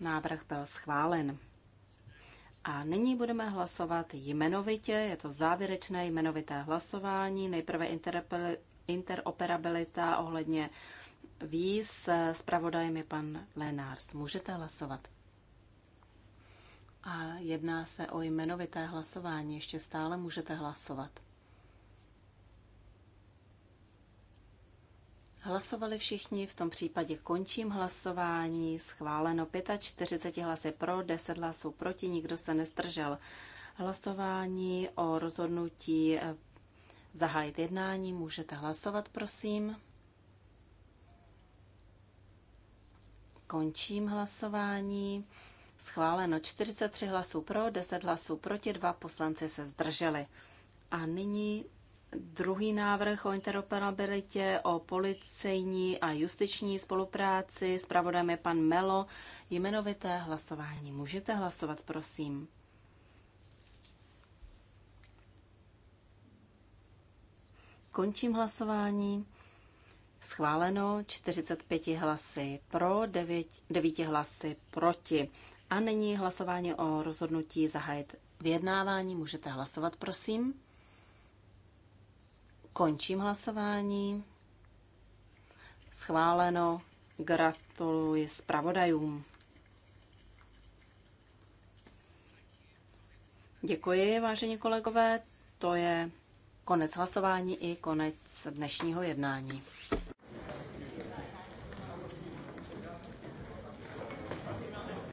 Návrh byl schválen. A nyní budeme hlasovat jmenovitě, je to závěrečné jmenovité hlasování, nejprve interoperabilita ohledně víz, Spravodajem je pan Lenárs. Můžete hlasovat. A jedná se o jmenovité hlasování, ještě stále můžete hlasovat. Hlasovali všichni, v tom případě končím hlasování. Schváleno 45 hlasy pro, 10 hlasů proti, nikdo se nestržel. Hlasování o rozhodnutí eh, zahájit jednání můžete hlasovat, prosím. Končím hlasování. Schváleno 43 hlasů pro, 10 hlasů proti, Dva poslanci se zdrželi. A nyní druhý návrh o interoperabilitě, o policejní a justiční spolupráci. Spravodajem je pan Melo. Jmenovité hlasování. Můžete hlasovat, prosím. Končím hlasování. Schváleno 45 hlasy pro, 9, 9 hlasy proti. A není hlasování o rozhodnutí zahájit vyjednávání. Můžete hlasovat, prosím. Končím hlasování. Schváleno. Gratuluji zpravodajům. Děkuji, vážení kolegové. To je konec hlasování i konec dnešního jednání.